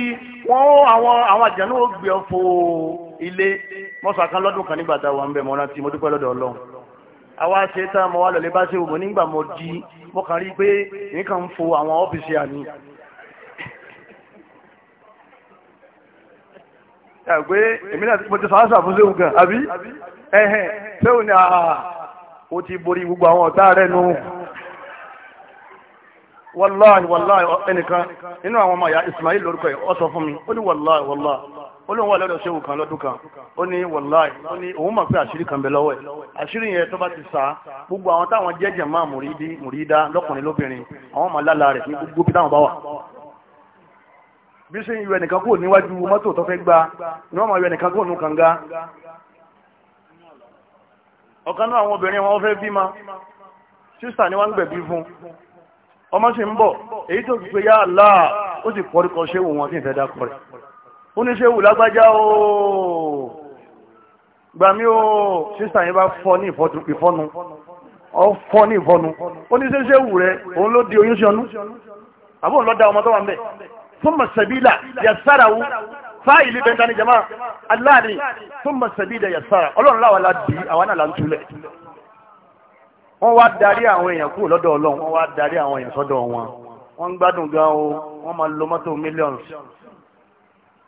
wọ́n àwọn àwọn àdìjẹ̀nú ó gbé ọ̀fọ̀ ilé mọ́sà kan lọ́dún kan nígbà táwọn ń bẹ̀ mọ́ra tí mo dúpẹ́ lọ́dọ̀ ọlọ́run àwa ṣe tá mo wá lọ́lẹ́ bá ṣe òmò nígbà mo jí mo kàn rí pé nǹkan ń fo àwọn ọ́fíìsì àní ẹgbẹ́ èmi náà mo ti fàásà fún séhùn gan àbí ẹ̀hẹ̀n séhùn ni àà ah, ó ti borí gbogbo àwọn ọ̀tá rẹ̀ nù wàláhì wàláhì ẹnìkan nínú àwọn ọmọ ìyá Ismail lórúkọ ẹ̀ ó sọ fún mi ó ní wàláhì wàláhì ó lóun wà lọ́dọ̀ ṣéwù kan lọ́dún kan ó ní wọ̀láì ó ní òun mọ̀ pé àṣírí kan bẹ lọ́wọ́ ẹ̀ àṣírí yẹn tó bá ti sá gbogbo àwọn táwọn jẹ́jẹ̀ máa mùrídí mùrídá lọ́kùnrin lóbìnrin àwọn máa lálàá rẹ̀ ní gbogbo táwọn bá wà. bí sẹ́yìn ìwé nìkan kò níwájú mọ́tò tó fẹ́ gba ni wọ́n kànga. ọ̀kan náà àwọn obìnrin wọn fẹ́ sísà ni fún ọmọ sì ń bọ̀ èyí oníṣẹ́wù lágbájá ooo gbàmí ooo sísà yẹn bá fọ́ ní ìfọ́nu ọ fọ́ ní ìfọ́nu oníṣẹ́ṣẹ́wù rẹ̀ òun ló di oyún ṣanú àbọ̀ òun lọ da ọmọ tó wà ń bẹ̀ fún mọ̀sẹ̀bílà yasarawu fáìlì bẹ́ńtà ní jama aláàrin fún mọ̀sẹ̀bílà yasara ọlọ́run láwa la dì í àwa náà la ń túlẹ̀ wọ́n wá darí àwọn èèyàn kúrò lọ́dọ̀ ọlọ́run wọ́n wá darí àwọn èèyàn sọ́dọ̀ wọn wọ́n gbádùn gan o wọ́n máa lo mọ́tò millions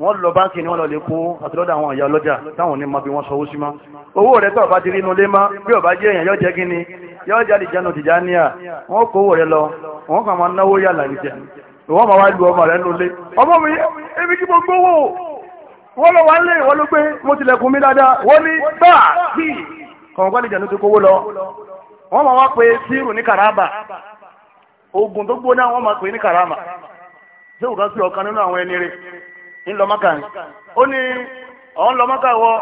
wọ́n lọ báńkì ni wọ́n lọ lè kó àtìlọ́dà àwọn ìyá ọlọ́jà táwọn ní ma bí wọ́n sọwọ́ sí owó rẹ̀ tọ́ bá ti rí inú lé bí ọba jẹ́ èèyàn yóò jẹ́ kí ni yóò jáde ìjánu tìjà níyà wọ́n kó owó rẹ̀ lọ wọ́n kàn máa náwó yà wọ́n máa wá lu ọmọ rẹ̀ ọmọ mi ebi kí mo gbówó wọ́n lọ wá lé wọ́n ló pé mo mi dáadáa wọ́n ní ńlọmọ́kà ni ó ní ọ̀hún lọmọ́kà wọ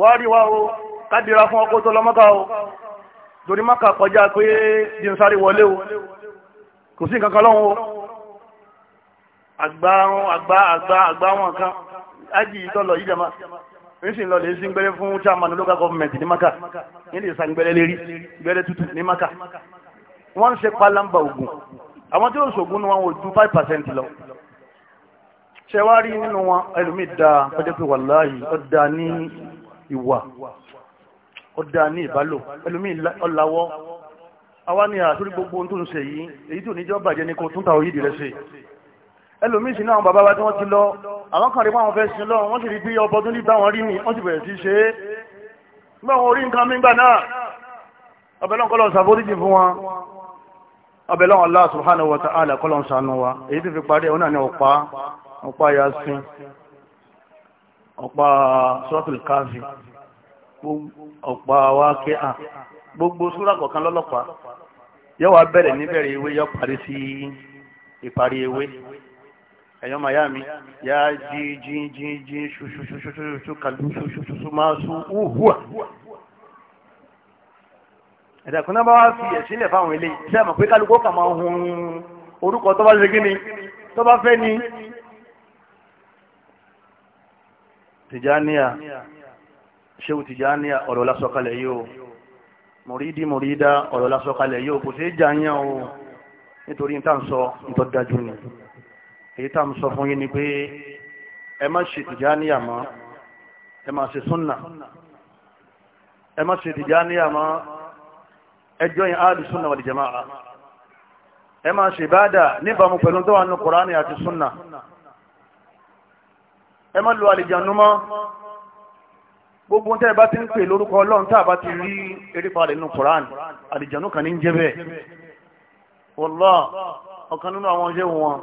wàá rí wa o kádìrá fún ọkọ̀ tó lọmọ́kà o torí mọ́kà kọjá pé jí ń sáré wọlé o kò sí nǹkan kan lọ́hùn o àgbà àgbà àgbà àgbà wọn kan ájì ìtọ́lọ̀ yìí jẹma ń sì lọ lè sí gbẹ́rẹ́ fún chairman local government ní maka ní lè san gbẹ́rẹ́ lérí gbẹ́rẹ́ tútù ní maka wọ́n ń ṣe palamba ogun àwọn tí ó ṣògùn ni wọn ò ju five percent lọ ṣẹwárí nínú wọn ẹlòmí dáa ọjọ́ pé wàláhì ọdá ní ìwà ọdá ní ìbálò ẹlòmí ọláwọ́ àwa ni àtúrí gbogbo tó ń ṣe yìí èyí tó níjọ́ bàjẹ́ ní kò tún tàwọn yìí dìrẹ́ sí ẹlòmí sí náà bàbá wa tí wọ́n ti lọ àwọn kan rí wọn fẹ́ sí lọ wọ́n sì rí bí ọbọ tó ní bá wọn rí ni wọ́n sì bẹ̀rẹ̀ sí ṣe é nígbà wọn orí nǹkan mígbà náà ọbẹ̀lọ́n Allah subhanahu wa ta'ala kọ́lọ̀ ṣàánú wa èyí tó ọ̀pá yasin ọ̀pá sọ́tùlù káàfì ọ̀pá wákíà gbogbo súrà kọ̀ọ̀kan lọ́lọ́pàá yóò wá bẹ̀rẹ̀ níbẹ̀rẹ̀ ewé yóò parí sí ìparí ewé ẹ̀yọ́ miami yá jí jí jí jí ṣuṣuṣuṣuṣu kàlú ṣuṣuṣuṣu máa ṣu wúhùwà ẹ̀dàkùn náà bá wá fi ẹ̀sílẹ̀ fáwọn ilé iṣẹ́ àmọ̀ pé kálukú kà máa hun orúkọ tó bá ṣe kí ni tó bá fẹ́ ni tìjáníà ṣéwù tìjáníà ọ̀rọ̀ lásọ̀kalẹ̀ yìí o mùrídí mùrídá ọ̀rọ̀ lásọ̀kalẹ̀ yìí o kò sí jàyàn o nítorí ní tàn sọ nítọ́ dájú ni èyí tàn sọ fún yín ni pé ẹ má ṣe tìjáníà mọ́ ẹ má ṣe súnà ẹ má ṣe tìjáníà mọ́ ẹ jọyìn áàdù súnà wal jamaa ẹ má ṣe bádà níbàámu pẹ̀lú tó wà nínú Kùránì àti súnà ẹ má lo àlìjànú mọ́ gbogbo tẹ́ ẹ bá ti ń pè lórúkọ ọlọ́run tá a bá ti rí erépa rẹ̀ nínú Quran àlìjànú kan ní ń jẹ́ bẹ́ẹ̀ wọ́lá ọ̀kan nínú àwọn ọjọ́ wọn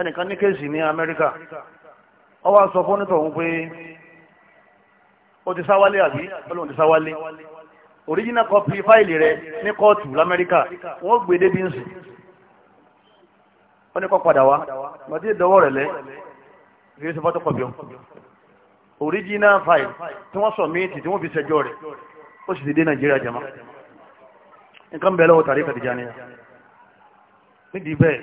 ẹnìkan ní kéèsì ní Amẹ́ríkà ọ wá sọ fún nítorí òun pé ó ti sáwálé àbí ọlọ́run ti sáwálé original copy fáìlì rẹ̀ ní kóòtù lamẹ́ríkà wọ́n gbé débínsì wọ́n ní kó padà wá gbàdí ìdọ́wọ́ rẹ̀ lẹ́ kìí ṣe photocopy original file tí wọ́n sọ méjì tí wọ́n fi ṣẹjọ́ rẹ̀ ó sì ti dé nàìjíríà jama nǹkan bẹ̀rẹ̀ lọ́wọ́ tàrí Tijaniya nídìí bẹ́ẹ̀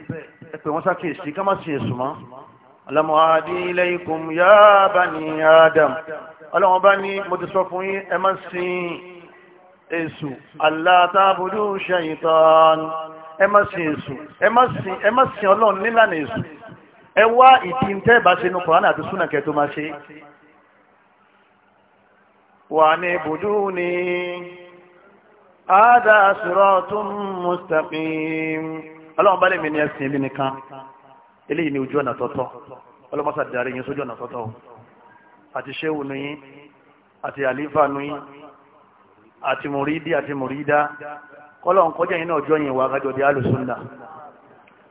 ẹ pé wọ́n sákèsí ká má sí èsùn mọ́ alamọ́adí ilaykum ya bani adam ọlọ́wọ́n bá ní mo ti sọ fún yín ẹ má sí èsù Allah ta'budu shaytan ẹ má sí èsù ẹ má sí ọlọ́run nílànà èsù ẹ wá ìdí ń tẹ́ẹ̀bá ṣe nu kọ̀ránà àti súnà kẹ́ tó máa ṣe wà ní bùdú ni ádá siratun mustaqim ọlọ́run bá lè mi ní ẹ̀sìn ibi nìkan eléyìí ni ojú ọ̀nà tọ́tọ́ ọlọ́mọ́sà darí yín sójú ọ̀nà tọ́tọ́ àti ṣéwù nu yín àti àlífà nu àti mùrídí àti mùrídá kọ́lọ́run kọjá yín náà jọ wà kájọ di alùsùn náà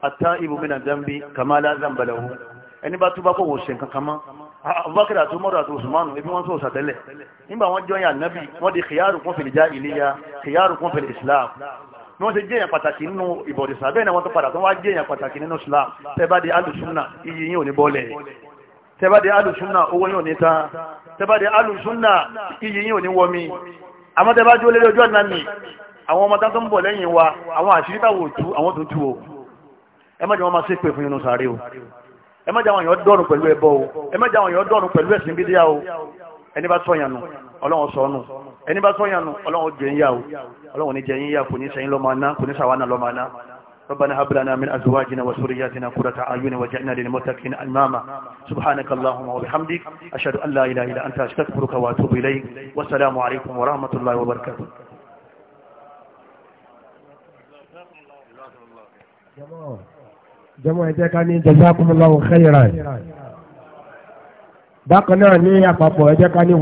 Ata taibu min adh-dhanbi kama la dhanba lahu ẹni bá túbá kò wò ṣe nǹkan kan mọ́ abubakar àti umaru àti usmanu ebi wọn sọ sàtẹ́lẹ̀ nígbà wọn jọyìn ànábì wọn di khiyarukum fil jahiliyya khiyarukum fil islam ní wọ́n ti jẹ́yàn pàtàkì nínú ìbọ̀dìsà bẹ́ẹ̀ ni wọ́n tó padà tó wá jẹ́yàn pàtàkì nínú islam tẹ́bàdé alùsùnà iye yìí ò ní bọ́lẹ̀ tẹ́bàdé alùsùnà owó yìí ò ní tán tẹ́bàdé alùsùnà iye yìí ò ní wọmi àmọ́ tẹ́bàdé olórí ojú ọ̀nà mi o ẹ má jẹ́ wọn máa ṣépè fún inú sáré o ẹ má jẹ́ àwọn èèyàn dọ́rùn pẹ̀lú ẹbọ o ẹ má jẹ́ àwọn èèyàn dọ́rùn pẹ̀lú ẹ̀sìn bídíà o ẹni bá sọ̀yàn nù ọlọ́run sọ nù ẹni bá sọ̀yàn nù ọlọ́run jẹ́ yín yá o ọlọ́run ní jẹ́ yín yá kò ní sẹ́yìn lọ́mọ aná kò ní sàwánà lọ́mọ aná ربنا هب لنا من أزواجنا وسرياتنا قرة أعين وجعلنا للمتقين إماما سبحانك اللهم وبحمدك أشهد أن لا إله إلا أنت أستغفرك واتوب إليك والسلام عليكم ورحمة الله وبركاته جمال jẹ́mọ́ ẹ̀jẹ̀ ká ní jazakumullahu khairan bákan náà ní àpapọ̀ ẹ̀jẹ̀ ká ní